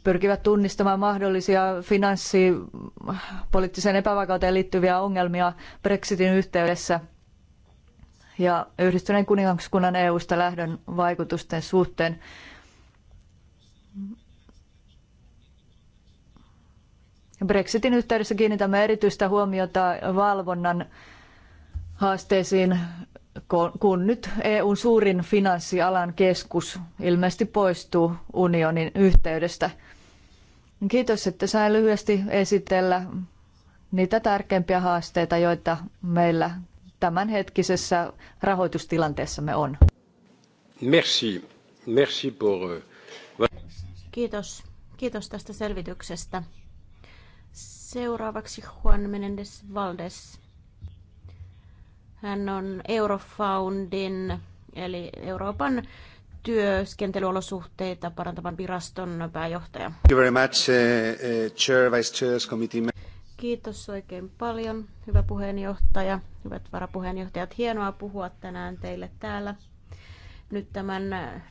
pyrkivät tunnistamaan mahdollisia finanssipoliittiseen epävakauteen liittyviä ongelmia Brexitin yhteydessä – ja yhdistyneen kuningaskunnan EU-sta lähdön vaikutusten suhteen. Brexitin yhteydessä kiinnitämme erityistä huomiota valvonnan haasteisiin, kun nyt EUn suurin finanssialan keskus ilmeisesti poistuu unionin yhteydestä. Kiitos, että sain lyhyesti esitellä niitä tärkeimpiä haasteita, joita meillä tämänhetkisessä rahoitustilanteessamme on. Merci. Merci pour... Euh, Kiitos. Kiitos tästä selvityksestä. Seuraavaksi Juan Menendez Valdes. Hän on Eurofoundin, eli Euroopan työskentelyolosuhteita parantavan viraston pääjohtaja. Thank you very much, uh, uh, chair, vice chairs, committee. Kiitos oikein paljon, hyvä puheenjohtaja, hyvät varapuheenjohtajat. Hienoa puhua tänään teille täällä. Nyt tämän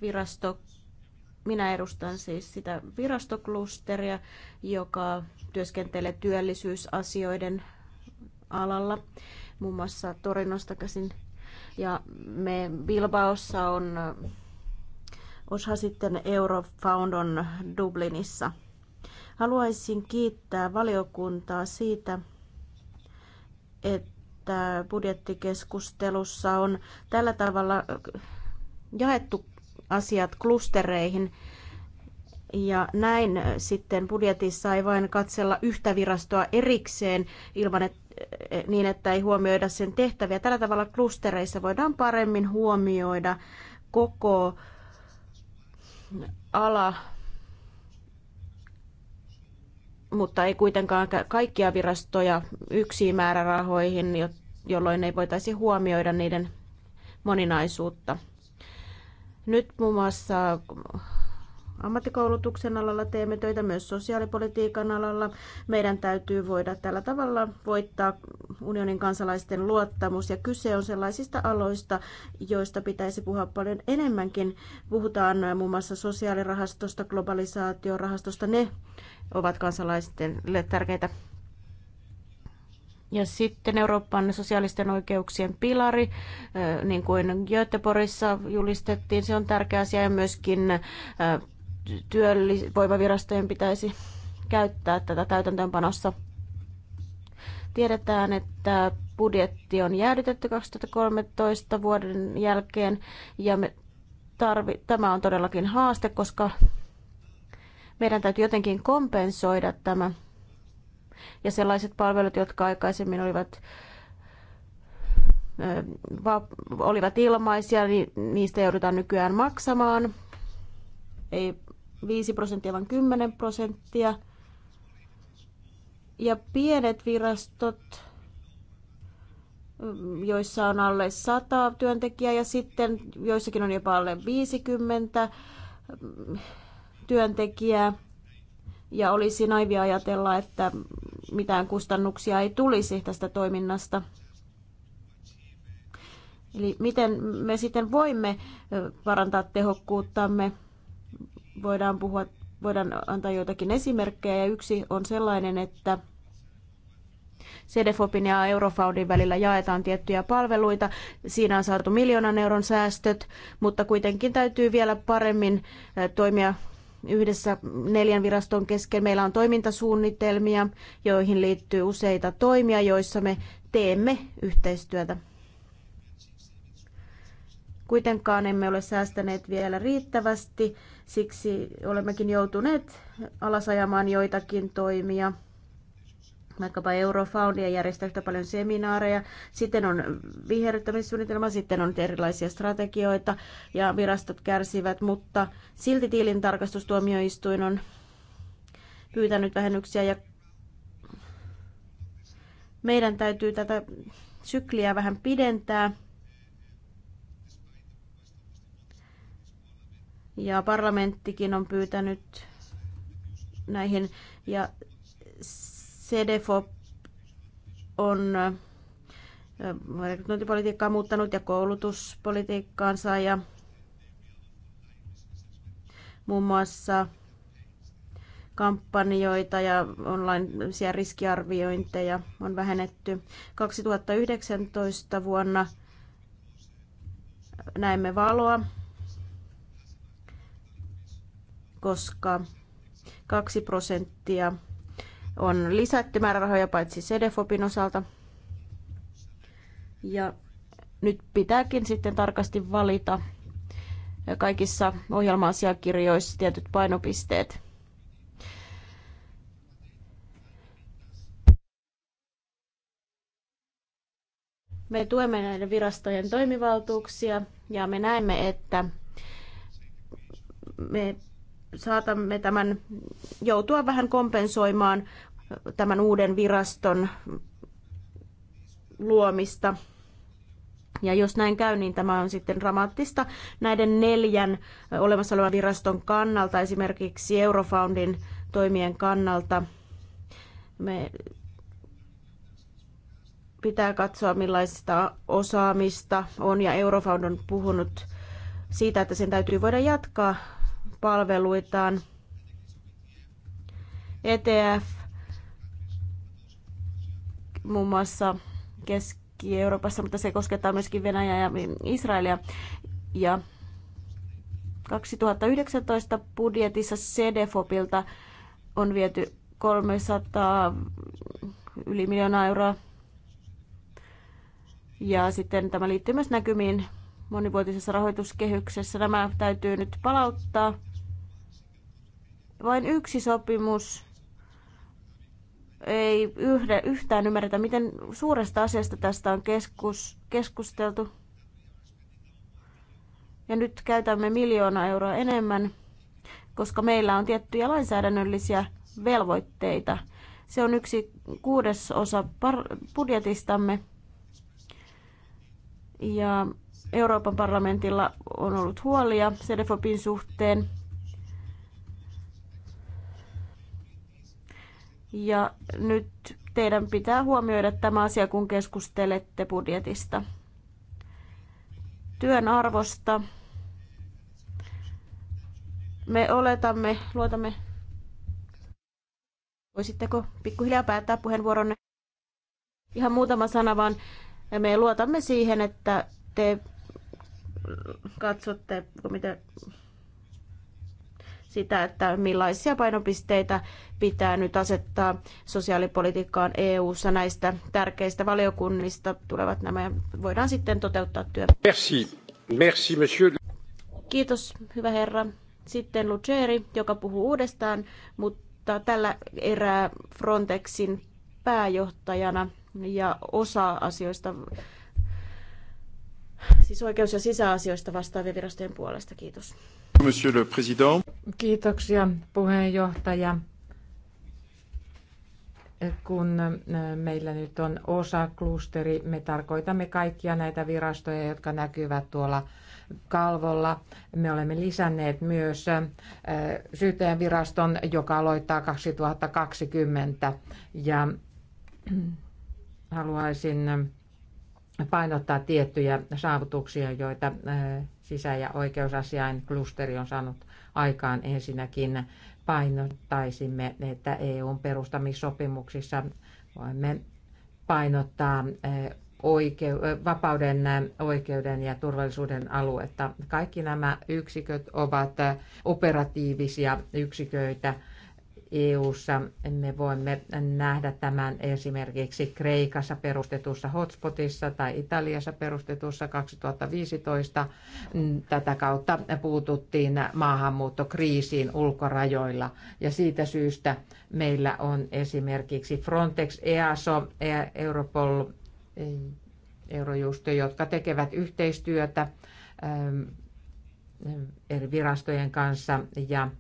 virasto, minä edustan siis sitä virastoklusteria, joka työskentelee työllisyysasioiden alalla, muun muassa Torinosta käsin. Ja me Bilbaossa on osa sitten Eurofound on Dublinissa – Haluaisin kiittää valiokuntaa siitä, että budjettikeskustelussa on tällä tavalla äh, jaettu asiat klustereihin. Ja näin sitten budjetissa ei vain katsella yhtä virastoa erikseen ilman, että äh, niin että ei huomioida sen tehtäviä. Tällä tavalla klustereissa voidaan paremmin huomioida koko ala mutta ei kuitenkaan kaikkia virastoja yksiin määrärahoihin, jolloin ei voitaisi huomioida niiden moninaisuutta. Nyt muun muassa ammattikoulutuksen alalla, teemme töitä myös sosiaalipolitiikan alalla. Meidän täytyy voida tällä tavalla voittaa unionin kansalaisten luottamus ja kyse on sellaisista aloista, joista pitäisi puhua paljon enemmänkin. Puhutaan muun mm. muassa sosiaalirahastosta, globalisaatiorahastosta, ne ovat kansalaisten tärkeitä. Ja sitten Euroopan sosiaalisten oikeuksien pilari, eh, niin kuin Göteborissa julistettiin, se on tärkeä asia ja myöskin eh, työvoimavirastojen pitäisi käyttää tätä täytäntöönpanossa. Tiedetään, että budjetti on jäädytetty 2013 vuoden jälkeen ja me tarvi, tämä on todellakin haaste, koska meidän täytyy jotenkin kompensoida tämä ja sellaiset palvelut, jotka aikaisemmin olivat olivat ilmaisia, niin niistä joudutaan nykyään maksamaan. Ei 5 prosenttia, vaan 10 prosenttia. Ja pienet virastot, joissa on alle 100 työntekijää ja sitten joissakin on jopa alle 50 mm, työntekijää. Ja olisi naivia ajatella, että mitään kustannuksia ei tulisi tästä toiminnasta. Eli miten me sitten voimme parantaa tehokkuuttamme voidaan puhua, voidaan antaa joitakin esimerkkejä ja yksi on sellainen, että CDFOPin ja Eurofoundin välillä jaetaan tiettyjä palveluita. Siinä on saatu miljoonan euron säästöt, mutta kuitenkin täytyy vielä paremmin toimia yhdessä neljän viraston kesken. Meillä on toimintasuunnitelmia, joihin liittyy useita toimia, joissa me teemme yhteistyötä. Kuitenkaan emme ole säästäneet vielä riittävästi Siksi olemmekin joutuneet alasajamaan joitakin toimia, vaikkapa Eurofoundia järjestää yhtä paljon seminaareja, sitten on viherryttämissuunnitelma, sitten on erilaisia strategioita ja virastot kärsivät, mutta silti tilintarkastustuomioistuin on pyytänyt vähennyksiä ja meidän täytyy tätä sykliä vähän pidentää – ja parlamenttikin on pyytänyt näihin ja CDFOP on äh, rekrytointipolitiikkaa muuttanut ja koulutuspolitiikkaansa ja muun muassa kampanjoita ja online riskiarviointeja on vähennetty. 2019 vuonna näemme valoa koska 2 prosenttia on lisätty määrärahoja paitsi CDFOPin osalta. Ja nyt pitääkin sitten tarkasti valita kaikissa ohjelma-asiakirjoissa tietyt painopisteet. Me tuemme näiden virastojen toimivaltuuksia ja me näemme, että me saatamme tämän joutua vähän kompensoimaan tämän uuden viraston luomista. Ja jos näin käy, niin tämä on sitten dramaattista näiden neljän olemassa olevan viraston kannalta, esimerkiksi Eurofoundin toimien kannalta. Me pitää katsoa, millaista osaamista on, ja Eurofound on puhunut siitä, että sen täytyy voida jatkaa palveluitaan. ETF muun muassa Keski-Euroopassa, mutta se koskettaa myöskin Venäjää ja Israelia. Ja 2019 budjetissa CDFOPilta on viety 300 yli miljoonaa euroa. Ja sitten tämä liittyy myös näkymiin monivuotisessa rahoituskehyksessä. Nämä täytyy nyt palauttaa. Vain yksi sopimus ei yhtään ymmärretä, miten suuresta asiasta tästä on keskus, keskusteltu. Ja nyt käytämme miljoona euroa enemmän, koska meillä on tiettyjä lainsäädännöllisiä velvoitteita. Se on yksi kuudesosa budjetistamme. Ja Euroopan parlamentilla on ollut huolia Sedefopin suhteen. Ja nyt teidän pitää huomioida tämä asia, kun keskustelette budjetista. Työn arvosta. Me oletamme, luotamme. Voisitteko pikkuhiljaa päättää puheenvuoronne? Ihan muutama sana vaan. Me luotamme siihen, että te katsotte, mitä sitä, että millaisia painopisteitä pitää nyt asettaa sosiaalipolitiikkaan EU-ssa näistä tärkeistä valiokunnista tulevat nämä ja voidaan sitten toteuttaa työ. Merci. Merci, monsieur. Kiitos, hyvä herra. Sitten Luceri, joka puhuu uudestaan, mutta tällä erää Frontexin pääjohtajana ja osa asioista, siis oikeus- ja sisäasioista vastaavien virastojen puolesta. Kiitos. Monsieur le Président. Kiitoksia puheenjohtaja. Kun äh, meillä nyt on osa klusteri, me tarkoitamme kaikkia näitä virastoja, jotka näkyvät tuolla kalvolla. Me olemme lisänneet myös äh, syyteen viraston, joka aloittaa 2020. Ja haluaisin painottaa tiettyjä saavutuksia, joita äh, sisä- ja oikeusasiain klusteri on saanut aikaan ensinnäkin painottaisimme, että EUn perustamissopimuksissa voimme painottaa eh, oikeu- eh, vapauden, eh, oikeuden ja turvallisuuden aluetta. Kaikki nämä yksiköt ovat operatiivisia yksiköitä EU-ssa me voimme nähdä tämän esimerkiksi Kreikassa perustetussa hotspotissa tai Italiassa perustetussa 2015. Tätä kautta puututtiin maahanmuuttokriisiin ulkorajoilla ja siitä syystä meillä on esimerkiksi Frontex, EASO, e Europol, Eurojust, jotka tekevät yhteistyötä ähm, eri virastojen kanssa ja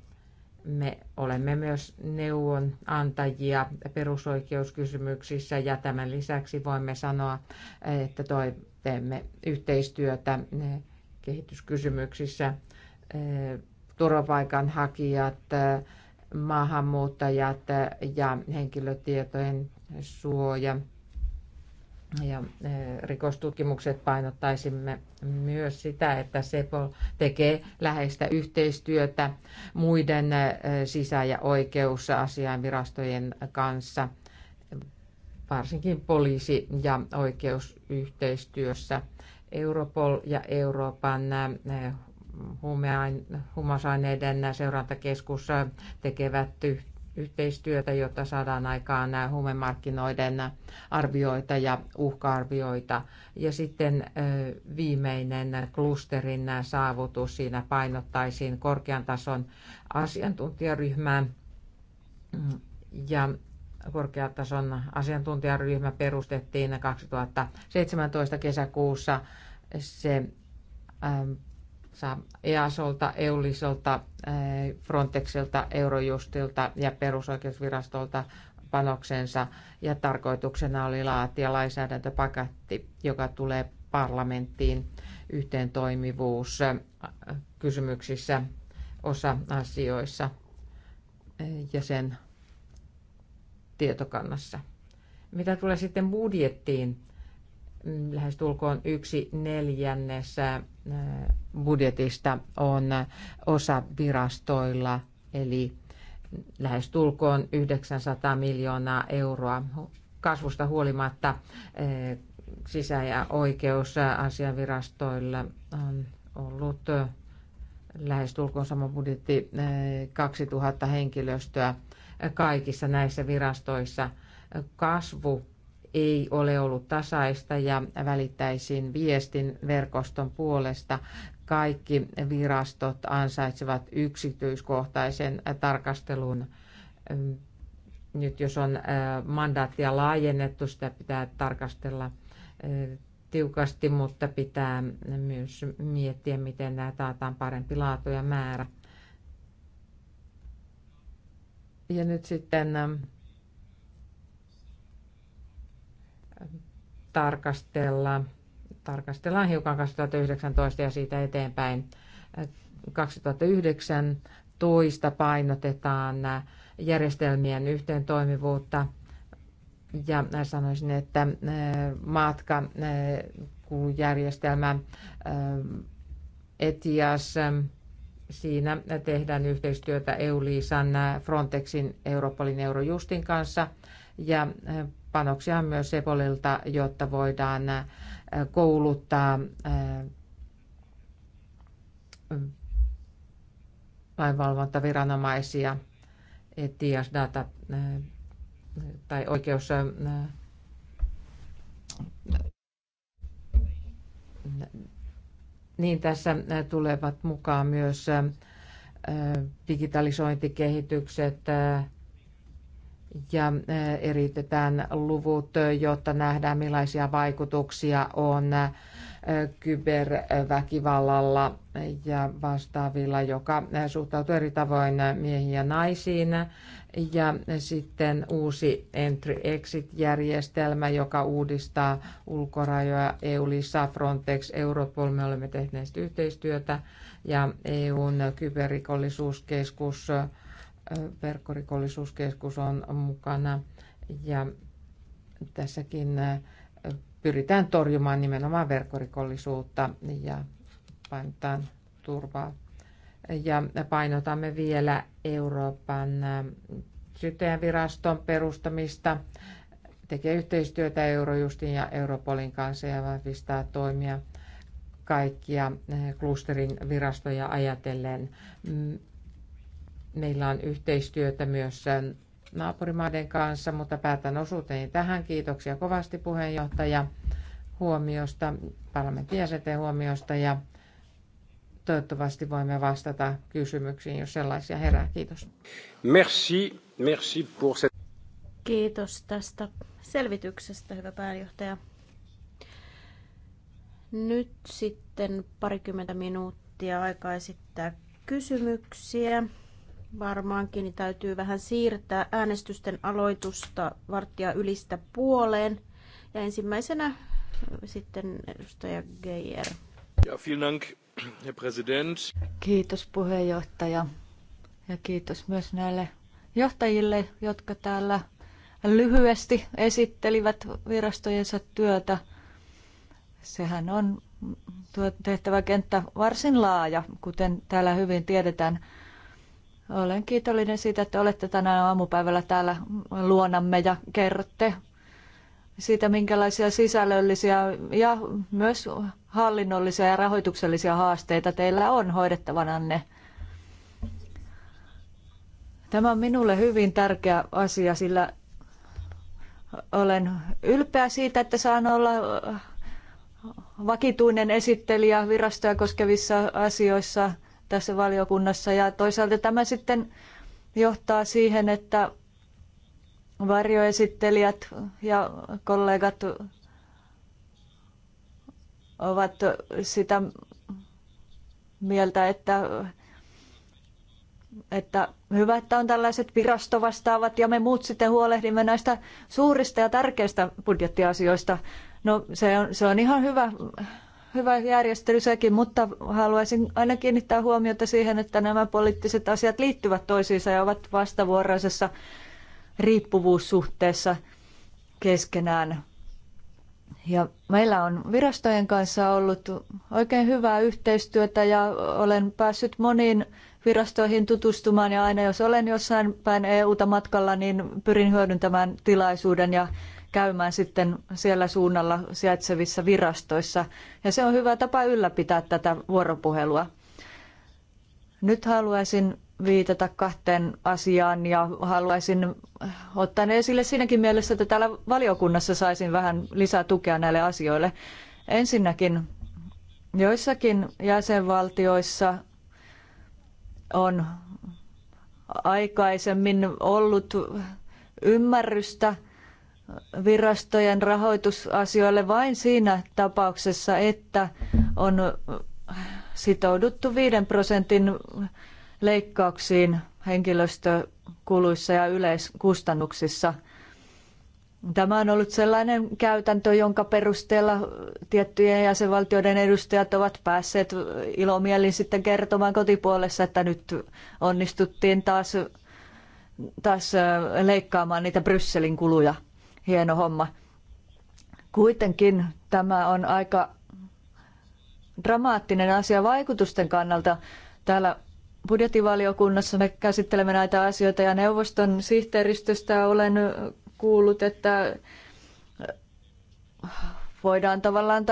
me olemme myös neuvonantajia perusoikeuskysymyksissä ja tämän lisäksi voimme sanoa, että toi, teemme yhteistyötä eh, kehityskysymyksissä. Eh, turvapaikanhakijat, eh, maahanmuuttajat ja henkilötietojen suoja ja eh, rikostutkimukset painottaisimme myös sitä, että SEPOL tekee läheistä yhteistyötä muiden eh, sisä- ja oikeusasiainvirastojen kanssa, varsinkin poliisi- ja oikeusyhteistyössä. Europol ja Euroopan eh, huumausaineiden seurantakeskus tekevät yhteistyötä yhteistyötä, jotta saadaan aikaan nämä huumemarkkinoiden arvioita ja uhka-arvioita. Ja sitten viimeinen klusterin saavutus, siinä painottaisiin korkean tason asiantuntijaryhmää ja korkeatason asiantuntijaryhmä perustettiin 2017 kesäkuussa. Se EASolta, EULISolta, eh, Frontexilta, Eurojustilta ja perusoikeusvirastolta panoksensa ja tarkoituksena oli laatia lainsäädäntöpaketti, joka tulee parlamenttiin yhteen toimivuus eh, kysymyksissä osa asioissa eh, ja sen tietokannassa. Mitä tulee sitten budjettiin, lähestulkoon yksi neljännes budjetista on osa virastoilla, eli lähestulkoon 900 miljoonaa euroa kasvusta huolimatta sisä- ja oikeusasianvirastoilla on ollut lähestulkoon sama budjetti 2000 henkilöstöä kaikissa näissä virastoissa. Kasvu ei ole ollut tasaista ja välittäisin viestin verkoston puolesta. Kaikki virastot ansaitsevat yksityiskohtaisen tarkastelun. Ähm, nyt jos on äh, mandaattia laajennettu, sitä pitää tarkastella äh, tiukasti, mutta pitää myös miettiä, miten nämä taataan parempi laatu ja määrä. Ja nyt sitten ähm, tarkastella, tarkastellaan hiukan 2019 ja siitä eteenpäin. 2019 painotetaan järjestelmien yhteentoimivuutta ja sanoisin, että eh, matka järjestelmä eh, ETIAS Siinä tehdään yhteistyötä EU-liisan, eh, Frontexin, Europolin, Eurojustin kanssa ja panoksia myös sepolilta, jotta voidaan kouluttaa lainvalvontaviranomaisia, TIAS data tai oikeus niin tässä tulevat mukaan myös digitalisointikehitykset, ja eh, eritetään luvut, jotta nähdään millaisia vaikutuksia on eh, kyberväkivallalla ja vastaavilla, joka eh, suhtautuu eri tavoin miehiin ja naisiin. Ja sitten uusi entry-exit-järjestelmä, joka uudistaa ulkorajoja eu LISA, Frontex, Europol. Me olemme tehneet yhteistyötä ja EUn kyberrikollisuuskeskus verkkorikollisuuskeskus on mukana ja tässäkin pyritään torjumaan nimenomaan verkkorikollisuutta ja painotaan turvaa. Ja painotamme vielä Euroopan syyttäjänviraston perustamista, tekee yhteistyötä Eurojustin ja Europolin kanssa ja vahvistaa toimia kaikkia klusterin virastoja ajatellen. Meillä on yhteistyötä myös äh, naapurimaiden kanssa, mutta päätän osuuteen tähän. Kiitoksia kovasti puheenjohtaja huomiosta, parlamentin jäsenten huomiosta ja toivottavasti voimme vastata kysymyksiin, jos sellaisia herää. Kiitos. Merci, merci pour cette... Kiitos tästä selvityksestä, hyvä pääjohtaja. Nyt sitten parikymmentä minuuttia aikaa esittää kysymyksiä. Varmaankin niin täytyy vähän siirtää äänestysten aloitusta varttia ylistä puoleen. Ja ensimmäisenä sitten edustaja Geijer. Ja, vielen Dank, Herr Kiitos puheenjohtaja ja kiitos myös näille johtajille, jotka täällä lyhyesti esittelivät virastojensa työtä. Sehän on tehtäväkenttä varsin laaja, kuten täällä hyvin tiedetään. Olen kiitollinen siitä, että olette tänään aamupäivällä täällä luonamme ja kerrotte siitä, minkälaisia sisällöllisiä ja myös hallinnollisia ja rahoituksellisia haasteita teillä on hoidettavananne. Tämä on minulle hyvin tärkeä asia, sillä olen ylpeä siitä, että saan olla vakituinen esittelijä virastoja koskevissa asioissa – tässä valiokunnassa ja toisaalta tämä sitten johtaa siihen, että varjoesittelijät ja kollegat ovat sitä mieltä, että, että hyvä, että on tällaiset virastovastaavat ja me muut sitten huolehdimme näistä suurista ja tärkeistä budjettiasioista. No se on, se on ihan hyvä hyvä järjestely sekin, mutta haluaisin aina kiinnittää huomiota siihen, että nämä poliittiset asiat liittyvät toisiinsa ja ovat vastavuoroisessa riippuvuussuhteessa keskenään. Ja meillä on virastojen kanssa ollut oikein hyvää yhteistyötä ja olen päässyt moniin virastoihin tutustumaan ja aina jos olen jossain päin EU-ta matkalla, niin pyrin hyödyntämään tilaisuuden ja käymään sitten siellä suunnalla sijaitsevissa virastoissa. Ja se on hyvä tapa ylläpitää tätä vuoropuhelua. Nyt haluaisin viitata kahteen asiaan ja haluaisin ottaa ne esille siinäkin mielessä, että täällä valiokunnassa saisin vähän lisää tukea näille asioille. Ensinnäkin joissakin jäsenvaltioissa on aikaisemmin ollut ymmärrystä virastojen rahoitusasioille vain siinä tapauksessa, että on sitouduttu 5 prosentin leikkauksiin henkilöstökuluissa ja yleiskustannuksissa. Tämä on ollut sellainen käytäntö, jonka perusteella tiettyjen jäsenvaltioiden edustajat ovat päässeet ilomielin sitten kertomaan kotipuolessa, että nyt onnistuttiin taas, taas leikkaamaan niitä Brysselin kuluja hieno homma. Kuitenkin tämä on aika dramaattinen asia vaikutusten kannalta. Täällä budjettivaliokunnassa me käsittelemme näitä asioita ja neuvoston sihteeristöstä olen kuullut, että voidaan tavallaan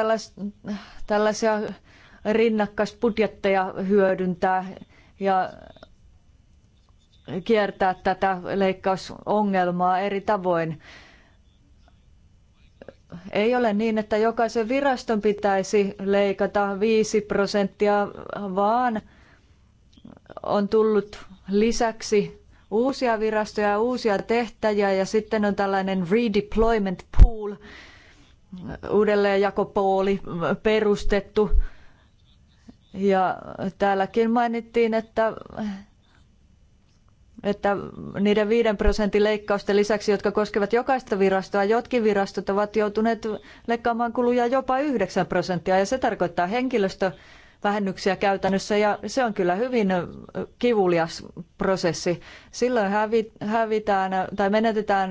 tällaisia rinnakkaisbudjetteja hyödyntää ja kiertää tätä leikkausongelmaa eri tavoin ei ole niin, että jokaisen viraston pitäisi leikata 5 prosenttia, vaan on tullut lisäksi uusia virastoja ja uusia tehtäjiä ja sitten on tällainen redeployment pool, uudelleenjakopooli perustettu. Ja täälläkin mainittiin, että että niiden viiden prosentin leikkausten lisäksi, jotka koskevat jokaista virastoa, jotkin virastot ovat joutuneet leikkaamaan kuluja jopa yhdeksän prosenttia ja se tarkoittaa henkilöstövähennyksiä käytännössä ja se on kyllä hyvin kivulias prosessi. Silloin hävitään tai menetetään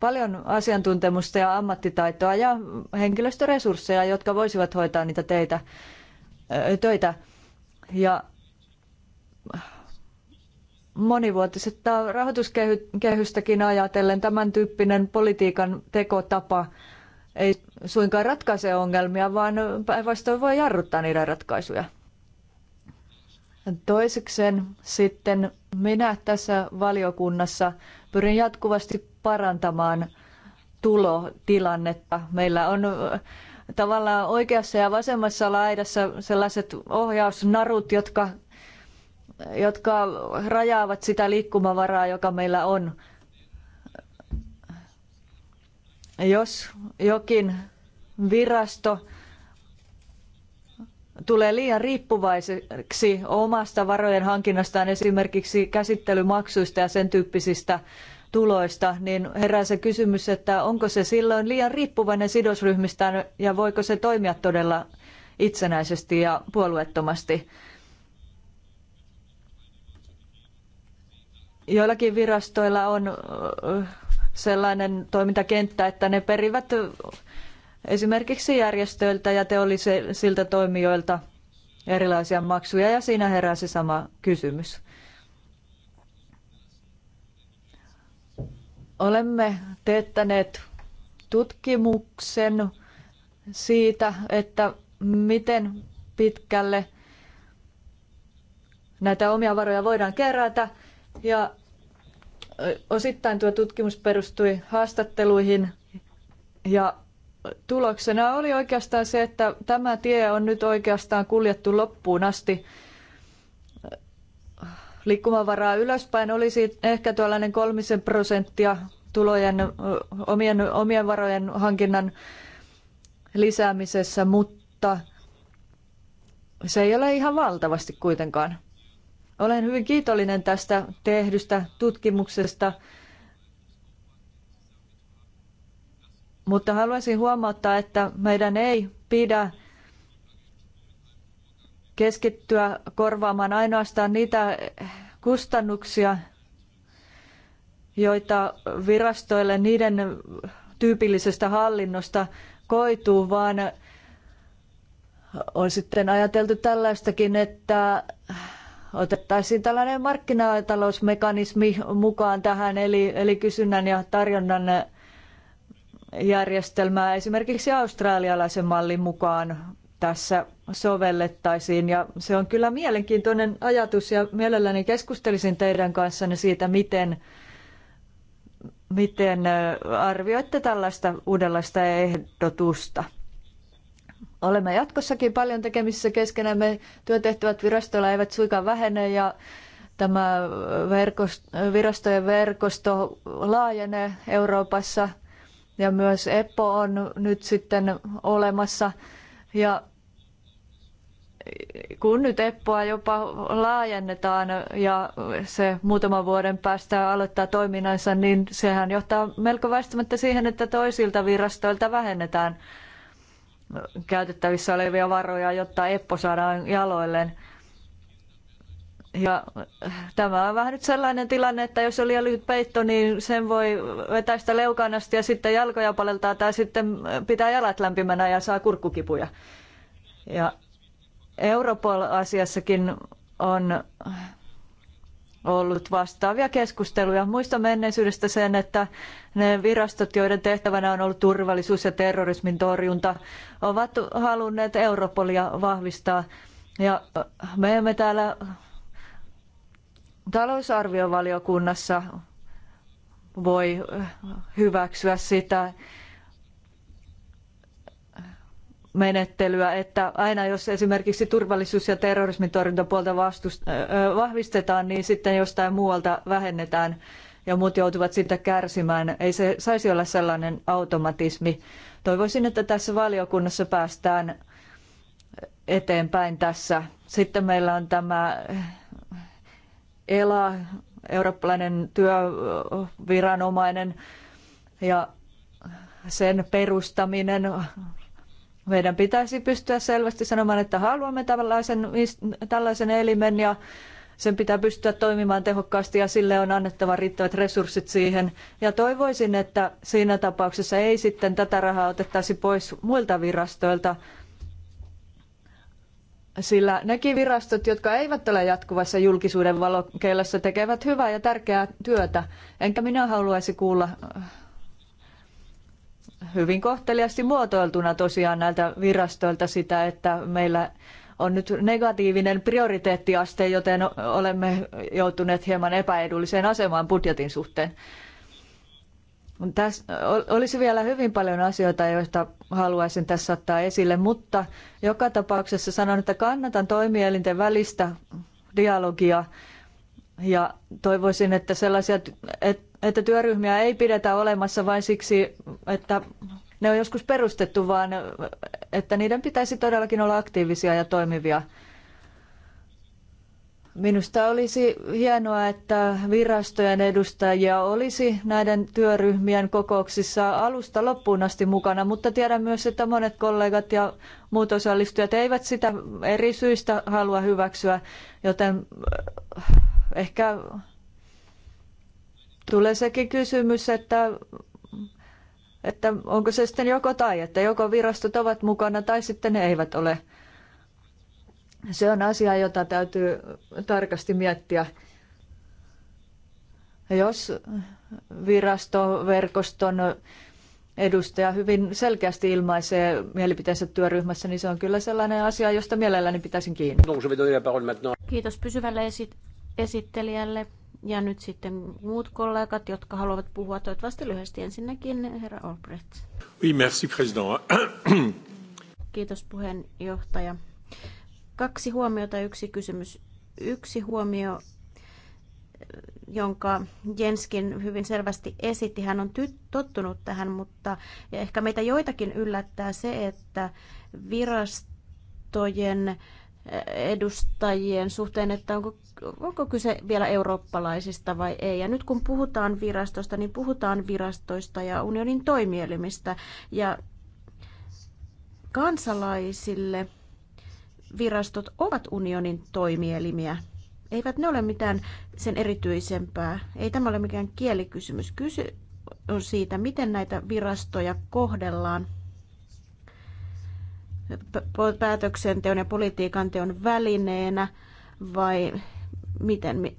paljon asiantuntemusta ja ammattitaitoa ja henkilöstöresursseja, jotka voisivat hoitaa niitä teitä, töitä. Ja monivuotiset rahoituskehystäkin ajatellen tämän tyyppinen politiikan tekotapa ei suinkaan ratkaise ongelmia, vaan päinvastoin voi jarruttaa niiden ratkaisuja. Toisekseen sitten minä tässä valiokunnassa pyrin jatkuvasti parantamaan tulotilannetta. Meillä on tavallaan oikeassa ja vasemmassa laidassa sellaiset ohjausnarut, jotka jotka rajaavat sitä liikkumavaraa, joka meillä on. Jos jokin virasto tulee liian riippuvaiseksi omasta varojen hankinnastaan esimerkiksi käsittelymaksuista ja sen tyyppisistä tuloista, niin herää se kysymys, että onko se silloin liian riippuvainen sidosryhmistään ja voiko se toimia todella itsenäisesti ja puolueettomasti. Joillakin virastoilla on sellainen toimintakenttä, että ne perivät esimerkiksi järjestöiltä ja teollisilta toimijoilta erilaisia maksuja ja siinä herää se sama kysymys. Olemme teettäneet tutkimuksen siitä, että miten pitkälle näitä omia varoja voidaan kerätä – ja osittain tuo tutkimus perustui haastatteluihin ja tuloksena oli oikeastaan se, että tämä tie on nyt oikeastaan kuljettu loppuun asti. Liikkumavaraa ylöspäin olisi ehkä tuollainen kolmisen prosenttia tulojen omien, omien varojen hankinnan lisäämisessä, mutta se ei ole ihan valtavasti kuitenkaan. Olen hyvin kiitollinen tästä tehdystä tutkimuksesta, mutta haluaisin huomauttaa, että meidän ei pidä keskittyä korvaamaan ainoastaan niitä kustannuksia, joita virastoille niiden tyypillisestä hallinnosta koituu, vaan on sitten ajateltu tällaistakin, että otettaisiin tällainen markkinatalousmekanismi mukaan tähän, eli, eli kysynnän ja tarjonnan järjestelmää esimerkiksi australialaisen mallin mukaan tässä sovellettaisiin. Ja se on kyllä mielenkiintoinen ajatus ja mielelläni keskustelisin teidän kanssanne siitä, miten, miten arvioitte tällaista uudenlaista ehdotusta. Olemme jatkossakin paljon tekemisissä keskenämme. Työtehtävät virastolla eivät suinkaan vähene ja tämä verkost, virastojen verkosto laajenee Euroopassa ja myös EPPO on nyt sitten olemassa. Ja kun nyt EPPOa jopa laajennetaan ja se muutaman vuoden päästä aloittaa toiminnansa, niin sehän johtaa melko väistämättä siihen, että toisilta virastoilta vähennetään käytettävissä olevia varoja, jotta Eppo saadaan jaloilleen. Ja äh, tämä on vähän nyt sellainen tilanne, että jos on liian lyhyt peitto, niin sen voi sitä leukaan asti ja sitten jalkoja paleltaa tai sitten äh, pitää jalat lämpimänä ja saa kurkkukipuja. Ja Europol-asiassakin on ollut vastaavia keskusteluja. Muista menneisyydestä sen, että ne virastot, joiden tehtävänä on ollut turvallisuus ja terrorismin torjunta, ovat halunneet Europolia vahvistaa. Ja me emme täällä talousarviovaliokunnassa voi hyväksyä sitä, menettelyä, että aina jos esimerkiksi turvallisuus- ja terrorismin torjuntapuolta vahvistetaan, niin sitten jostain muualta vähennetään ja muut joutuvat siitä kärsimään. Ei se saisi olla sellainen automatismi. Toivoisin, että tässä valiokunnassa päästään eteenpäin tässä. Sitten meillä on tämä ELA, eurooppalainen työviranomainen, ja sen perustaminen meidän pitäisi pystyä selvästi sanomaan, että haluamme tällaisen, tällaisen elimen ja sen pitää pystyä toimimaan tehokkaasti ja sille on annettava riittävät resurssit siihen. Ja toivoisin, että siinä tapauksessa ei sitten tätä rahaa otettaisi pois muilta virastoilta, sillä nekin virastot, jotka eivät ole jatkuvassa julkisuuden valokeilassa, tekevät hyvää ja tärkeää työtä. Enkä minä haluaisi kuulla hyvin kohteliasti muotoiltuna tosiaan näiltä virastoilta sitä, että meillä on nyt negatiivinen prioriteettiaste, joten olemme joutuneet hieman epäedulliseen asemaan budjetin suhteen. Tässä olisi vielä hyvin paljon asioita, joista haluaisin tässä ottaa esille, mutta joka tapauksessa sanon, että kannatan toimielinten välistä dialogia ja toivoisin, että sellaisia, että työryhmiä ei pidetä olemassa vain siksi, että ne on joskus perustettu, vaan että niiden pitäisi todellakin olla aktiivisia ja toimivia. Minusta olisi hienoa, että virastojen edustajia olisi näiden työryhmien kokouksissa alusta loppuun asti mukana, mutta tiedän myös, että monet kollegat ja muut osallistujat eivät sitä eri syistä halua hyväksyä, joten ehkä tulee sekin kysymys, että, että onko se sitten joko tai, että joko virastot ovat mukana tai sitten ne eivät ole. Se on asia, jota täytyy tarkasti miettiä. Jos virastoverkoston edustaja hyvin selkeästi ilmaisee mielipiteensä työryhmässä, niin se on kyllä sellainen asia, josta mielelläni pitäisin kiinni. Kiitos pysyvälle esit- esittelijälle. Ja nyt sitten muut kollegat, jotka haluavat puhua toivottavasti lyhyesti. Ensinnäkin herra Albrecht. Oui, merci, president. Kiitos puheenjohtaja. Kaksi huomiota, yksi kysymys. Yksi huomio, jonka Jenskin hyvin selvästi esitti. Hän on ty- tottunut tähän, mutta ehkä meitä joitakin yllättää se, että virastojen edustajien suhteen, että onko, onko kyse vielä eurooppalaisista vai ei. Ja nyt kun puhutaan virastosta, niin puhutaan virastoista ja unionin toimielimistä. Ja kansalaisille virastot ovat unionin toimielimiä. Eivät ne ole mitään sen erityisempää. Ei tämä ole mikään kielikysymys. Kysy on siitä, miten näitä virastoja kohdellaan päätöksenteon ja politiikan teon välineenä vai miten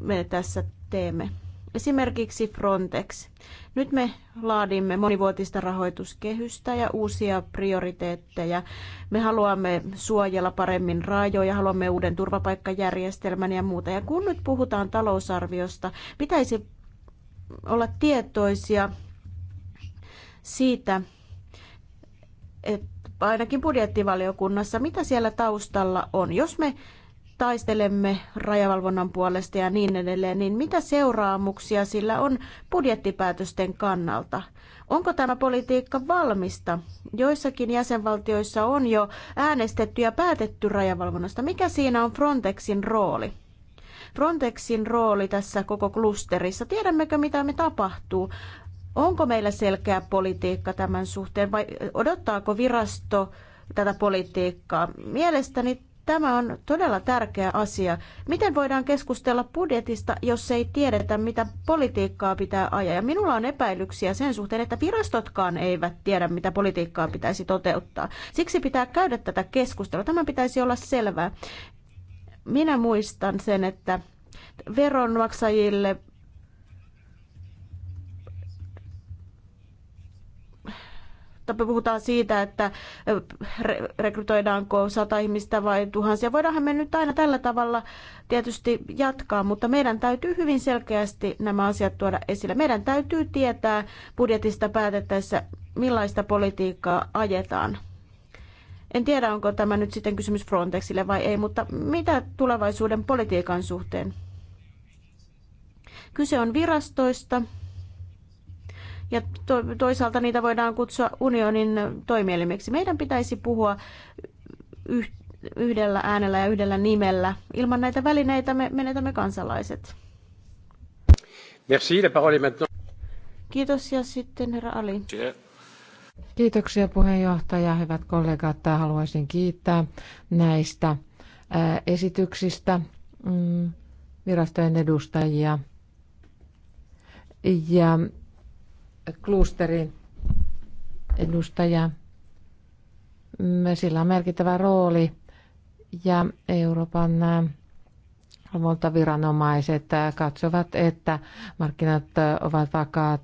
me tässä teemme? Esimerkiksi Frontex. Nyt me laadimme monivuotista rahoituskehystä ja uusia prioriteetteja. Me haluamme suojella paremmin rajoja, haluamme uuden turvapaikkajärjestelmän ja muuta. Ja kun nyt puhutaan talousarviosta, pitäisi olla tietoisia siitä, että ainakin budjettivaliokunnassa, mitä siellä taustalla on. Jos me taistelemme rajavalvonnan puolesta ja niin edelleen, niin mitä seuraamuksia sillä on budjettipäätösten kannalta? Onko tämä politiikka valmista? Joissakin jäsenvaltioissa on jo äänestetty ja päätetty rajavalvonnasta. Mikä siinä on Frontexin rooli? Frontexin rooli tässä koko klusterissa. Tiedämmekö, mitä me tapahtuu? Onko meillä selkeä politiikka tämän suhteen vai odottaako virasto tätä politiikkaa? Mielestäni tämä on todella tärkeä asia. Miten voidaan keskustella budjetista, jos ei tiedetä, mitä politiikkaa pitää ajaa? Ja minulla on epäilyksiä sen suhteen, että virastotkaan eivät tiedä, mitä politiikkaa pitäisi toteuttaa. Siksi pitää käydä tätä keskustelua. Tämän pitäisi olla selvää. Minä muistan sen, että veronmaksajille mutta puhutaan siitä, että rekrytoidaanko sata ihmistä vai tuhansia. Voidaanhan me nyt aina tällä tavalla tietysti jatkaa, mutta meidän täytyy hyvin selkeästi nämä asiat tuoda esille. Meidän täytyy tietää budjetista päätettäessä, millaista politiikkaa ajetaan. En tiedä, onko tämä nyt sitten kysymys Frontexille vai ei, mutta mitä tulevaisuuden politiikan suhteen? Kyse on virastoista, ja to- toisaalta niitä voidaan kutsua unionin toimielimeksi. Meidän pitäisi puhua yh- yhdellä äänellä ja yhdellä nimellä. Ilman näitä välineitä me menetämme kansalaiset. Merci, parole maintenant. Kiitos ja sitten herra Ali. Kiitoksia puheenjohtaja, hyvät kollegat. Haluaisin kiittää näistä esityksistä mm, virastojen edustajia. Ja klusterin edustaja. Sillä on merkittävä rooli ja Euroopan äh, valvontaviranomaiset äh, katsovat, että markkinat äh, ovat vakaat.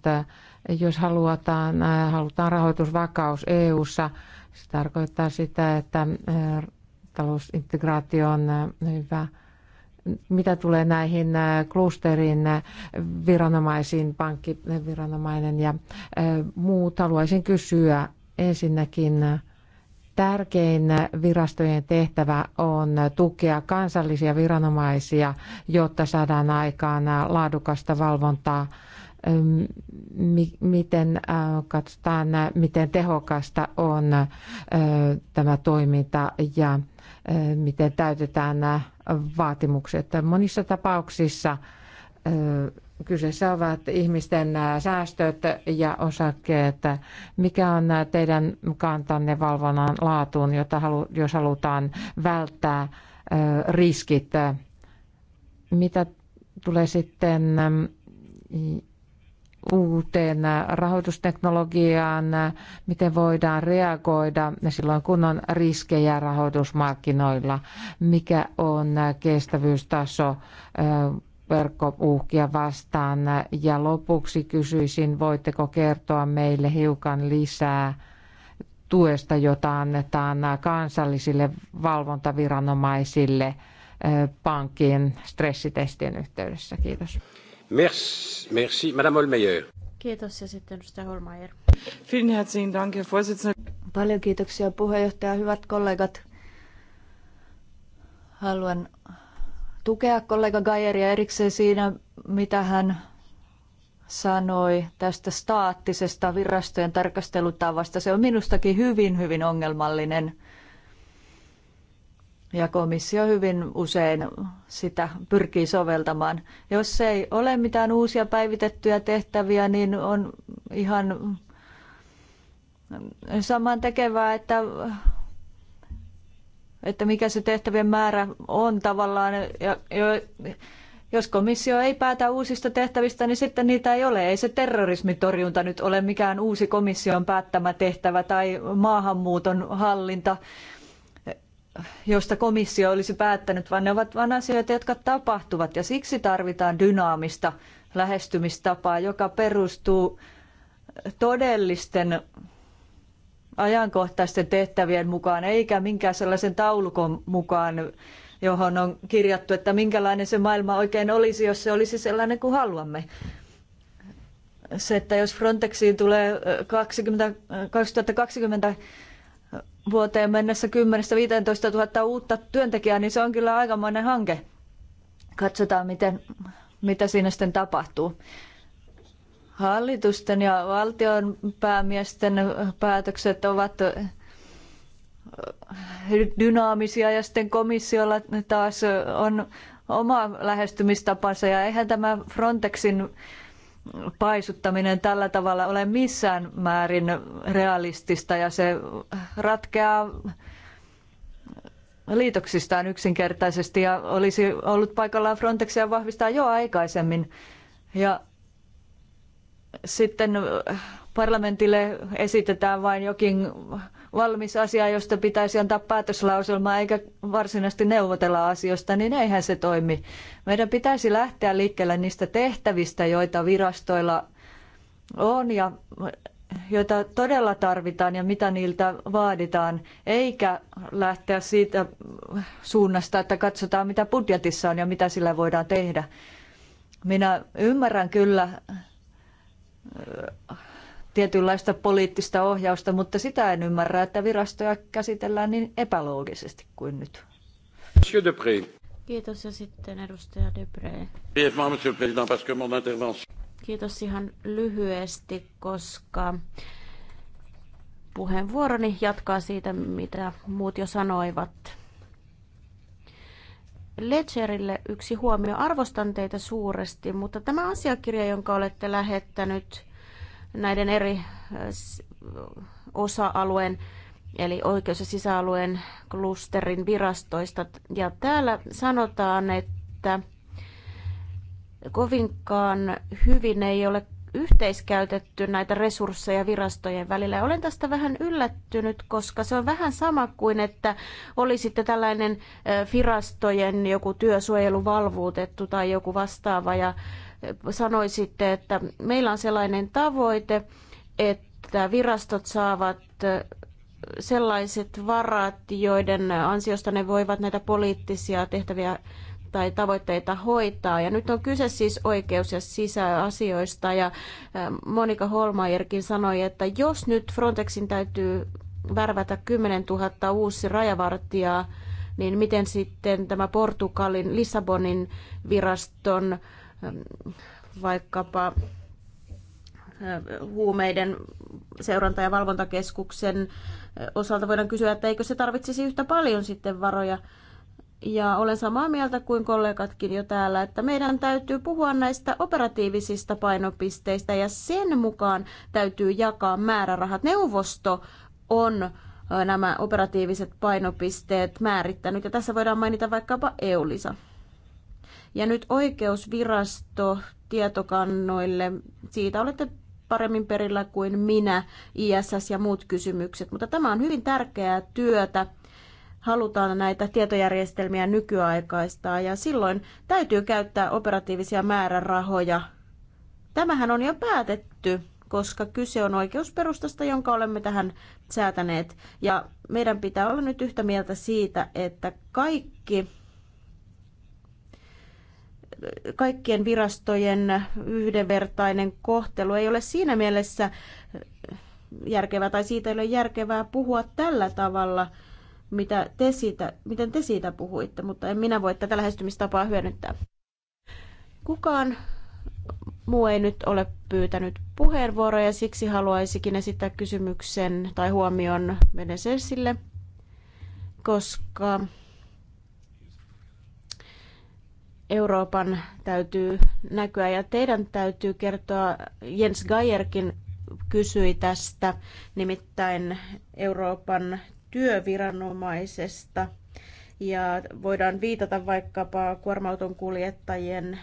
Jos halutaan, halutaan rahoitusvakaus EU:ssa, se tarkoittaa sitä, että talousintegraatio on hyvä mitä tulee näihin äh, klusterin äh, viranomaisiin, pankkiviranomainen ja äh, muut, haluaisin kysyä ensinnäkin tärkein virastojen tehtävä on tukea kansallisia viranomaisia, jotta saadaan aikaan laadukasta valvontaa. Ähm, miten katsotaan, miten tehokasta on tämä toiminta ja miten täytetään nämä vaatimukset. Monissa tapauksissa kyseessä ovat ihmisten säästöt ja osakkeet. Mikä on teidän kantanne valvonnan laatuun, jota halu, jos halutaan välttää riskit? Mitä tulee sitten uuteen rahoitusteknologiaan, miten voidaan reagoida silloin, kun on riskejä rahoitusmarkkinoilla, mikä on kestävyystaso verkkouhkia vastaan. Ja lopuksi kysyisin, voitteko kertoa meille hiukan lisää tuesta, jota annetaan kansallisille valvontaviranomaisille pankkien stressitestien yhteydessä. Kiitos. Merci, merci. Madame Holmeier. Kiitos ja sitten edustaja Holmeier. Vielen Dank, Herr Vorsitzender. Paljon kiitoksia puheenjohtaja, hyvät kollegat. Haluan tukea kollega Gajeria erikseen siinä, mitä hän sanoi tästä staattisesta virastojen tarkastelutavasta. Se on minustakin hyvin, hyvin ongelmallinen ja komissio hyvin usein sitä pyrkii soveltamaan. Jos ei ole mitään uusia päivitettyjä tehtäviä, niin on ihan saman tekevää, että, että mikä se tehtävien määrä on tavallaan. Ja, jos komissio ei päätä uusista tehtävistä, niin sitten niitä ei ole. Ei se terrorismitorjunta nyt ole mikään uusi komission päättämä tehtävä tai maahanmuuton hallinta josta komissio olisi päättänyt, vaan ne ovat vain asioita, jotka tapahtuvat. Ja siksi tarvitaan dynaamista lähestymistapaa, joka perustuu todellisten ajankohtaisten tehtävien mukaan, eikä minkään sellaisen taulukon mukaan, johon on kirjattu, että minkälainen se maailma oikein olisi, jos se olisi sellainen kuin haluamme. Se, että jos Frontexiin tulee 20, 2020 vuoteen mennessä 10 15 000 uutta työntekijää, niin se on kyllä aikamoinen hanke. Katsotaan, miten, mitä siinä sitten tapahtuu. Hallitusten ja valtion päämiesten päätökset ovat dynaamisia ja sitten komissiolla taas on oma lähestymistapansa ja eihän tämä Frontexin paisuttaminen tällä tavalla ole missään määrin realistista ja se ratkeaa liitoksistaan yksinkertaisesti ja olisi ollut paikallaan Frontexia vahvistaa jo aikaisemmin. Ja sitten parlamentille esitetään vain jokin valmis asia, josta pitäisi antaa päätöslauselma eikä varsinaisesti neuvotella asioista, niin eihän se toimi. Meidän pitäisi lähteä liikkeelle niistä tehtävistä, joita virastoilla on ja joita todella tarvitaan ja mitä niiltä vaaditaan, eikä lähteä siitä suunnasta, että katsotaan mitä budjetissa on ja mitä sillä voidaan tehdä. Minä ymmärrän kyllä tietynlaista poliittista ohjausta, mutta sitä en ymmärrä, että virastoja käsitellään niin epäloogisesti kuin nyt. Monsieur Depré. Kiitos ja sitten edustaja Debré. Kiitos ihan lyhyesti, koska puheenvuoroni jatkaa siitä, mitä muut jo sanoivat. Ledgerille yksi huomio. Arvostan teitä suuresti, mutta tämä asiakirja, jonka olette lähettänyt, näiden eri äh, osa-alueen, eli oikeus- ja sisäalueen klusterin virastoista. Ja täällä sanotaan, että kovinkaan hyvin ei ole yhteiskäytetty näitä resursseja virastojen välillä. Olen tästä vähän yllättynyt, koska se on vähän sama kuin, että oli sitten tällainen äh, virastojen joku työsuojeluvalvuutettu tai joku vastaava. Ja sanoi sitten, että meillä on sellainen tavoite, että virastot saavat sellaiset varat, joiden ansiosta ne voivat näitä poliittisia tehtäviä tai tavoitteita hoitaa. Ja nyt on kyse siis oikeus- ja sisäasioista. Ja Monika Holmajerkin sanoi, että jos nyt Frontexin täytyy värvätä 10 000 uusi rajavartijaa, niin miten sitten tämä Portugalin Lissabonin viraston Ähm, vaikkapa ähm, huumeiden seuranta- ja valvontakeskuksen äh, osalta voidaan kysyä, että eikö se tarvitsisi yhtä paljon sitten varoja. Ja olen samaa mieltä kuin kollegatkin jo täällä, että meidän täytyy puhua näistä operatiivisista painopisteistä ja sen mukaan täytyy jakaa määrärahat. Neuvosto on äh, nämä operatiiviset painopisteet määrittänyt ja tässä voidaan mainita vaikkapa EULISA. Ja nyt oikeusvirasto tietokannoille, siitä olette paremmin perillä kuin minä, ISS ja muut kysymykset. Mutta tämä on hyvin tärkeää työtä. Halutaan näitä tietojärjestelmiä nykyaikaistaa ja silloin täytyy käyttää operatiivisia määrärahoja. Tämähän on jo päätetty, koska kyse on oikeusperustasta, jonka olemme tähän säätäneet. Ja meidän pitää olla nyt yhtä mieltä siitä, että kaikki kaikkien virastojen yhdenvertainen kohtelu ei ole siinä mielessä järkevää tai siitä ei ole järkevää puhua tällä tavalla, mitä te siitä, miten te siitä puhuitte, mutta en minä voi tätä lähestymistapaa hyödyntää. Kukaan muu ei nyt ole pyytänyt puheenvuoroja, siksi haluaisikin esittää kysymyksen tai huomion Veneselsille, koska Euroopan täytyy näkyä ja teidän täytyy kertoa, Jens Gajerkin kysyi tästä, nimittäin Euroopan työviranomaisesta ja voidaan viitata vaikkapa kuormauton kuljettajien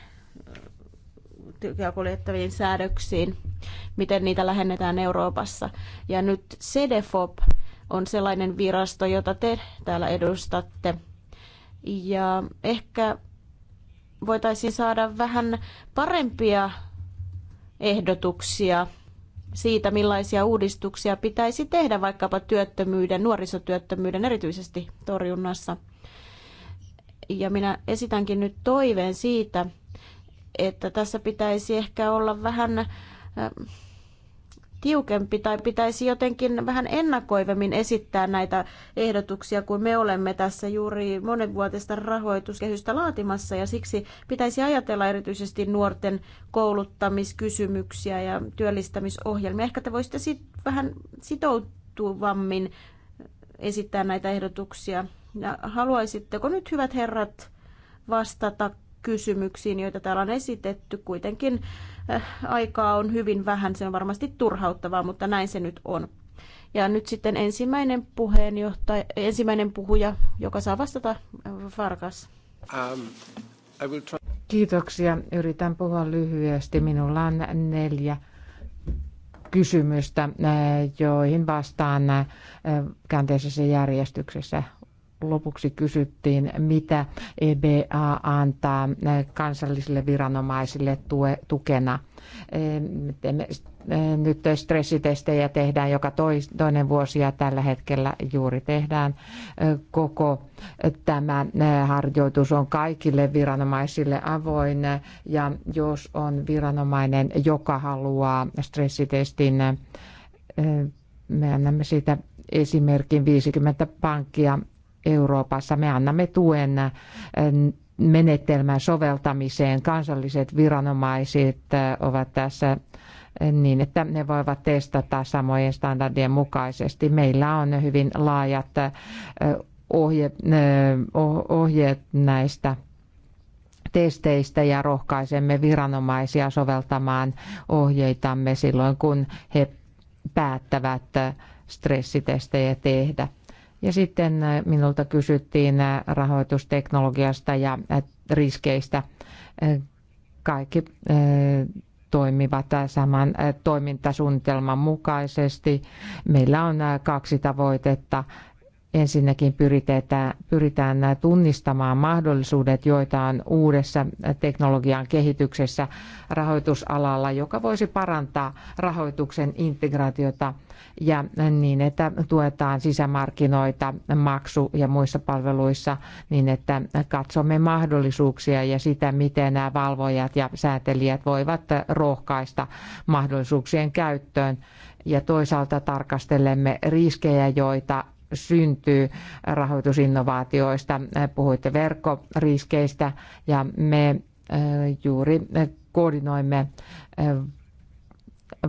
kuljettaviin säädöksiin, miten niitä lähennetään Euroopassa. Ja nyt CDFOP on sellainen virasto, jota te täällä edustatte. Ja ehkä voitaisiin saada vähän parempia ehdotuksia siitä, millaisia uudistuksia pitäisi tehdä vaikkapa työttömyyden, nuorisotyöttömyyden erityisesti torjunnassa. Ja minä esitänkin nyt toiveen siitä, että tässä pitäisi ehkä olla vähän äh, tiukempi tai pitäisi jotenkin vähän ennakoivemmin esittää näitä ehdotuksia, kun me olemme tässä juuri monenvuotista rahoituskehystä laatimassa ja siksi pitäisi ajatella erityisesti nuorten kouluttamiskysymyksiä ja työllistämisohjelmia. Ehkä te voisitte sit vähän sitoutuvammin esittää näitä ehdotuksia. Ja haluaisitteko nyt, hyvät herrat, vastata kysymyksiin, joita täällä on esitetty kuitenkin Äh, aikaa on hyvin vähän, se on varmasti turhauttavaa, mutta näin se nyt on. Ja nyt sitten ensimmäinen, puheenjohtaja, ensimmäinen puhuja, joka saa vastata, äh, Farkas. Um, I will try... Kiitoksia. Yritän puhua lyhyesti. Minulla on neljä kysymystä, äh, joihin vastaan käänteisessä järjestyksessä lopuksi kysyttiin, mitä EBA antaa kansallisille viranomaisille tue, tukena. E, nyt stressitestejä tehdään joka toinen vuosi ja tällä hetkellä juuri tehdään e, koko tämä e, harjoitus on kaikille viranomaisille avoin ja jos on viranomainen, joka haluaa stressitestin, me annamme siitä esimerkin 50 pankkia Euroopassa. Me annamme tuen äh, menetelmän soveltamiseen. Kansalliset viranomaiset äh, ovat tässä äh, niin, että ne voivat testata samojen standardien mukaisesti. Meillä on hyvin laajat ohje, ohjeet näistä testeistä ja rohkaisemme viranomaisia soveltamaan ohjeitamme silloin, kun he päättävät stressitestejä tehdä. Ja sitten äh, minulta kysyttiin äh, rahoitusteknologiasta ja äh, riskeistä. Kaikki toimivat saman toimintasuunnitelman mukaisesti. Meillä on kaksi tavoitetta. Ensinnäkin pyritään, pyritään tunnistamaan mahdollisuudet, joita on uudessa teknologian kehityksessä rahoitusalalla, joka voisi parantaa rahoituksen integraatiota ja niin, että tuetaan sisämarkkinoita maksu- ja muissa palveluissa niin, että katsomme mahdollisuuksia ja sitä, miten nämä valvojat ja säätelijät voivat rohkaista mahdollisuuksien käyttöön ja toisaalta tarkastelemme riskejä, joita syntyy rahoitusinnovaatioista. Puhuitte verkkoriskeistä ja me eh, juuri koordinoimme eh,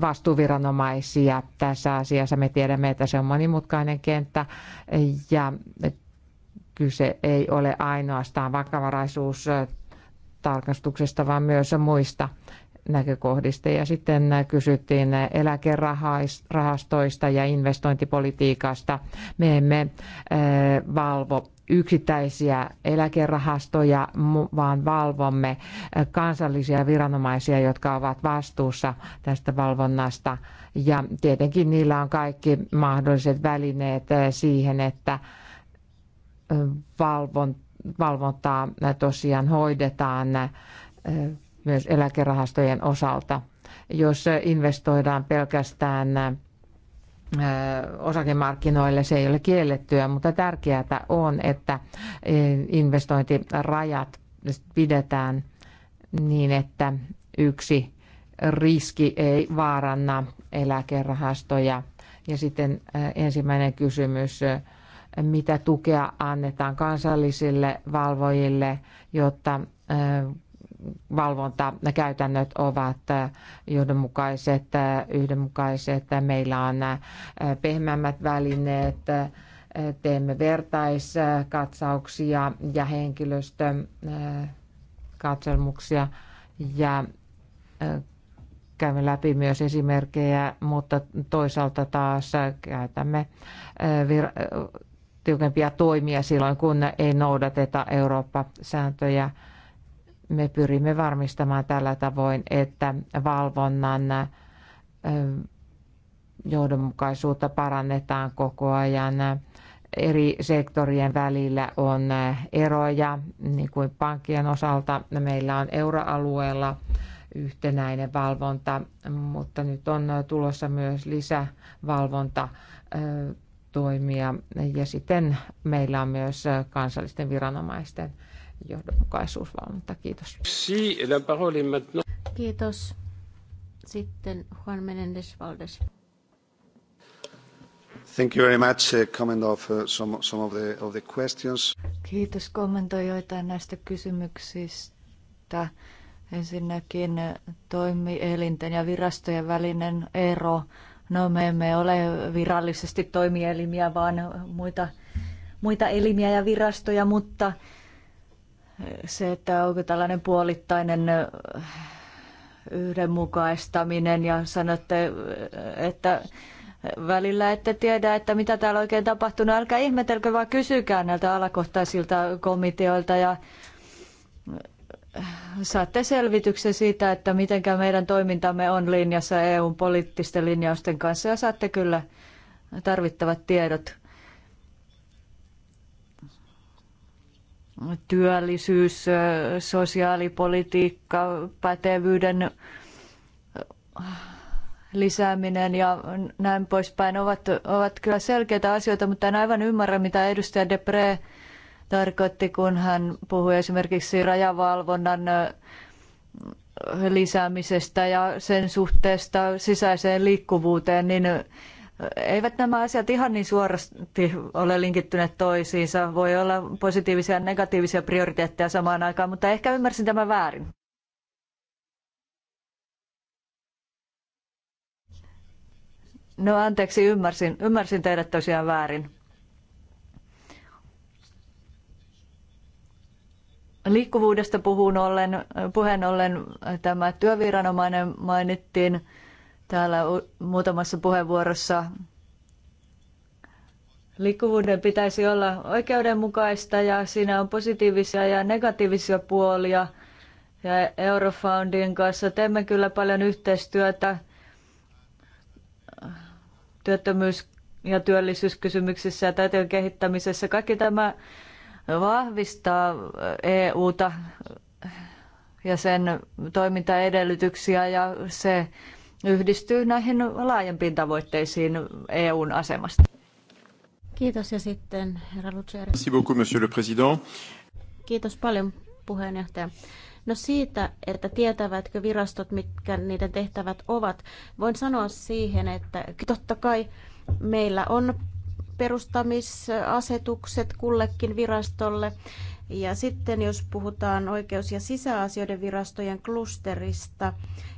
vastuuviranomaisia tässä asiassa. Me tiedämme, että se on monimutkainen kenttä ja kyse ei ole ainoastaan vakavaraisuustarkastuksesta, vaan myös muista näkökohdista ja sitten äh, kysyttiin äh, eläkerahastoista ja investointipolitiikasta. Me emme äh, valvo yksittäisiä eläkerahastoja, vaan valvomme kansallisia viranomaisia, jotka ovat vastuussa tästä valvonnasta. Ja tietenkin niillä on kaikki mahdolliset välineet siihen, että valvontaa tosiaan hoidetaan myös eläkerahastojen osalta. Jos investoidaan pelkästään osakemarkkinoille se ei ole kiellettyä, mutta tärkeää on, että investointirajat pidetään niin, että yksi riski ei vaaranna eläkerahastoja. Ja sitten ensimmäinen kysymys, mitä tukea annetaan kansallisille valvojille, jotta valvontakäytännöt ovat johdonmukaiset, yhdenmukaiset. Meillä on pehmeämmät välineet, teemme vertaiskatsauksia ja henkilöstökatselmuksia katselmuksia ja käymme läpi myös esimerkkejä, mutta toisaalta taas käytämme vir- tiukempia toimia silloin, kun ei noudateta Eurooppa-sääntöjä me pyrimme varmistamaan tällä tavoin, että valvonnan johdonmukaisuutta parannetaan koko ajan. Eri sektorien välillä on eroja, niin kuin pankkien osalta. Meillä on euroalueella yhtenäinen valvonta, mutta nyt on tulossa myös lisävalvonta toimia ja sitten meillä on myös kansallisten viranomaisten johdonmukaisuusvalvonta. Kiitos. Si, la Kiitos. Sitten Juan Menendez Valdes. Thank you very much. Uh, comment of uh, some, some of the, of the questions. Kiitos. Kommentoi joitain näistä kysymyksistä. Ensinnäkin uh, toimielinten ja virastojen välinen ero. No me emme ole virallisesti toimielimiä, vaan muita, muita elimiä ja virastoja, mutta se, että onko tällainen puolittainen yhdenmukaistaminen ja sanotte, että välillä ette tiedä, että mitä täällä oikein tapahtuu. No älkää ihmetelkö, vaan kysykää näiltä alakohtaisilta komiteoilta ja saatte selvityksen siitä, että miten meidän toimintamme on linjassa EUn poliittisten linjausten kanssa ja saatte kyllä tarvittavat tiedot. työllisyys, sosiaalipolitiikka, pätevyyden lisääminen ja näin poispäin ovat, ovat kyllä selkeitä asioita, mutta en aivan ymmärrä, mitä edustaja Depre tarkoitti, kun hän puhui esimerkiksi rajavalvonnan lisäämisestä ja sen suhteesta sisäiseen liikkuvuuteen, niin eivät nämä asiat ihan niin suorasti ole linkittyneet toisiinsa. Voi olla positiivisia ja negatiivisia prioriteetteja samaan aikaan, mutta ehkä ymmärsin tämän väärin. No anteeksi, ymmärsin, ymmärsin teidät tosiaan väärin. Liikkuvuudesta puhun ollen, puheen ollen tämä työviranomainen mainittiin Täällä muutamassa puheenvuorossa liikkuvuuden pitäisi olla oikeudenmukaista ja siinä on positiivisia ja negatiivisia puolia. Ja Eurofoundin kanssa teemme kyllä paljon yhteistyötä työttömyys- ja työllisyyskysymyksissä ja taiteen kehittämisessä. Kaikki tämä vahvistaa EUta ja sen toimintaedellytyksiä ja se yhdistyy näihin laajempiin tavoitteisiin EUn asemasta. Kiitos ja sitten herra Lutscher. Merci beaucoup, monsieur le président. Kiitos paljon puheenjohtaja. No siitä, että tietävätkö virastot, mitkä niiden tehtävät ovat, voin sanoa siihen, että totta kai meillä on perustamisasetukset kullekin virastolle ja sitten jos puhutaan oikeus- ja sisäasioiden virastojen klusterista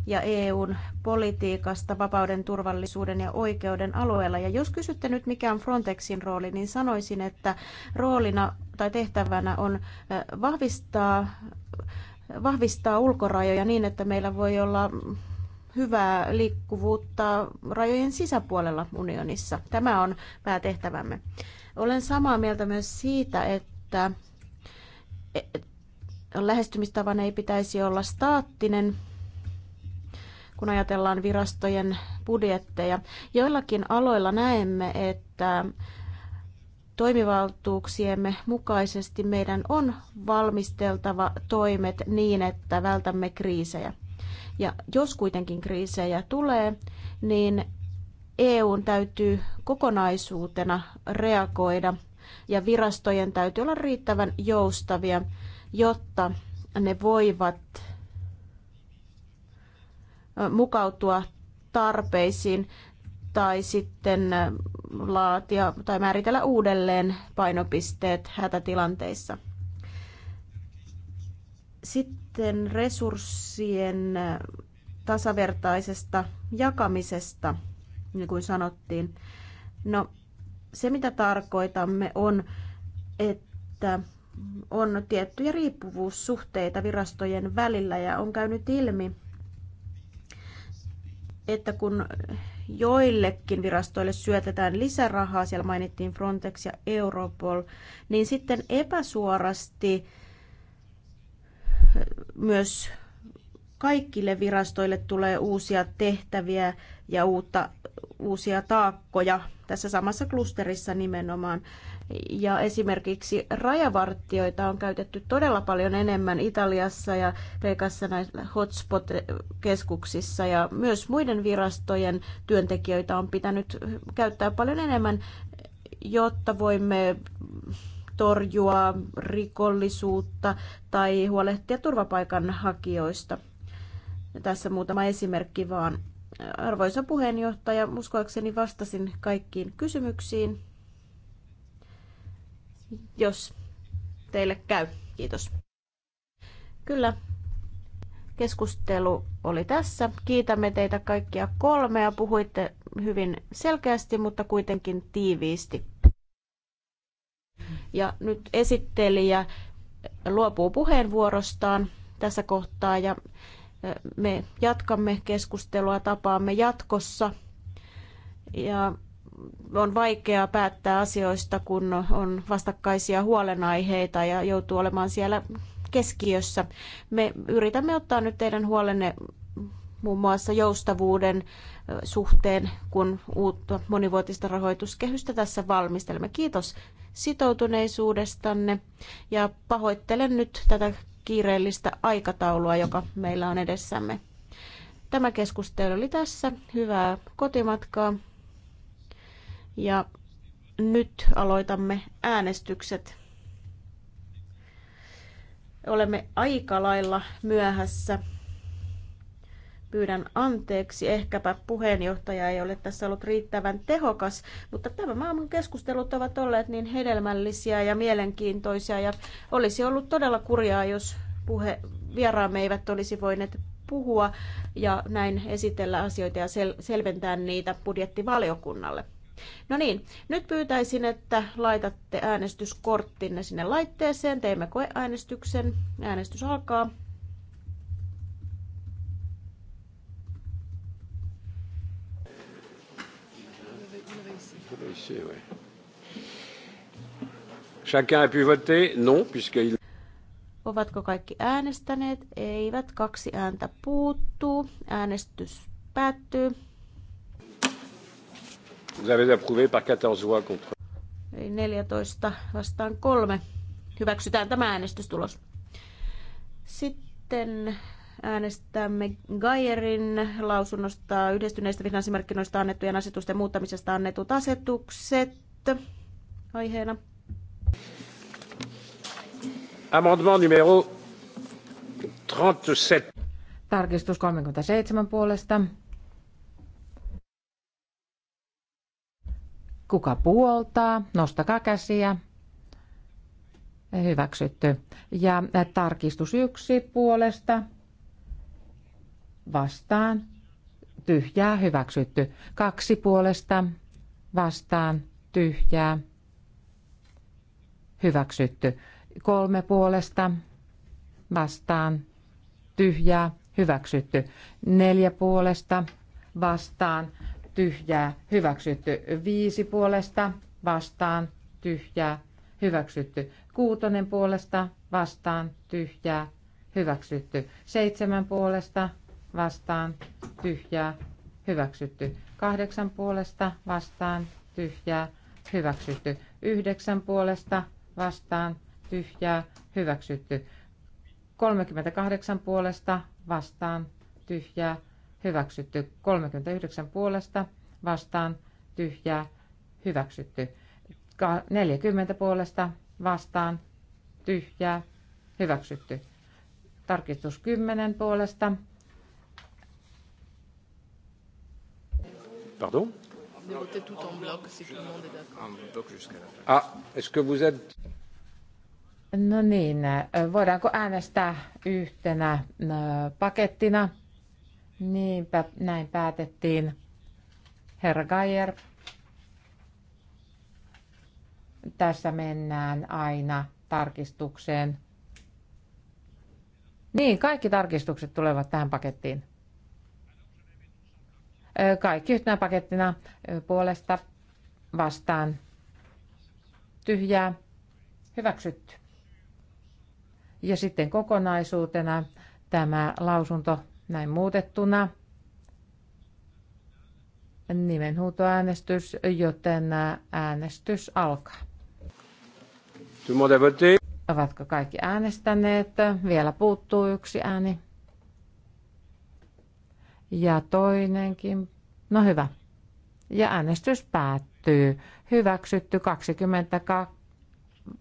ja EUn politiikasta vapauden, turvallisuuden ja oikeuden alueella. Ja jos kysytte nyt mikä on Frontexin rooli, niin sanoisin, että roolina tai tehtävänä on vahvistaa, vahvistaa ulkorajoja niin, että meillä voi olla hyvää liikkuvuutta rajojen sisäpuolella unionissa. Tämä on päätehtävämme. Olen samaa mieltä myös siitä, että E, e, lähestymistavan ei pitäisi olla staattinen, kun ajatellaan virastojen budjetteja. Joillakin aloilla näemme, että toimivaltuuksiemme mukaisesti meidän on valmisteltava toimet niin, että vältämme kriisejä. Ja jos kuitenkin kriisejä tulee, niin EUn täytyy kokonaisuutena reagoida – ja virastojen täytyy olla riittävän joustavia, jotta ne voivat mukautua tarpeisiin tai sitten laatia tai määritellä uudelleen painopisteet hätätilanteissa. Sitten resurssien tasavertaisesta jakamisesta, niin kuin sanottiin. No, se, mitä tarkoitamme, on, että on tiettyjä riippuvuussuhteita virastojen välillä ja on käynyt ilmi, että kun joillekin virastoille syötetään lisärahaa, siellä mainittiin Frontex ja Europol, niin sitten epäsuorasti myös kaikille virastoille tulee uusia tehtäviä ja uutta, uusia taakkoja tässä samassa klusterissa nimenomaan. Ja esimerkiksi rajavartioita on käytetty todella paljon enemmän Italiassa ja Kreikassa näissä hotspot-keskuksissa ja myös muiden virastojen työntekijöitä on pitänyt käyttää paljon enemmän, jotta voimme torjua rikollisuutta tai huolehtia turvapaikanhakijoista. Tässä muutama esimerkki vaan. Arvoisa puheenjohtaja, uskoakseni vastasin kaikkiin kysymyksiin. Jos teille käy. Kiitos. Kyllä, keskustelu oli tässä. Kiitämme teitä kaikkia kolmea. Puhuitte hyvin selkeästi, mutta kuitenkin tiiviisti. Ja nyt esittelijä luopuu puheenvuorostaan tässä kohtaa ja me jatkamme keskustelua, tapaamme jatkossa ja on vaikeaa päättää asioista, kun on vastakkaisia huolenaiheita ja joutuu olemaan siellä keskiössä. Me yritämme ottaa nyt teidän huolenne muun muassa joustavuuden suhteen, kun uutta monivuotista rahoituskehystä tässä valmistelemme. Kiitos sitoutuneisuudestanne ja pahoittelen nyt tätä kiireellistä aikataulua, joka meillä on edessämme. Tämä keskustelu oli tässä. Hyvää kotimatkaa. Ja nyt aloitamme äänestykset. Olemme aika lailla myöhässä. Pyydän anteeksi, ehkäpä puheenjohtaja ei ole tässä ollut riittävän tehokas, mutta tämän maailman keskustelut ovat olleet niin hedelmällisiä ja mielenkiintoisia ja olisi ollut todella kurjaa, jos puhe, vieraamme eivät olisi voineet puhua ja näin esitellä asioita ja sel- selventää niitä budjettivaliokunnalle. No niin, nyt pyytäisin, että laitatte äänestyskorttinne sinne laitteeseen. Teemme koeäänestyksen. Äänestys alkaa. passer, ouais. Chacun a pu voter? Non, puisqu'il... Ovatko kaikki äänestäneet? Eivät. Kaksi ääntä puuttuu. Äänestys päättyy. Vous avez approuvé par 14 voix contre. 14 vastaan 3. Hyväksytään tämä äänestystulos. Sitten äänestämme Gaierin lausunnosta yhdistyneistä finanssimarkkinoista annettujen asetusten muuttamisesta annetut asetukset aiheena. Amendement numero 37. Tarkistus 37 puolesta. Kuka puoltaa? Nostakaa käsiä. Hyväksytty. Ja tarkistus yksi puolesta vastaan, tyhjää hyväksytty. Kaksi puolesta vastaan, tyhjää hyväksytty. Kolme puolesta vastaan, tyhjää hyväksytty. Neljä puolesta vastaan, tyhjää hyväksytty. Viisi puolesta vastaan, tyhjää hyväksytty. Kuutonen puolesta vastaan, tyhjää hyväksytty. Seitsemän puolesta vastaan tyhjää hyväksytty. Kahdeksan puolesta vastaan tyhjää hyväksytty. Yhdeksän puolesta vastaan tyhjää hyväksytty. 38 puolesta vastaan tyhjää hyväksytty. 39 puolesta vastaan tyhjää hyväksytty. 40 puolesta vastaan tyhjää hyväksytty. Tarkistus 10 puolesta Pardon On est tout en bloc, si tout le monde est d'accord. Ah, est-ce que vous êtes... No niin, äh, voidaanko äänestää yhtenä äh, pakettina? Niinpä, näin päätettiin. Herra Geier, tässä mennään aina tarkistukseen. Niin, kaikki tarkistukset tulevat tähän pakettiin. Kaikki yhtenä pakettina puolesta vastaan tyhjää hyväksytty. Ja sitten kokonaisuutena tämä lausunto näin muutettuna nimenhuutoäänestys, joten äänestys alkaa. Ovatko kaikki äänestäneet? Vielä puuttuu yksi ääni. Ja toinenkin. No hyvä. Ja äänestys päättyy. Hyväksytty 20,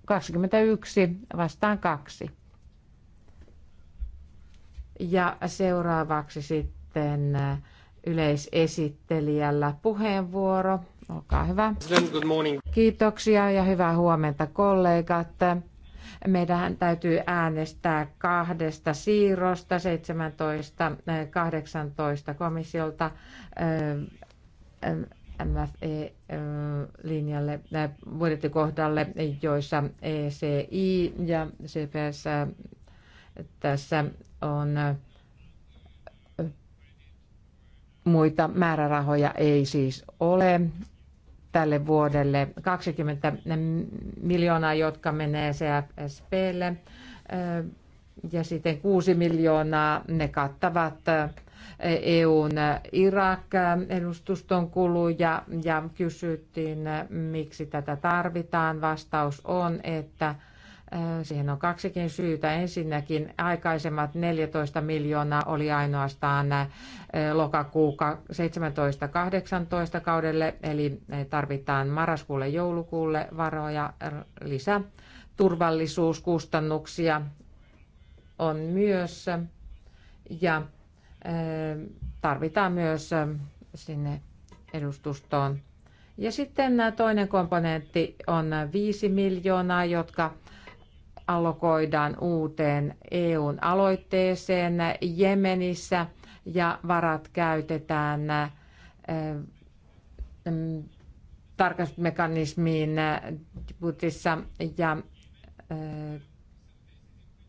21 vastaan 2. Ja seuraavaksi sitten äh, yleisesittelijällä puheenvuoro. Olkaa hyvä. Good morning. Kiitoksia ja hyvää huomenta kollegat. Meidän täytyy äänestää kahdesta siirrosta 17, 18 eh, komissiolta eh, eh, MFE-linjalle budjettikohdalle, joissa ECI ja CPS tässä on muita määrärahoja ei siis ole tälle vuodelle 20 miljoonaa, jotka menee CFSPlle ja sitten 6 miljoonaa ne kattavat EUn Irak-edustuston kuluja ja kysyttiin, miksi tätä tarvitaan. Vastaus on, että Äh, siihen on kaksikin syytä. Ensinnäkin aikaisemmat 14 miljoonaa oli ainoastaan äh, lokakuu 17-18 kaudelle, eli äh, tarvitaan marraskuulle joulukuulle varoja lisää. Turvallisuuskustannuksia on myös ja tarvitaan myös sinne edustustoon. Ja sitten toinen komponentti on 5 miljoonaa, jotka allokoidaan uuteen EUn aloitteeseen Jemenissä ja varat käytetään mm, tarkastusmekanismiin Djiboutissa ja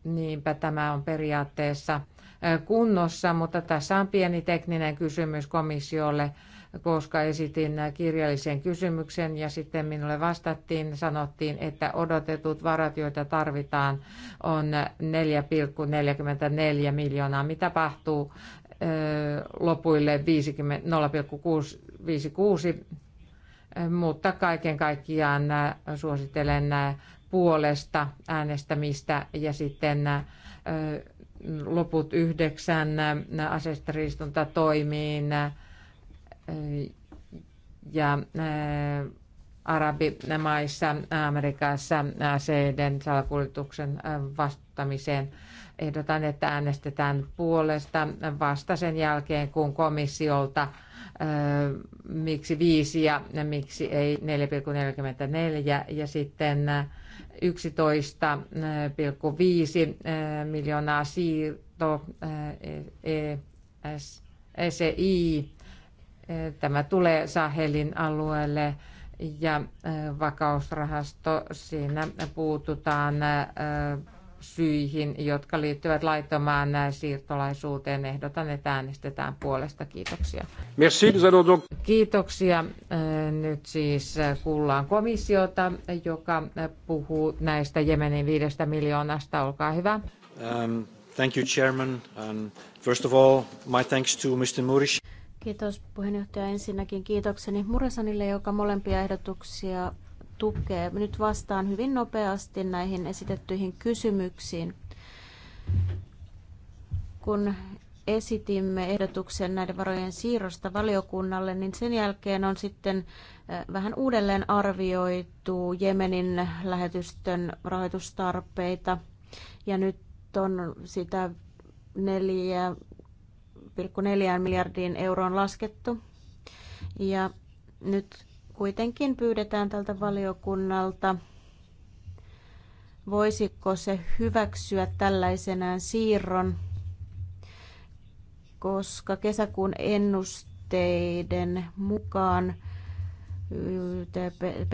niinpä tämä on periaatteessa kunnossa, mutta tässä on pieni tekninen kysymys komissiolle koska esitin kirjallisen kysymyksen ja sitten minulle vastattiin, sanottiin, että odotetut varat, joita tarvitaan, on 4,44 miljoonaa. Mitä tapahtuu lopuille 0,656, mutta kaiken kaikkiaan suosittelen puolesta äänestämistä ja sitten loput yhdeksän aseistariistunta toimiin ja arabimaissa, Amerikassa aseiden salakuljetuksen vastustamiseen. Ehdotan, että äänestetään puolesta vasta sen jälkeen, kun komissiolta miksi viisi ja miksi ei 4,44 ja sitten 11,5 miljoonaa siirto ESI Eh, tämä tulee Sahelin alueelle ja eh, vakausrahasto, siinä puututaan eh, syihin, jotka liittyvät laittomaan siirtolaisuuteen. Ehdotan, että äänestetään puolesta. Kiitoksia. Merci, Kiitoksia. Nyt siis kuullaan komissiota, joka puhuu näistä Jemenin viidestä miljoonasta. Olkaa hyvä. Um, thank you, Chairman. And um, first of all, my thanks to Mr. Murish. Kiitos puheenjohtaja ensinnäkin kiitokseni Muresanille, joka molempia ehdotuksia tukee. Nyt vastaan hyvin nopeasti näihin esitettyihin kysymyksiin. Kun esitimme ehdotuksen näiden varojen siirrosta valiokunnalle, niin sen jälkeen on sitten eh, vähän uudelleen arvioitu Jemenin lähetystön rahoitustarpeita. Ja nyt on sitä neljä miljardiin euroon laskettu. Ja nyt kuitenkin pyydetään tältä valiokunnalta, voisiko se hyväksyä tällaisenään siirron, koska kesäkuun ennusteiden mukaan YTP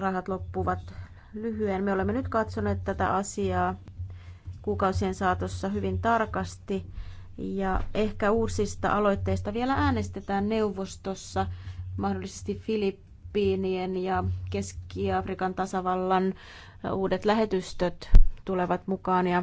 rahat loppuvat lyhyen. Me olemme nyt katsoneet tätä asiaa kuukausien saatossa hyvin tarkasti ja ehkä uusista aloitteista vielä äänestetään neuvostossa, mahdollisesti Filippiinien ja Keski-Afrikan tasavallan uudet lähetystöt tulevat mukaan ja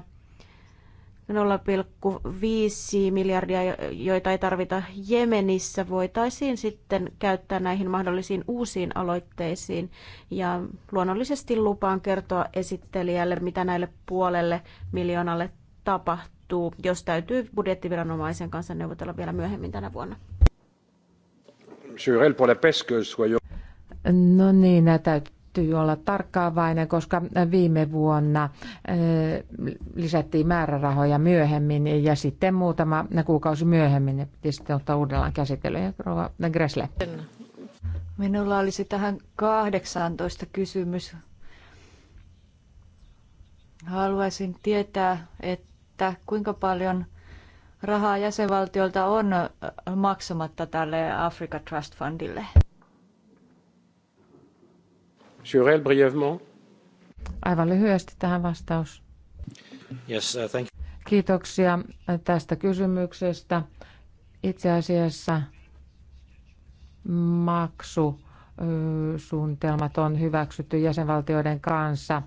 0,5 miljardia, joita ei tarvita Jemenissä, voitaisiin sitten käyttää näihin mahdollisiin uusiin aloitteisiin. Ja luonnollisesti lupaan kertoa esittelijälle, mitä näille puolelle miljoonalle tapahtuu, jos täytyy budjettiviranomaisen kanssa neuvotella vielä myöhemmin tänä vuonna. No niin, täytyy täytyy olla tarkkaavainen, koska viime vuonna lisättiin määrärahoja myöhemmin ja sitten muutama kuukausi myöhemmin ne piti sitten ottaa uudellaan käsittelyyn. Gresle. Minulla olisi tähän 18 kysymys. Haluaisin tietää, että kuinka paljon rahaa jäsenvaltiolta on maksamatta tälle Africa Trust Fundille. Jurel, brièvement. Aivan lyhyesti tähän vastaus. Yes, uh, thank you. Kiitoksia uh, tästä kysymyksestä. Itse asiassa maksu suunnitelmat on hyväksytty jäsenvaltioiden kanssa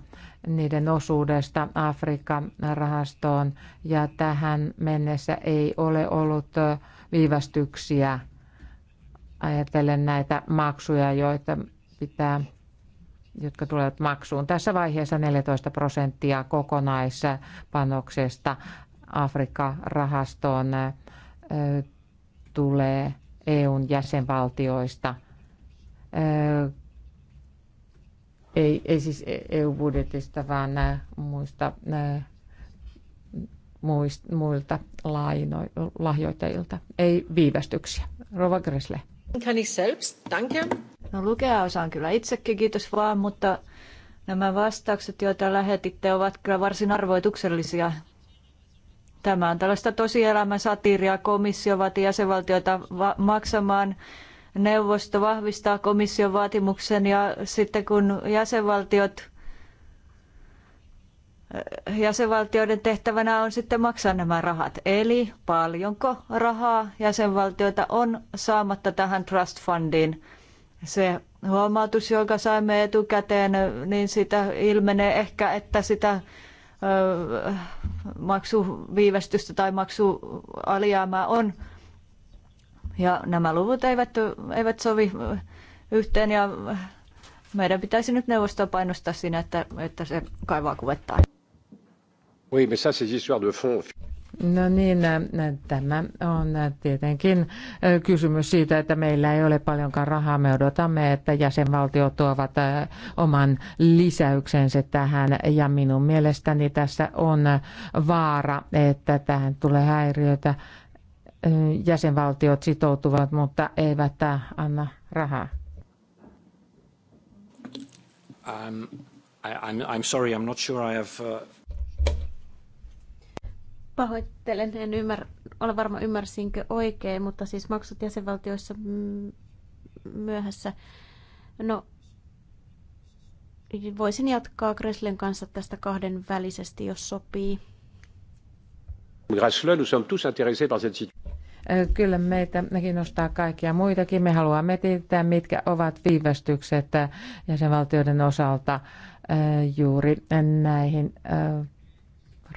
niiden osuudesta Afrikan rahastoon ja tähän mennessä ei ole ollut uh, viivästyksiä ajatellen näitä maksuja, joita pitää jotka tulevat maksuun. Tässä vaiheessa 14 prosenttia kokonaispanoksesta Afrikka-rahastoon tulee EUn jäsenvaltioista. Ei, ei siis e- EU-budjetista, vaan muista, muista, muilta laino, lahjoittajilta. Ei viivästyksiä. Rova Gresle. Kann ich selbst, danke. No lukea osaan kyllä itsekin, kiitos vaan, mutta nämä vastaukset, joita lähetitte, ovat kyllä varsin arvoituksellisia. Tämä on tällaista tosielämän satiiria. Komissio vaati jäsenvaltioita va- maksamaan neuvosto vahvistaa komission vaatimuksen ja sitten kun jäsenvaltiot jäsenvaltioiden tehtävänä on sitten maksaa nämä rahat. Eli paljonko rahaa jäsenvaltioita on saamatta tähän Trust Fundiin. Se huomautus, jonka saimme etukäteen, niin sitä ilmenee ehkä, että sitä ö, maksuviivästystä tai maksualijäämää on. Ja nämä luvut eivät, eivät sovi yhteen ja meidän pitäisi nyt neuvostoa painostaa siinä, että, että se kaivaa kuvettaan. Oui, mais ça, ces histoires de No niin, äh, tämä on tietenkin äh, kysymys siitä, että meillä ei ole paljonkaan rahaa. Me odotamme, että jäsenvaltiot tuovat äh, oman lisäyksensä tähän. Ja minun mielestäni tässä on vaara, että tähän tulee häiriötä. Jäsenvaltiot sitoutuvat, mutta eivät anna rahaa. Um, I, I'm, I'm sorry, I'm not sure I have... Uh Pahoittelen, en ymmär, ole varma ymmärsinkö oikein, mutta siis maksut jäsenvaltioissa myöhässä. No, voisin jatkaa Kreslen kanssa tästä kahden välisesti, jos sopii. Grasle, nous sommes tous intéressés par cette situation. Kyllä meitä kiinnostaa kaikkia muitakin. Me haluamme tietää, mitkä ovat viivästykset jäsenvaltioiden osalta juuri näihin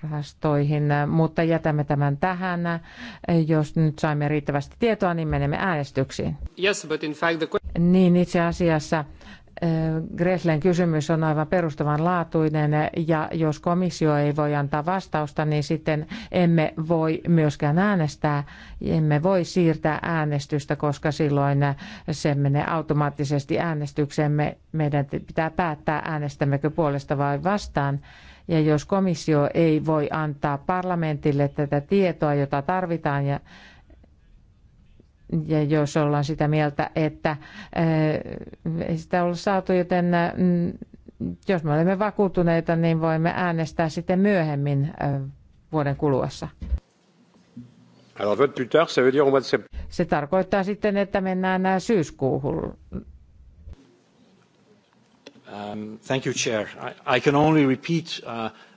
rahastoihin, mutta jätämme tämän tähän. Jos nyt saimme riittävästi tietoa, niin menemme äänestyksiin. Yes, but in fact the... Niin itse asiassa eh, Greslen kysymys on aivan perustavanlaatuinen ja jos komissio ei voi antaa vastausta, niin sitten emme voi myöskään äänestää, emme voi siirtää äänestystä, koska silloin se menee automaattisesti äänestykseen. Meidän pitää päättää, äänestämmekö puolesta vai vastaan. Ja jos komissio ei voi antaa parlamentille tätä tietoa, jota tarvitaan, ja, ja jos ollaan sitä mieltä, että ää, eh, ei sitä ole saatu, joten mm, jos me olemme vakuuttuneita, niin voimme äänestää sitten myöhemmin eh, vuoden kuluessa. Se tarkoittaa sitten, että mennään eh, syyskuuhun Um, thank you, Chair. I, can only repeat,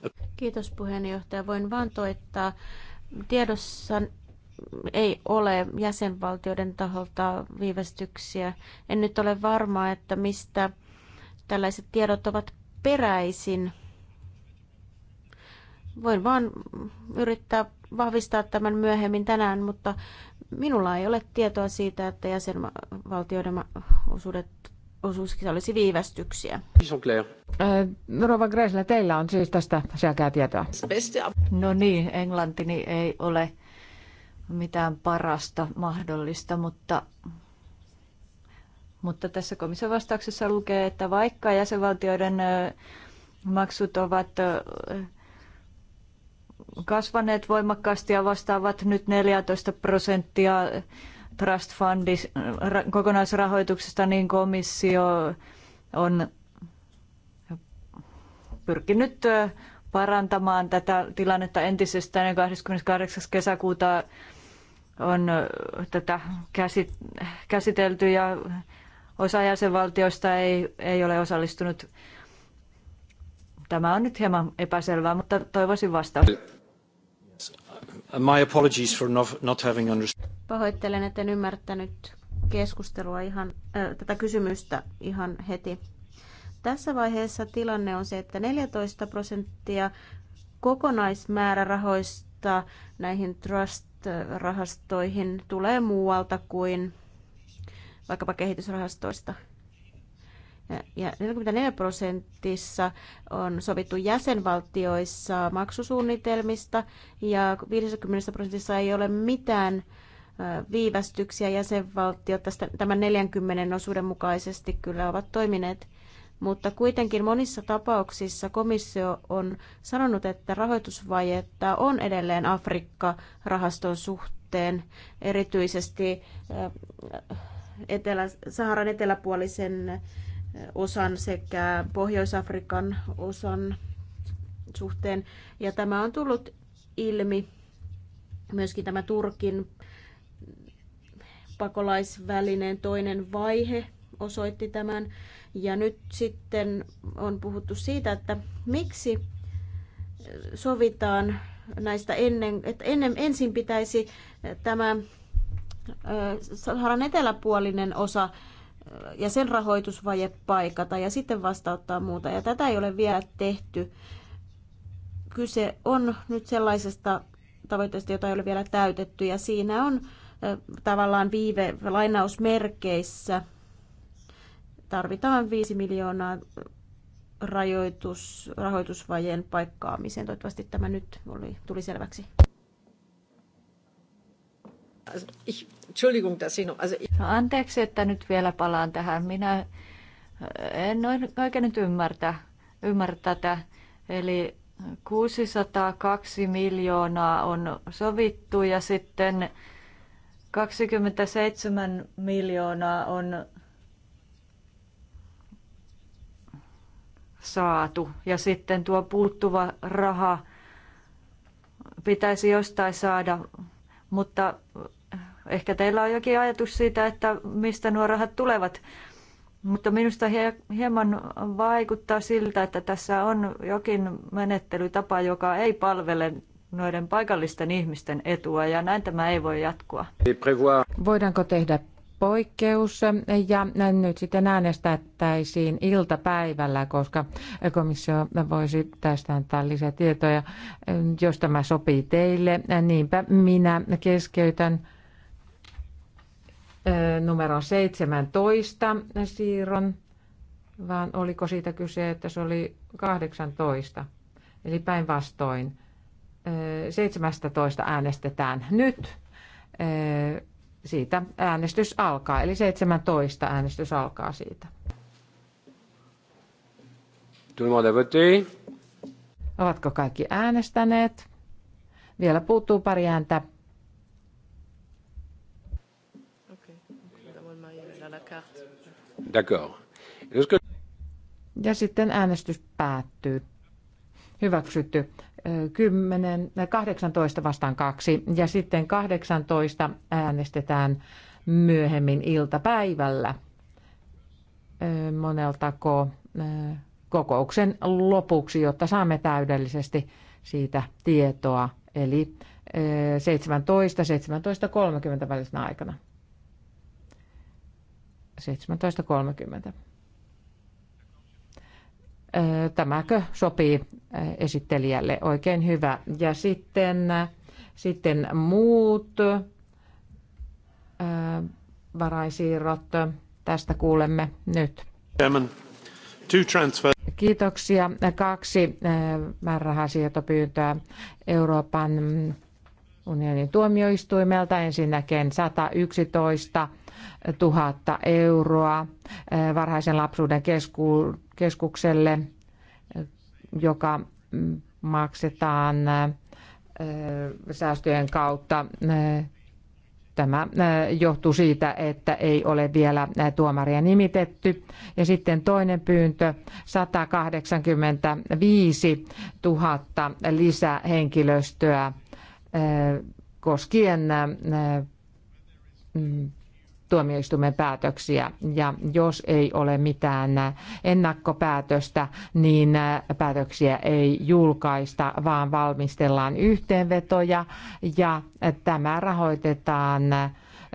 uh, Kiitos puheenjohtaja. Voin vain toittaa. Tiedossa ei ole jäsenvaltioiden taholta viivästyksiä. En nyt ole varma, että mistä tällaiset tiedot ovat peräisin. Voin vaan yrittää vahvistaa tämän myöhemmin tänään, mutta minulla ei ole tietoa siitä, että jäsenvaltioiden osuudet osuuskin olisi viivästyksiä. Äh, Rova Gressler, teillä on siis tästä selkeää tietoa. No niin, Englanti ei ole mitään parasta mahdollista, mutta, mutta tässä komission vastauksessa lukee, että vaikka jäsenvaltioiden maksut ovat kasvaneet voimakkaasti ja vastaavat nyt 14 prosenttia Trust Fundis kokonaisrahoituksesta, niin komissio on pyrkinyt parantamaan tätä tilannetta entisestään ja 28. kesäkuuta on tätä käsitelty ja osa jäsenvaltioista ei, ei ole osallistunut. Tämä on nyt hieman epäselvää, mutta toivoisin vastausta. My apologies for not having understood. Pahoittelen, en ymmärtänyt keskustelua ihan, äh, tätä kysymystä ihan heti. Tässä vaiheessa tilanne on se, että 14 prosenttia kokonaismäärärahoista näihin trust-rahastoihin tulee muualta kuin vaikkapa kehitysrahastoista. Ja 44 prosentissa on sovittu jäsenvaltioissa maksusuunnitelmista ja 50 prosentissa ei ole mitään äh, viivästyksiä jäsenvaltiot tästä, tämän 40 osuuden mukaisesti kyllä ovat toimineet, mutta kuitenkin monissa tapauksissa komissio on sanonut, että rahoitusvajetta on edelleen Afrikka-rahaston suhteen, erityisesti etelä, Saharan eteläpuolisen osan sekä Pohjois-Afrikan osan suhteen. Ja tämä on tullut ilmi myöskin tämä Turkin pakolaisvälineen toinen vaihe osoitti tämän. Ja nyt sitten on puhuttu siitä, että miksi sovitaan näistä ennen, että ennen, ensin pitäisi tämä Saharan eteläpuolinen osa ja sen rahoitusvaje paikata ja sitten vastauttaa muuta. Ja tätä ei ole vielä tehty. Kyse on nyt sellaisesta tavoitteesta, jota ei ole vielä täytetty ja siinä on tavallaan viive lainausmerkeissä. Tarvitaan 5 miljoonaa rajoitus, rahoitusvajeen paikkaamiseen. Toivottavasti tämä nyt oli, tuli selväksi. No, anteeksi, että nyt vielä palaan tähän. Minä äh, en oikein nyt ymmärtä, ymmärrä tätä. Eli 602 miljoonaa on sovittu ja sitten 27 miljoonaa on saatu. Ja sitten tuo puuttuva raha pitäisi jostain saada, mutta ehkä teillä on jokin ajatus siitä, että mistä nuo rahat tulevat. Mutta minusta hieman vaikuttaa siltä, että tässä on jokin menettelytapa, joka ei palvele noiden paikallisten ihmisten etua ja näin tämä ei voi jatkua. Voidaanko tehdä poikkeus ja nyt sitten äänestettäisiin iltapäivällä, koska komissio voisi tästä antaa lisätietoja. Jos tämä sopii teille, niinpä minä keskeytän numero 17 siirron, vaan oliko siitä kyse, että se oli 18, eli päinvastoin. 17 äänestetään nyt. Siitä äänestys alkaa, eli 17 äänestys alkaa siitä. Ovatko kaikki äänestäneet? Vielä puuttuu pari ääntä. D'accord. Ja sitten äänestys päättyy. Hyväksytty. 10, 18 äh, vastaan 2 ja sitten 18 äänestetään myöhemmin iltapäivällä moneltako kokouksen lopuksi, jotta saamme täydellisesti siitä tietoa, eli 17, 17.30 välisenä aikana. 17.30. Tämäkö sopii esittelijälle oikein hyvä. Ja sitten, sitten muut varaisiirrot. Tästä kuulemme nyt. Kiitoksia. Kaksi määrärahasiirtopyyntöä Euroopan unionin tuomioistuimelta. Ensinnäkin 111 000 euroa varhaisen lapsuuden keskuudessa keskukselle, joka maksetaan säästöjen kautta. Tämä johtuu siitä, että ei ole vielä tuomaria nimitetty. Ja sitten toinen pyyntö, 185 000 lisähenkilöstöä koskien mm, tuomioistuimen päätöksiä. Ja jos ei ole mitään ennakkopäätöstä, niin päätöksiä ei julkaista, vaan valmistellaan yhteenvetoja ja tämä rahoitetaan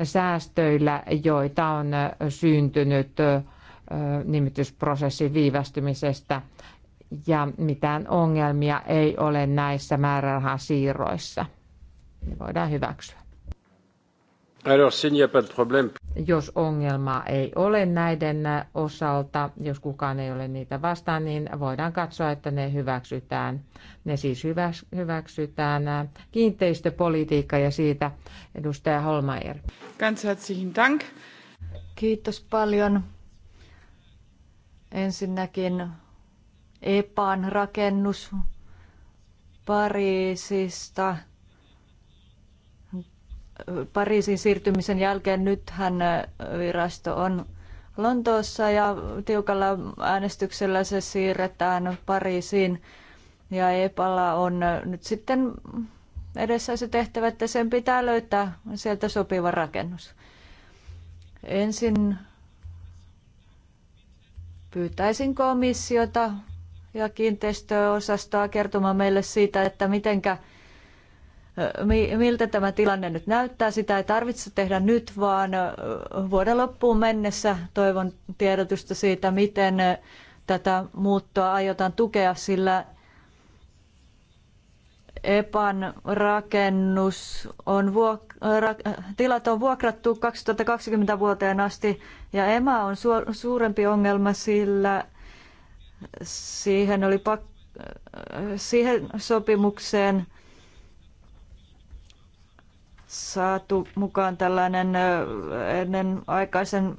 säästöillä, joita on syntynyt nimitysprosessin viivästymisestä ja mitään ongelmia ei ole näissä määrärahasiirroissa. Ne voidaan hyväksyä. Jos ongelmaa ei ole näiden osalta, jos kukaan ei ole niitä vastaan, niin voidaan katsoa, että ne hyväksytään. Ne siis hyväksytään kiinteistöpolitiikka ja siitä edustaja Holmeier. Ganz herzlichen Dank. Kiitos paljon. Ensinnäkin EPAN rakennus Pariisista – Pariisin siirtymisen jälkeen nythän virasto on Lontoossa ja tiukalla äänestyksellä se siirretään Pariisiin. Ja EPAlla on nyt sitten edessä se tehtävä, että sen pitää löytää sieltä sopiva rakennus. Ensin pyytäisin komissiota ja kiinteistöosastoa kertomaan meille siitä, että mitenkä miltä tämä tilanne nyt näyttää. Sitä ei tarvitse tehdä nyt, vaan vuoden loppuun mennessä toivon tiedotusta siitä, miten tätä muuttoa aiotaan tukea, sillä EPAN rakennus on vuok- ra- tilat on vuokrattu 2020 vuoteen asti ja EMA on su- suurempi ongelma, sillä siihen oli pak- siihen sopimukseen saatu mukaan tällainen ennen aikaisen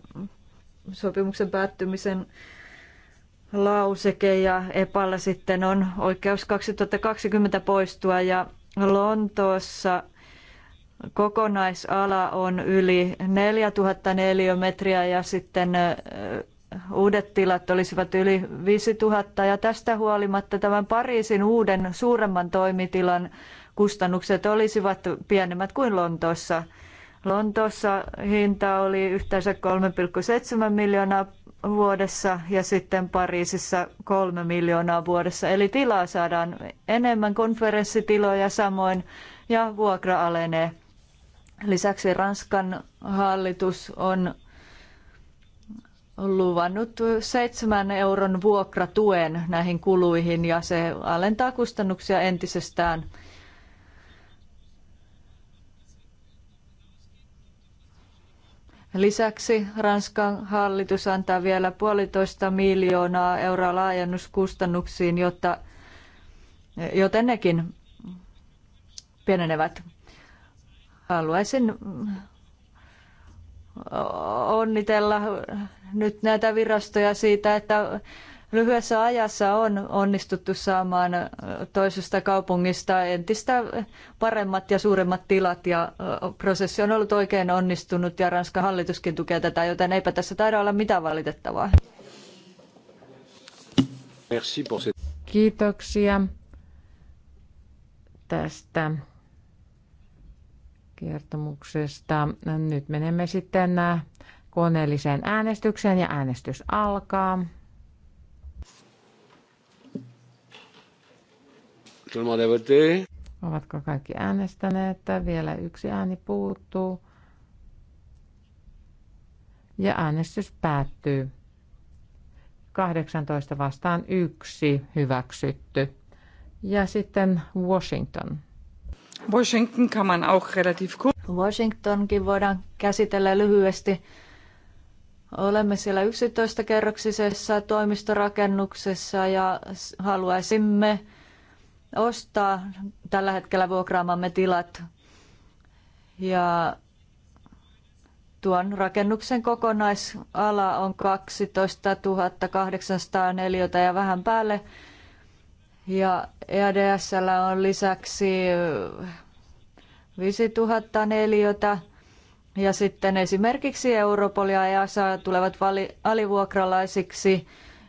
sopimuksen päättymisen lauseke ja EPAlla sitten on oikeus 2020 poistua ja Lontoossa kokonaisala on yli 4000 neliömetriä ja sitten uudet tilat olisivat yli 5000 ja tästä huolimatta tämän Pariisin uuden suuremman toimitilan kustannukset olisivat pienemmät kuin Lontoossa. Lontoossa hinta oli yhteensä 3,7 miljoonaa vuodessa ja sitten Pariisissa kolme miljoonaa vuodessa. Eli tilaa saadaan enemmän konferenssitiloja samoin ja vuokra alenee. Lisäksi Ranskan hallitus on luvannut seitsemän euron vuokratuen näihin kuluihin ja se alentaa kustannuksia entisestään – Lisäksi Ranskan hallitus antaa vielä puolitoista miljoonaa euroa laajennuskustannuksiin, jotta, joten nekin pienenevät. Haluaisin onnitella nyt näitä virastoja siitä, että lyhyessä ajassa on onnistuttu saamaan toisesta kaupungista entistä paremmat ja suuremmat tilat ja prosessi on ollut oikein onnistunut ja Ranskan hallituskin tukee tätä, joten eipä tässä taida olla mitään valitettavaa. Kiitoksia tästä kertomuksesta. Nyt menemme sitten koneelliseen äänestykseen ja äänestys alkaa. Ovatko kaikki äänestäneet? Vielä yksi ääni puuttuu. Ja äänestys päättyy. 18 vastaan yksi hyväksytty. Ja sitten Washington. Washington kann man auch relativ Washingtonkin voidaan käsitellä lyhyesti. Olemme siellä 11-kerroksisessa toimistorakennuksessa ja haluaisimme ostaa tällä hetkellä vuokraamamme tilat. Ja tuon rakennuksen kokonaisala on 12 800 neliötä ja vähän päälle. Ja EADSL on lisäksi 5000 neliötä. Ja sitten esimerkiksi Europolia ja ASA e tulevat alivuokralaisiksi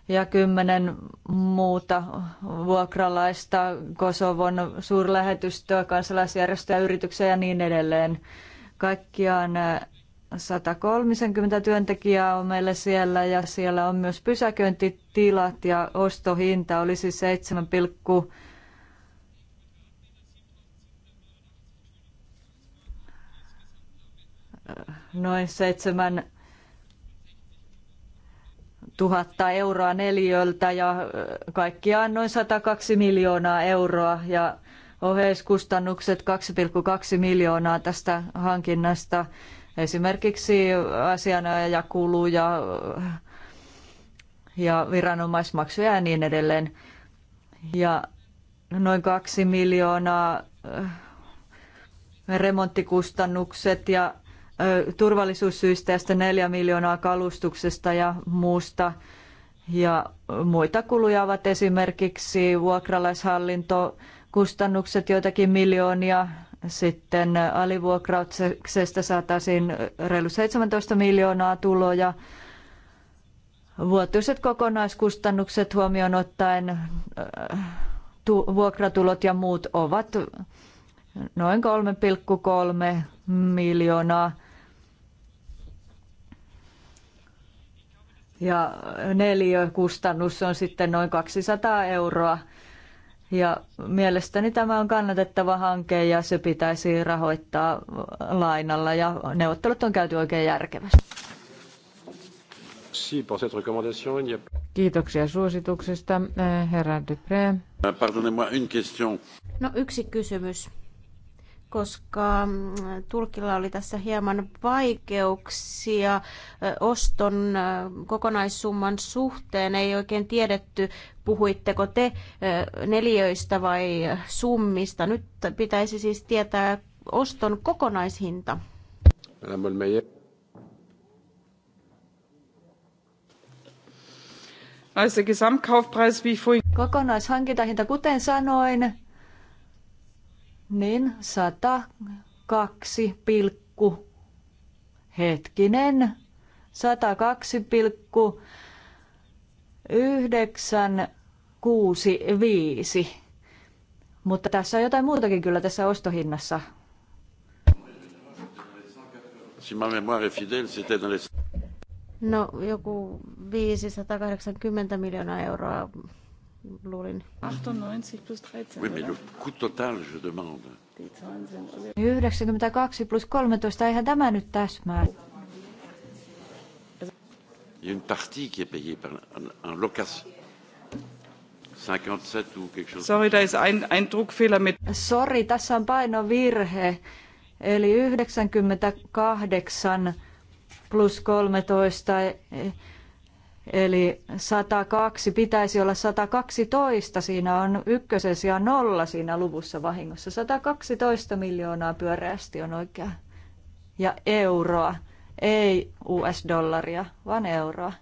ja kymmenen muuta vuokralaista, Kosovon suurlähetystöä, kansalaisjärjestöjä, yrityksiä ja niin edelleen. Kaikkiaan 130 työntekijää on meillä siellä ja siellä on myös pysäköintitilat ja ostohinta olisi siis 7, noin seitsemän 000 euroa neliöltä ja kaikkiaan noin 102 miljoonaa euroa ja oheiskustannukset 2,2 miljoonaa tästä hankinnasta. Esimerkiksi asianajajakuluja ja viranomaismaksuja ja niin edelleen. Ja noin 2 miljoonaa remonttikustannukset ja turvallisuussyistä ja sitten miljoonaa kalustuksesta ja muusta. Ja muita kuluja ovat esimerkiksi vuokralaishallinto, kustannukset joitakin miljoonia, sitten alivuokrauksesta saataisiin reilu 17 miljoonaa tuloja. Vuotuiset kokonaiskustannukset huomioon ottaen vuokratulot ja muut ovat noin 3,3 miljoonaa ja neliökustannus on sitten noin 200 euroa. Ja mielestäni tämä on kannatettava hanke ja se pitäisi rahoittaa lainalla ja neuvottelut on käyty oikein järkevästi. Kiitoksia suosituksesta, eh, herra Dupré. No yksi kysymys koska mm, tulkilla oli tässä hieman vaikeuksia oston kokonaissumman suhteen. Ei oikein tiedetty, puhuitteko te neliöistä vai summista. Nyt pitäisi siis tietää oston kokonaishinta. Kokonaishankintahinta, kuten sanoin, niin 102 pilkku, hetkinen, 102 pilkku 965. Mutta tässä on jotain muutakin kyllä tässä ostohinnassa. Si ma c'était dans les... No joku 580 miljoonaa euroa luulin. 98 plus 13. 92 plus 13, eihän tämä nyt täsmää. Il y a une partie qui est payée par un, en location. 57 ou quelque chose. Sorry, da ist ein, ein Druckfehler mit. Sorry, tässä on painovirhe. Eli 98 plus 13 Eli 102 pitäisi olla 112, siinä on ykkösen sijaan nolla siinä luvussa vahingossa. 112 miljoonaa pyöreästi on oikea. Ja euroa, ei US-dollaria, vaan euroa.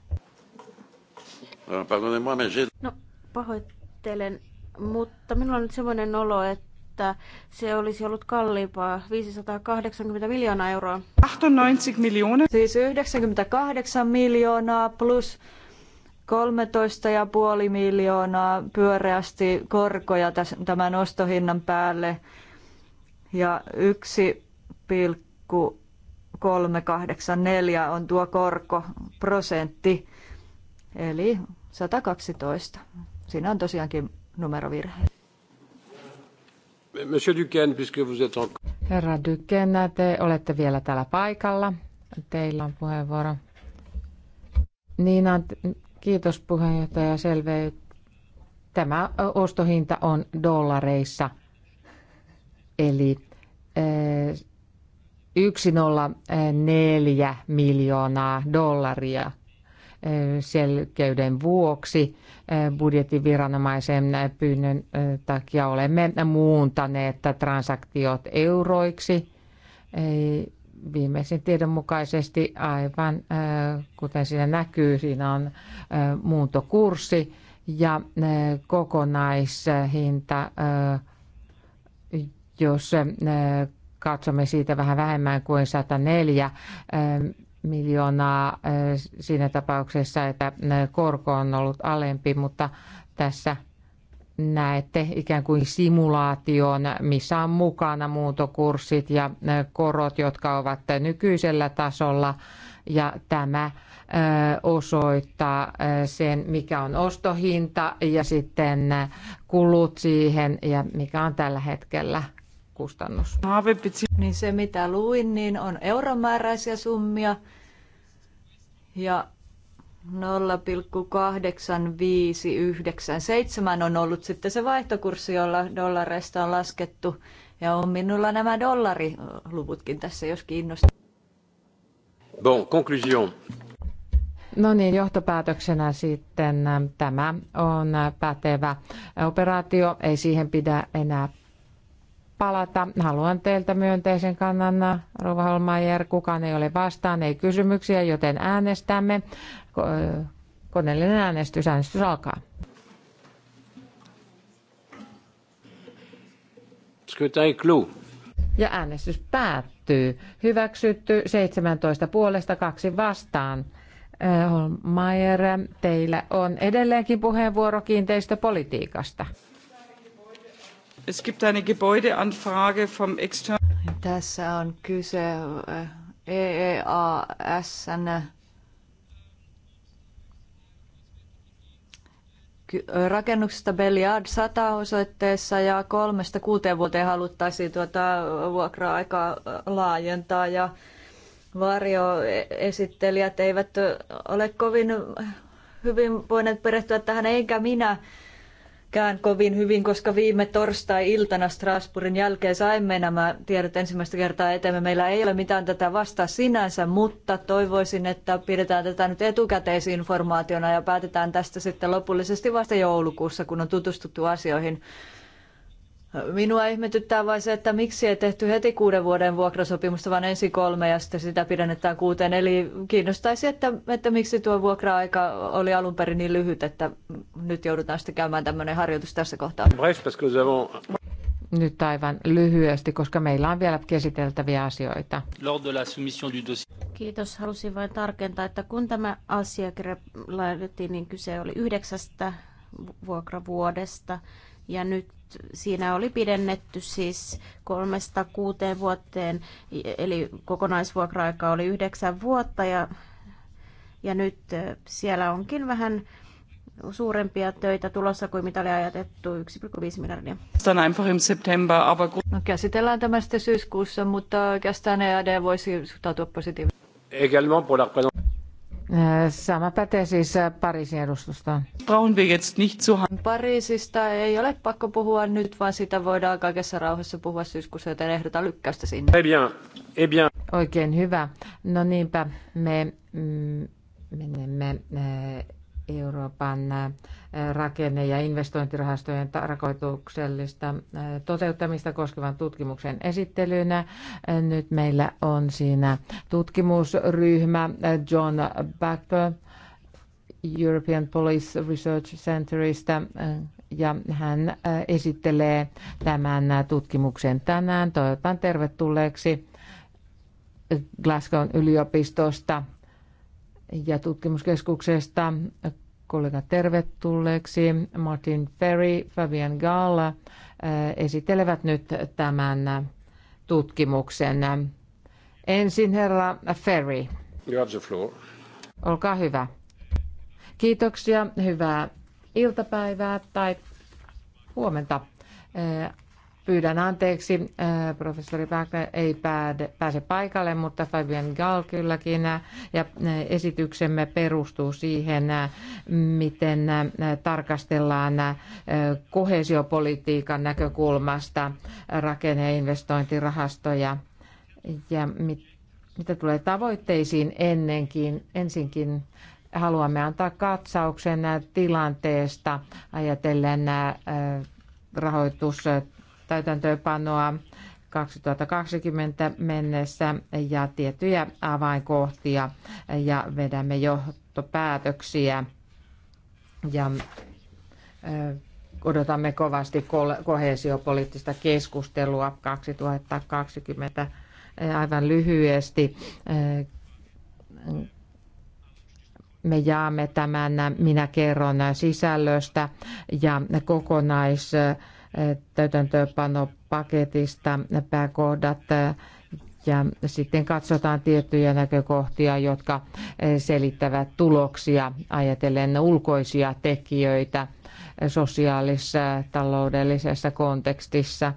No, pahoittelen, mutta minulla on nyt semmoinen olo, että se olisi ollut kalliimpaa, 580 miljoonaa euroa. 98 miljoonaa. Siis 98 miljoonaa plus 13,5 miljoonaa pyöreästi korkoja tämän ostohinnan päälle ja 1,384 on tuo korko prosentti, eli 112. Siinä on tosiaankin numerovirhe. Monsieur Duquesne, puisque vous êtes en... Herra Duquesne, te olette vielä täällä paikalla. Teillä on puheenvuoro. Niina, kiitos puheenjohtaja Selvey. Tämä ostohinta on dollareissa, eli 104 eh, miljoonaa dollaria selkeyden vuoksi eh, budjettiviranomaisen pyynnön eh, takia olemme muuntaneet transaktiot euroiksi eh, viimeisen tiedon mukaisesti aivan, kuten siinä näkyy, siinä on muuntokurssi ja kokonaishinta, jos katsomme siitä vähän vähemmän kuin 104 miljoonaa eh, siinä tapauksessa, että eh, korko on ollut alempi, mutta tässä näette ikään kuin simulaation, missä on mukana muutokurssit ja eh, korot, jotka ovat nykyisellä tasolla. Ja tämä osoittaa sen, mikä on ostohinta ja sitten kulut siihen ja mikä on tällä hetkellä kustannus. Niin se mitä luin, niin on euromääräisiä summia ja 0,8597 on ollut sitten se vaihtokurssi, jolla dollareista on laskettu. Ja on minulla nämä dollariluvutkin tässä, jos kiinnostaa. Bon, conclusion. No niin, johtopäätöksenä sitten tämä on pätevä operaatio. Ei siihen pidä enää palata. Haluan teiltä myönteisen kannan, Rova Holmaier. Kukaan ei ole vastaan, ei kysymyksiä, joten äänestämme. Koneellinen äänestys, äänestys alkaa. Ja äänestys päättyy. Hyväksytty 17 puolesta kaksi vastaan. Äh, Holmaier, teillä on edelleenkin puheenvuoro kiinteistöpolitiikasta. Es gibt eine Gebäudeanfrage vom externen... Tässä on kyse EEASn eh, e rakennuksesta Beliard 100 osoitteessa ja kolmesta kuuteen vuoteen haluttaisiin tuota vuokra-aikaa laajentaa ja varjoesittelijät eivät ole kovin hyvin voineet perehtyä tähän, eikä minä kään kovin hyvin, koska viime torstai-iltana Strasbourgin jälkeen saimme nämä tiedot ensimmäistä kertaa eteemme. Meillä ei ole mitään tätä vastaa sinänsä, mutta toivoisin, että pidetään tätä nyt etukäteisinformaationa ja päätetään tästä sitten lopullisesti vasta joulukuussa, kun on tutustuttu asioihin. Minua ihmetyttää vain se, että miksi ei tehty heti kuuden vuoden vuokrasopimusta, vaan ensi kolme ja sitten sitä pidennetään kuuteen. Eli kiinnostaisi, että, että miksi tuo vuokra-aika oli alun perin niin lyhyt, että nyt joudutaan sitten käymään tämmöinen harjoitus tässä kohtaa. Nyt aivan lyhyesti, koska meillä on vielä käsiteltäviä asioita. Kiitos. Halusin vain tarkentaa, että kun tämä asiakirja laitettiin, niin kyse oli yhdeksästä vuokravuodesta ja nyt siinä oli pidennetty siis kolmesta kuuteen vuoteen, eli kokonaisvuokra-aika oli yhdeksän vuotta ja, ja nyt siellä onkin vähän suurempia töitä tulossa kuin mitä oli ajatettu, 1,5 miljardia. No, käsitellään tämä sitten syyskuussa, mutta oikeastaan EAD voisi suhtautua positiivisesti. Sama pätee siis äh, Pariisin edustustoon. Brauchen wir jetzt nicht zu Pariisista ei ole pakko puhua nyt, vaan sitä voidaan kaikessa rauhassa puhua syyskuussa, joten ehdotan lykkäystä sinne. Eh bien, eh bien. Oikein hyvä. No niinpä, me mm, menemme äh, Euroopan rakenne- ja investointirahastojen tarkoituksellista toteuttamista koskevan tutkimuksen esittelynä. Nyt meillä on siinä tutkimusryhmä John Backer European Police Research Centerista ja hän esittelee tämän tutkimuksen tänään. Toivotan tervetulleeksi Glasgown yliopistosta ja tutkimuskeskuksesta kollega tervetulleeksi. Martin Ferry, Fabian Galla äh, esittelevät nyt tämän tutkimuksen. Ensin herra Ferry. You have the floor. Olkaa hyvä. Kiitoksia, hyvää iltapäivää tai huomenta. Äh, Pyydän anteeksi, äh, professori Wagner ei pääse paikalle, mutta Fabian Gall kylläkin. Ja äh, esityksemme perustuu siihen, äh, miten tarkastellaan kohesiopolitiikan näkökulmasta rakenne- ja investointirahastoja. Ja mit, mitä tulee tavoitteisiin ennenkin, ensinkin haluamme antaa katsauksen tilanteesta ajatellen rahoitus täytäntöönpanoa 2020 mennessä ja tiettyjä avainkohtia ja vedämme johtopäätöksiä ja odotamme kovasti kohesiopoliittista keskustelua 2020 aivan lyhyesti. Me jaamme tämän, minä kerron sisällöstä ja kokonais täytäntöönpanopaketista pääkohdat ja sitten katsotaan tiettyjä näkökohtia, jotka selittävät tuloksia ajatellen ulkoisia tekijöitä sosiaalisessa taloudellisessa kontekstissa.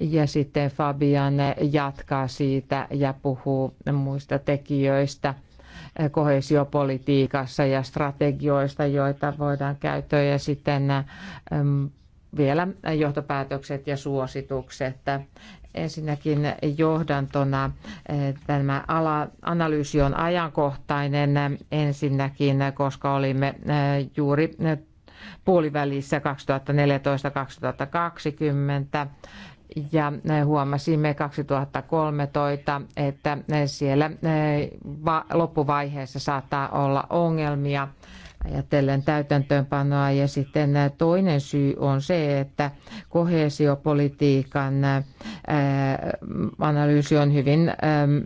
Ja sitten Fabian jatkaa siitä ja puhuu muista tekijöistä kohesiopolitiikassa ja strategioista, joita voidaan käyttää. Ja sitten mm, vielä johtopäätökset ja suositukset. Ensinnäkin johdantona eh, tämä ala, analyysi on ajankohtainen ensinnäkin, koska olimme eh, juuri puolivälissä 2014-2020 ja eh, huomasimme 2013, että siellä loppuvaiheessa saattaa olla ongelmia ajatellen täytäntöönpanoa. Ja sitten toinen syy on se, että kohesiopolitiikan analyysi on hyvin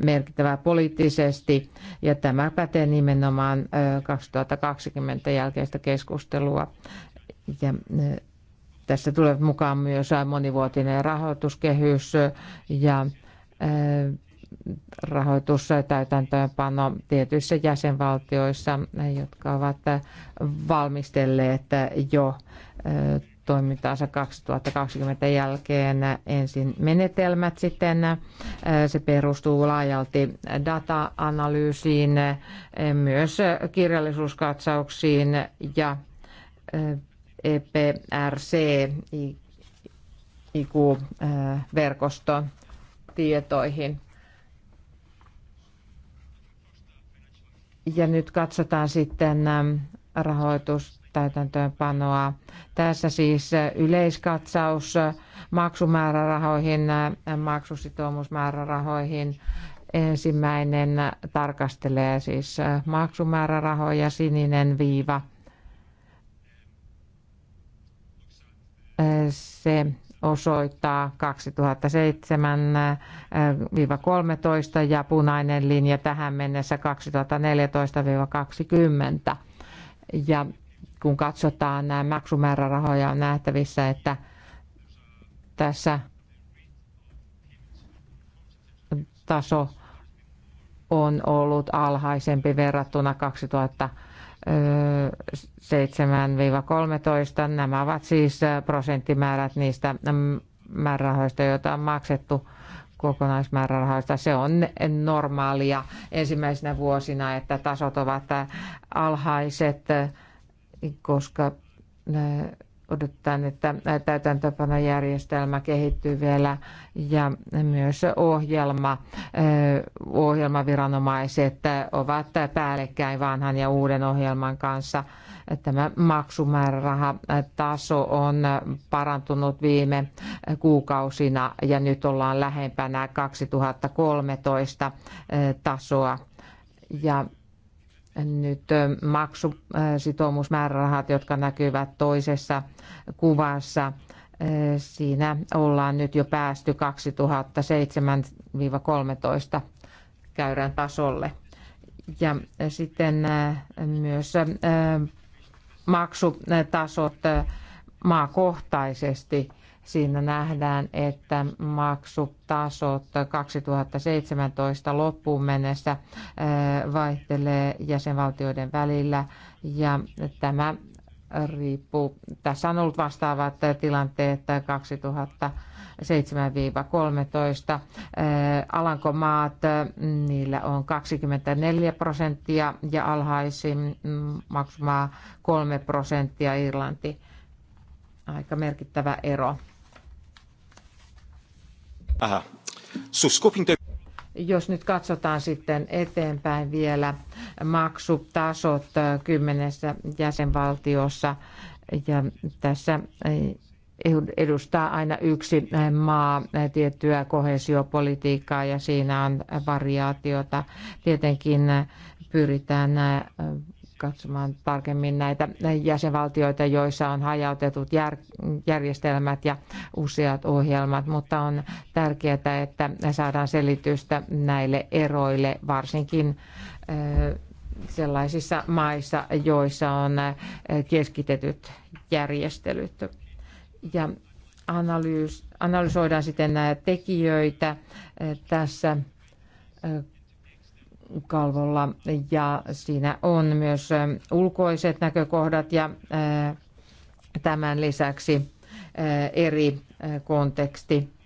merkittävä poliittisesti ja tämä pätee nimenomaan 2020 jälkeistä keskustelua. Ja tässä tulee mukaan myös monivuotinen rahoituskehys ja rahoitus täytäntöönpano tietyissä jäsenvaltioissa, jotka ovat valmistelleet jo toimintaansa 2020 jälkeen ensin menetelmät, sitten se perustuu laajalti data-analyysiin, myös kirjallisuuskatsauksiin ja EPRC, iq tietoihin. Ja nyt katsotaan sitten ähm, rahoitustäytäntöönpanoa. Tässä siis äh, yleiskatsaus äh, maksumäärärahoihin, äh, maksusitoumusmäärärahoihin. Ensimmäinen tarkastelee siis maksumäärärahoja, sininen viiva. Se osoittaa 2007-13 äh, ja punainen linja tähän mennessä 2014-2020. Ja kun katsotaan nämä maksumäärärahoja, on nähtävissä, että tässä taso on ollut alhaisempi verrattuna 2000 7-13. Nämä ovat siis äh, prosenttimäärät niistä mm, määrärahoista, joita on maksettu kokonaismäärärahoista. Se on normaalia ensimmäisenä vuosina, että tasot ovat äh, alhaiset, äh, koska odotetaan, että täytäntöpanojärjestelmä kehittyy vielä ja myös ohjelma, ohjelmaviranomaiset ovat päällekkäin vanhan ja uuden ohjelman kanssa. Tämä maksumäärärahataso on parantunut viime kuukausina ja nyt ollaan lähempänä 2013 tasoa. Ja nyt maksusitoumusmäärärahat, jotka näkyvät toisessa kuvassa. Siinä ollaan nyt jo päästy 2007 2013 käyrän tasolle. Ja sitten myös maksutasot maakohtaisesti Siinä nähdään, että maksutasot 2017 loppuun mennessä äh, vaihtelee jäsenvaltioiden välillä ja tämä riippuu. Tässä on ollut vastaavat tilanteet 2007-13. Äh, Alankomaat, niillä on 24 prosenttia ja alhaisin maksumaa 3 prosenttia Irlanti. Aika merkittävä ero. Aha. Jos nyt katsotaan sitten eteenpäin vielä maksutasot äh, kymmenessä jäsenvaltiossa, ja tässä äh, edustaa aina yksi äh, maa tiettyä kohesiopolitiikkaa ja siinä on variaatiota. Tietenkin pyritään katsomaan tarkemmin näitä jäsenvaltioita, joissa on hajautetut järjestelmät ja useat ohjelmat, mutta on tärkeää, että saadaan selitystä näille eroille, varsinkin sellaisissa maissa, joissa on keskitetyt järjestelyt. Ja analyys, analysoidaan sitten näitä tekijöitä tässä kalvolla ja siinä on myös ähm, ulkoiset näkökohdat ja äh, tämän lisäksi äh, eri äh, konteksti.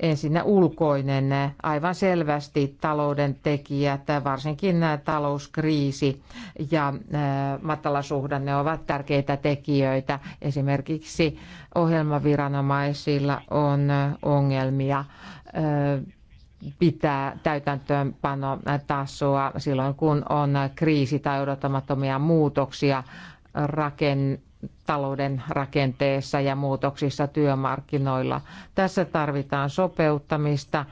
Ensinnä ulkoinen, aivan selvästi talouden tekijät, varsinkin talouskriisi ja matalasuhdanne ovat tärkeitä tekijöitä. Esimerkiksi ohjelmaviranomaisilla on ongelmia pitää täytäntöönpanotasoa silloin, kun on kriisi tai odottamattomia muutoksia raken, talouden rakenteessa ja muutoksissa työmarkkinoilla. Tässä tarvitaan sopeuttamista äh,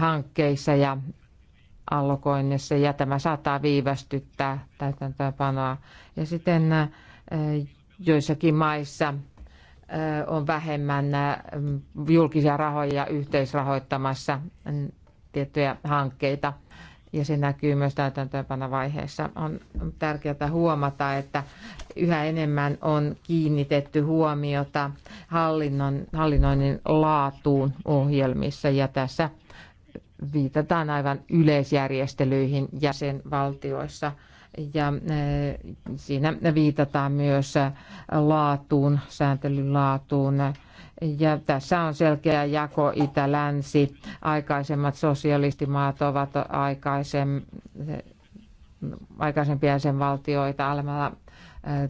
hankkeissa ja allokoinnissa ja tämä saattaa viivästyttää täytäntöönpanoa. Ja sitten äh, joissakin maissa on vähemmän julkisia rahoja yhteisrahoittamassa mm, tiettyjä hankkeita. Ja se näkyy myös vaiheessa On tärkeää huomata, että yhä enemmän on kiinnitetty huomiota hallinnon, hallinnoinnin laatuun ohjelmissa. Ja tässä viitataan aivan yleisjärjestelyihin jäsenvaltioissa – ja eh, siinä viitataan myös laatuun, sääntelyn laatuun. Ja tässä on selkeä jako itä-länsi. Aikaisemmat sosialistimaat ovat aikaisem, aikaisempia valtioita alemmalla eh,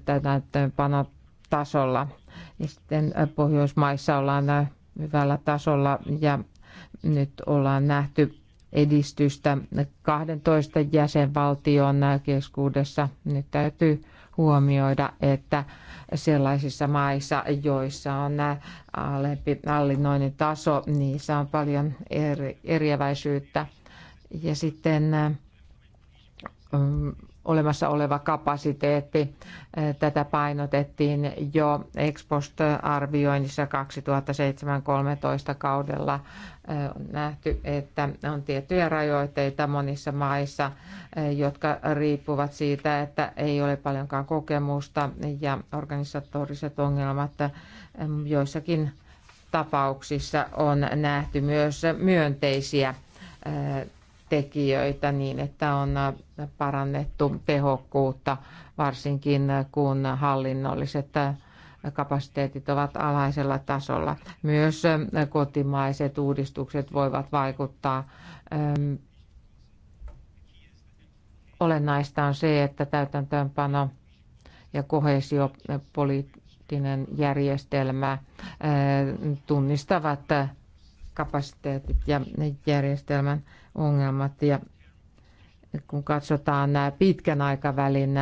täytäntöönpanotasolla. Ja sitten eh, Pohjoismaissa ollaan hyvällä tasolla ja nyt ollaan nähty edistystä 12 jäsenvaltion keskuudessa. Nyt täytyy huomioida, että sellaisissa maissa, joissa on alempi hallinnoinnin taso, niissä on paljon eri, eriäväisyyttä. Ja sitten mm, olemassa oleva kapasiteetti. Eh, tätä painotettiin jo Expost-arvioinnissa 2013 kaudella. Eh, on nähty, että on tiettyjä rajoitteita monissa maissa, eh, jotka riippuvat siitä, että ei ole paljonkaan kokemusta ja organisatoriset ongelmat joissakin tapauksissa on nähty myös myönteisiä tekijöitä niin, että on äh, parannettu tehokkuutta, varsinkin äh, kun hallinnolliset äh, kapasiteetit ovat alhaisella tasolla. Myös kotimaiset uudistukset voivat vaikuttaa. Ähm, olennaista on se, että täytäntöönpano ja kohesiopoliittinen järjestelmä tunnistavat kapasiteetit ja järjestelmän ongelmat. Ja kun katsotaan nämä pitkän aikavälin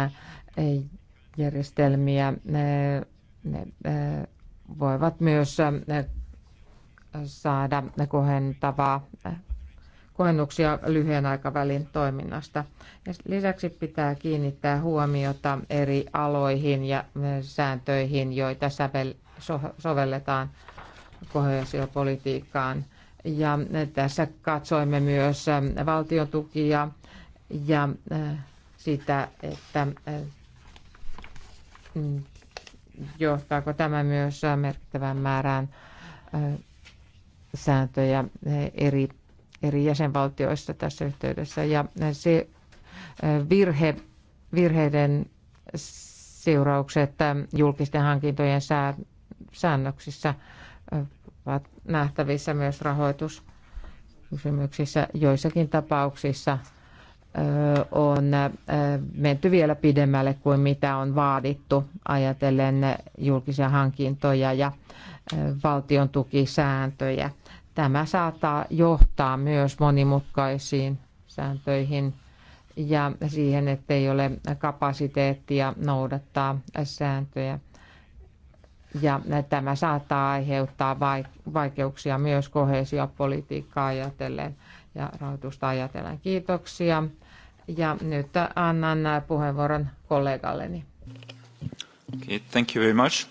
järjestelmiä, ne, ne voivat myös saada kohentavaa kohennuksia lyhyen aikavälin toiminnasta. Lisäksi pitää kiinnittää huomiota eri aloihin ja sääntöihin, joita sovelletaan kohesiopolitiikkaan. Ja tässä katsoimme myös ähm, valtion tukia ja äh, sitä, että äh, mm, johtaako tämä myös äh, merkittävään määrään sääntöjä eri, eri jäsenvaltioissa tässä yhteydessä. Ja se virhe, virheiden seuraukset julkisten hankintojen säännöksissä ovat nähtävissä myös rahoituskysymyksissä. Joissakin tapauksissa on menty vielä pidemmälle kuin mitä on vaadittu ajatellen julkisia hankintoja ja valtion tukisääntöjä. Tämä saattaa johtaa myös monimutkaisiin sääntöihin ja siihen, ettei ole kapasiteettia noudattaa sääntöjä ja tämä saattaa aiheuttaa vaikeuksia myös kohesiopolitiikkaa ajatellen ja rahoitusta ajatellen. Kiitoksia. Ja nyt annan puheenvuoron kollegalleni. Okay, thank you very much.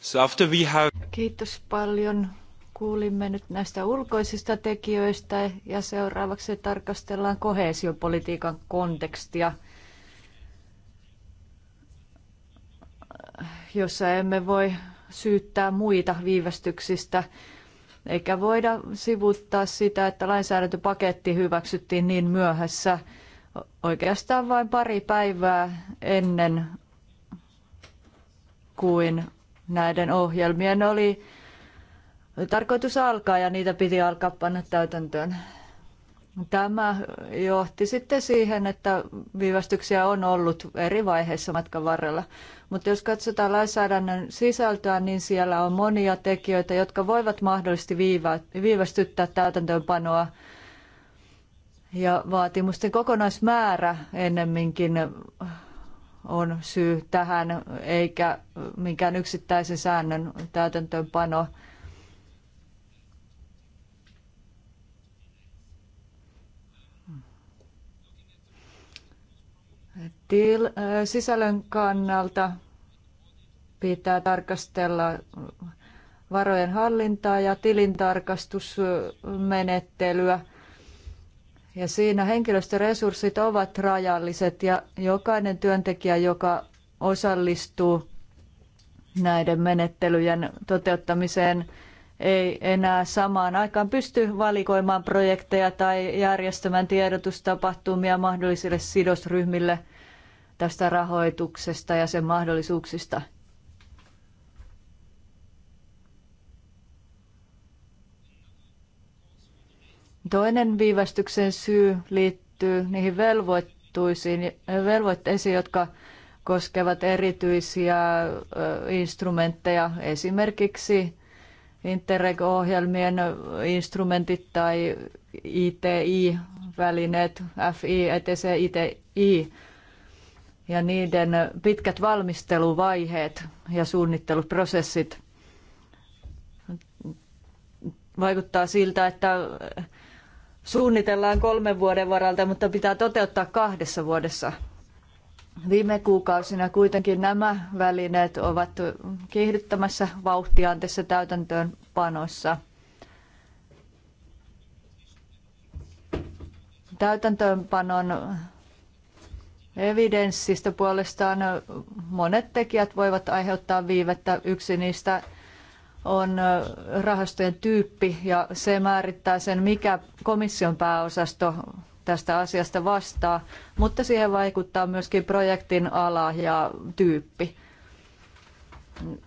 So after we have... Kiitos paljon. Kuulimme nyt näistä ulkoisista tekijöistä ja seuraavaksi tarkastellaan kohesiopolitiikan kontekstia. jossa emme voi syyttää muita viivästyksistä, eikä voida sivuttaa sitä, että lainsäädäntöpaketti hyväksyttiin niin myöhässä oikeastaan vain pari päivää ennen kuin näiden ohjelmien oli tarkoitus alkaa ja niitä piti alkaa panna täytäntöön. Tämä johti sitten siihen, että viivästyksiä on ollut eri vaiheissa matkan varrella. Mutta jos katsotaan lainsäädännön sisältöä, niin siellä on monia tekijöitä, jotka voivat mahdollisesti viivästyttää täytäntöönpanoa ja vaatimusten kokonaismäärä ennemminkin on syy tähän, eikä minkään yksittäisen säännön täytäntöönpano. Til, äh, sisällön kannalta pitää tarkastella varojen hallintaa ja tilintarkastusmenettelyä. Ja siinä henkilöstöresurssit ovat rajalliset ja jokainen työntekijä, joka osallistuu näiden menettelyjen toteuttamiseen, ei enää samaan aikaan pysty valikoimaan projekteja tai järjestämään tiedotustapahtumia mahdollisille sidosryhmille – tästä rahoituksesta ja sen mahdollisuuksista. Toinen viivästyksen syy liittyy niihin velvoittuisiin, velvoitteisiin, jotka koskevat erityisiä instrumentteja, esimerkiksi Interreg-ohjelmien instrumentit tai ITI-välineet, FI, ETC, ITI ja niiden pitkät valmisteluvaiheet ja suunnitteluprosessit. Vaikuttaa siltä, että suunnitellaan kolmen vuoden varalta, mutta pitää toteuttaa kahdessa vuodessa. Viime kuukausina kuitenkin nämä välineet ovat kiihdyttämässä vauhtiaan tässä täytäntöönpanossa. Täytäntöönpanon Evidenssistä puolestaan monet tekijät voivat aiheuttaa viivettä. Yksi niistä on rahastojen tyyppi ja se määrittää sen, mikä komission pääosasto tästä asiasta vastaa, mutta siihen vaikuttaa myöskin projektin ala ja tyyppi.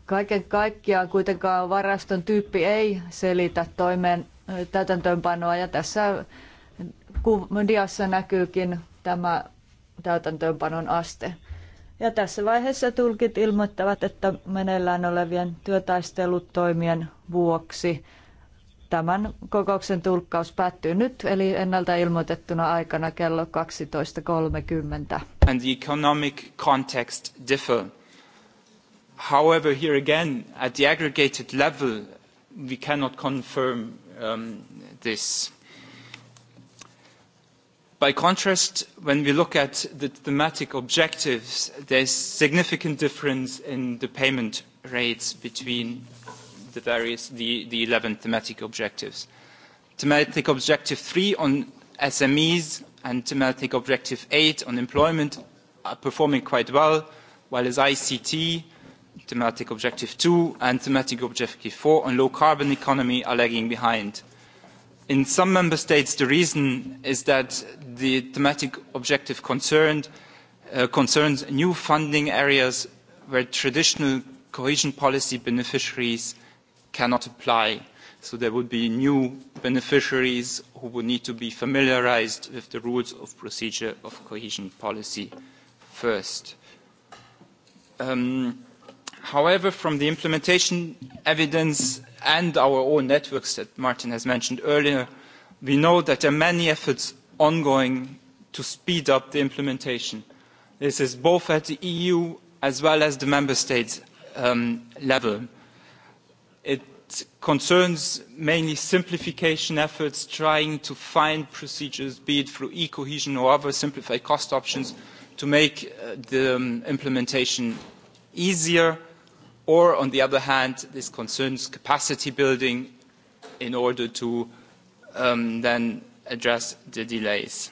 Kaiken kaikkiaan kuitenkaan varaston tyyppi ei selitä toimeen täytäntöönpanoa ja tässä diassa näkyykin tämä täytäntöönpanon aste. Ja tässä vaiheessa tulkit ilmoittavat, että meneillään olevien työtaistelutoimien vuoksi tämän kokouksen tulkkaus päättyy nyt, eli ennalta ilmoitettuna aikana kello 12.30. And the economic context differ. However, here again, at the aggregated level, we cannot confirm um, this. By contrast, when we look at the thematic objectives, there's significant difference in the payment rates between the various, the, the 11 thematic objectives. Thematic objective 3 on SMEs and thematic objective 8 on employment are performing quite well, while as ICT, thematic objective 2 and thematic objective 4 on low carbon economy are lagging behind in some member states, the reason is that the thematic objective concerned uh, concerns new funding areas where traditional cohesion policy beneficiaries cannot apply. So there would be new beneficiaries who would need to be familiarized with the rules of procedure of cohesion policy first. Um, However, from the implementation evidence and our own networks that Martin has mentioned earlier, we know that there are many efforts ongoing to speed up the implementation. This is both at the EU as well as the member states um, level. It concerns mainly simplification efforts, trying to find procedures, be it through e-cohesion or other simplified cost options, to make uh, the um, implementation easier or on the other hand this concerns capacity building in order to um, then address the delays.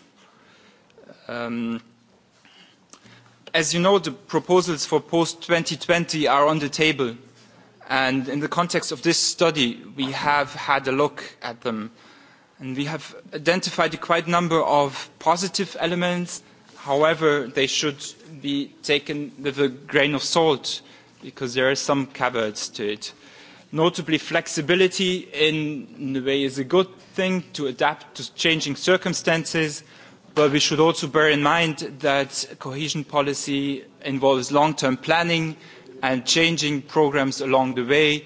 Um, as you know, the proposals for post-2020 are on the table, and in the context of this study, we have had a look at them. And we have identified a quite number of positive elements. However, they should be taken with a grain of salt because there are some caveats to it. Notably, flexibility in, a way is a good thing to adapt to changing circumstances, but we should also bear in mind that cohesion policy involves long-term planning and changing programs along the way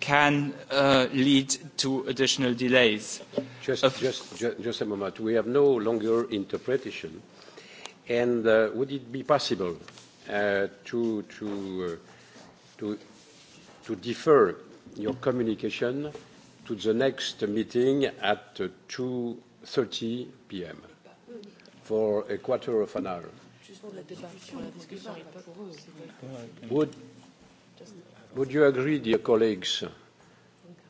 can uh, lead to additional delays. Just, uh, just, just a moment. We have no longer interpretation. And uh, would it be possible uh, to, to uh, to, to defer your communication to the next meeting at 2:30 P.M. for a quarter of an hour. Would, would you agree, dear colleagues,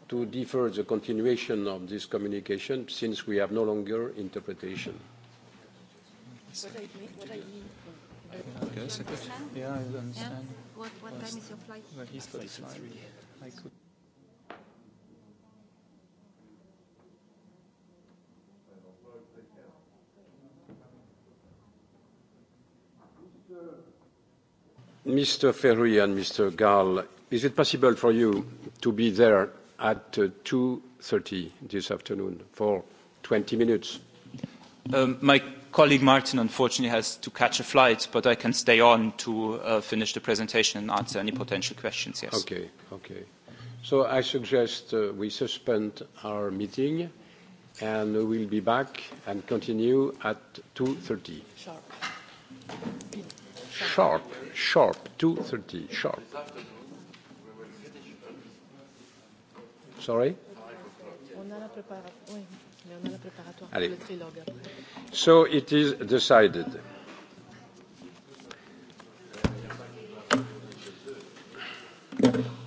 to defer the continuation of this communication since we have no longer interpretation? What I mean, what I mean. Okay, so Yeah, I understand. Yeah. What, what time is your flight? Well, no, he's got I could. Mr. Ferruyan, Mr. Gall, is it possible for you to be there at 2:30 uh, this afternoon for 20 minutes? Um, my colleague Martin unfortunately has to catch a flight, but I can stay on to uh, finish the presentation and answer any potential questions, yes. Okay, okay. So I suggest uh, we suspend our meeting and we will be back and continue at 2.30. Sharp. Sharp, sharp, 2.30, sharp. Sorry? On a la préparation, oui. Mais on a préparatoire Allez. le trilogue So it is decided. Thank you.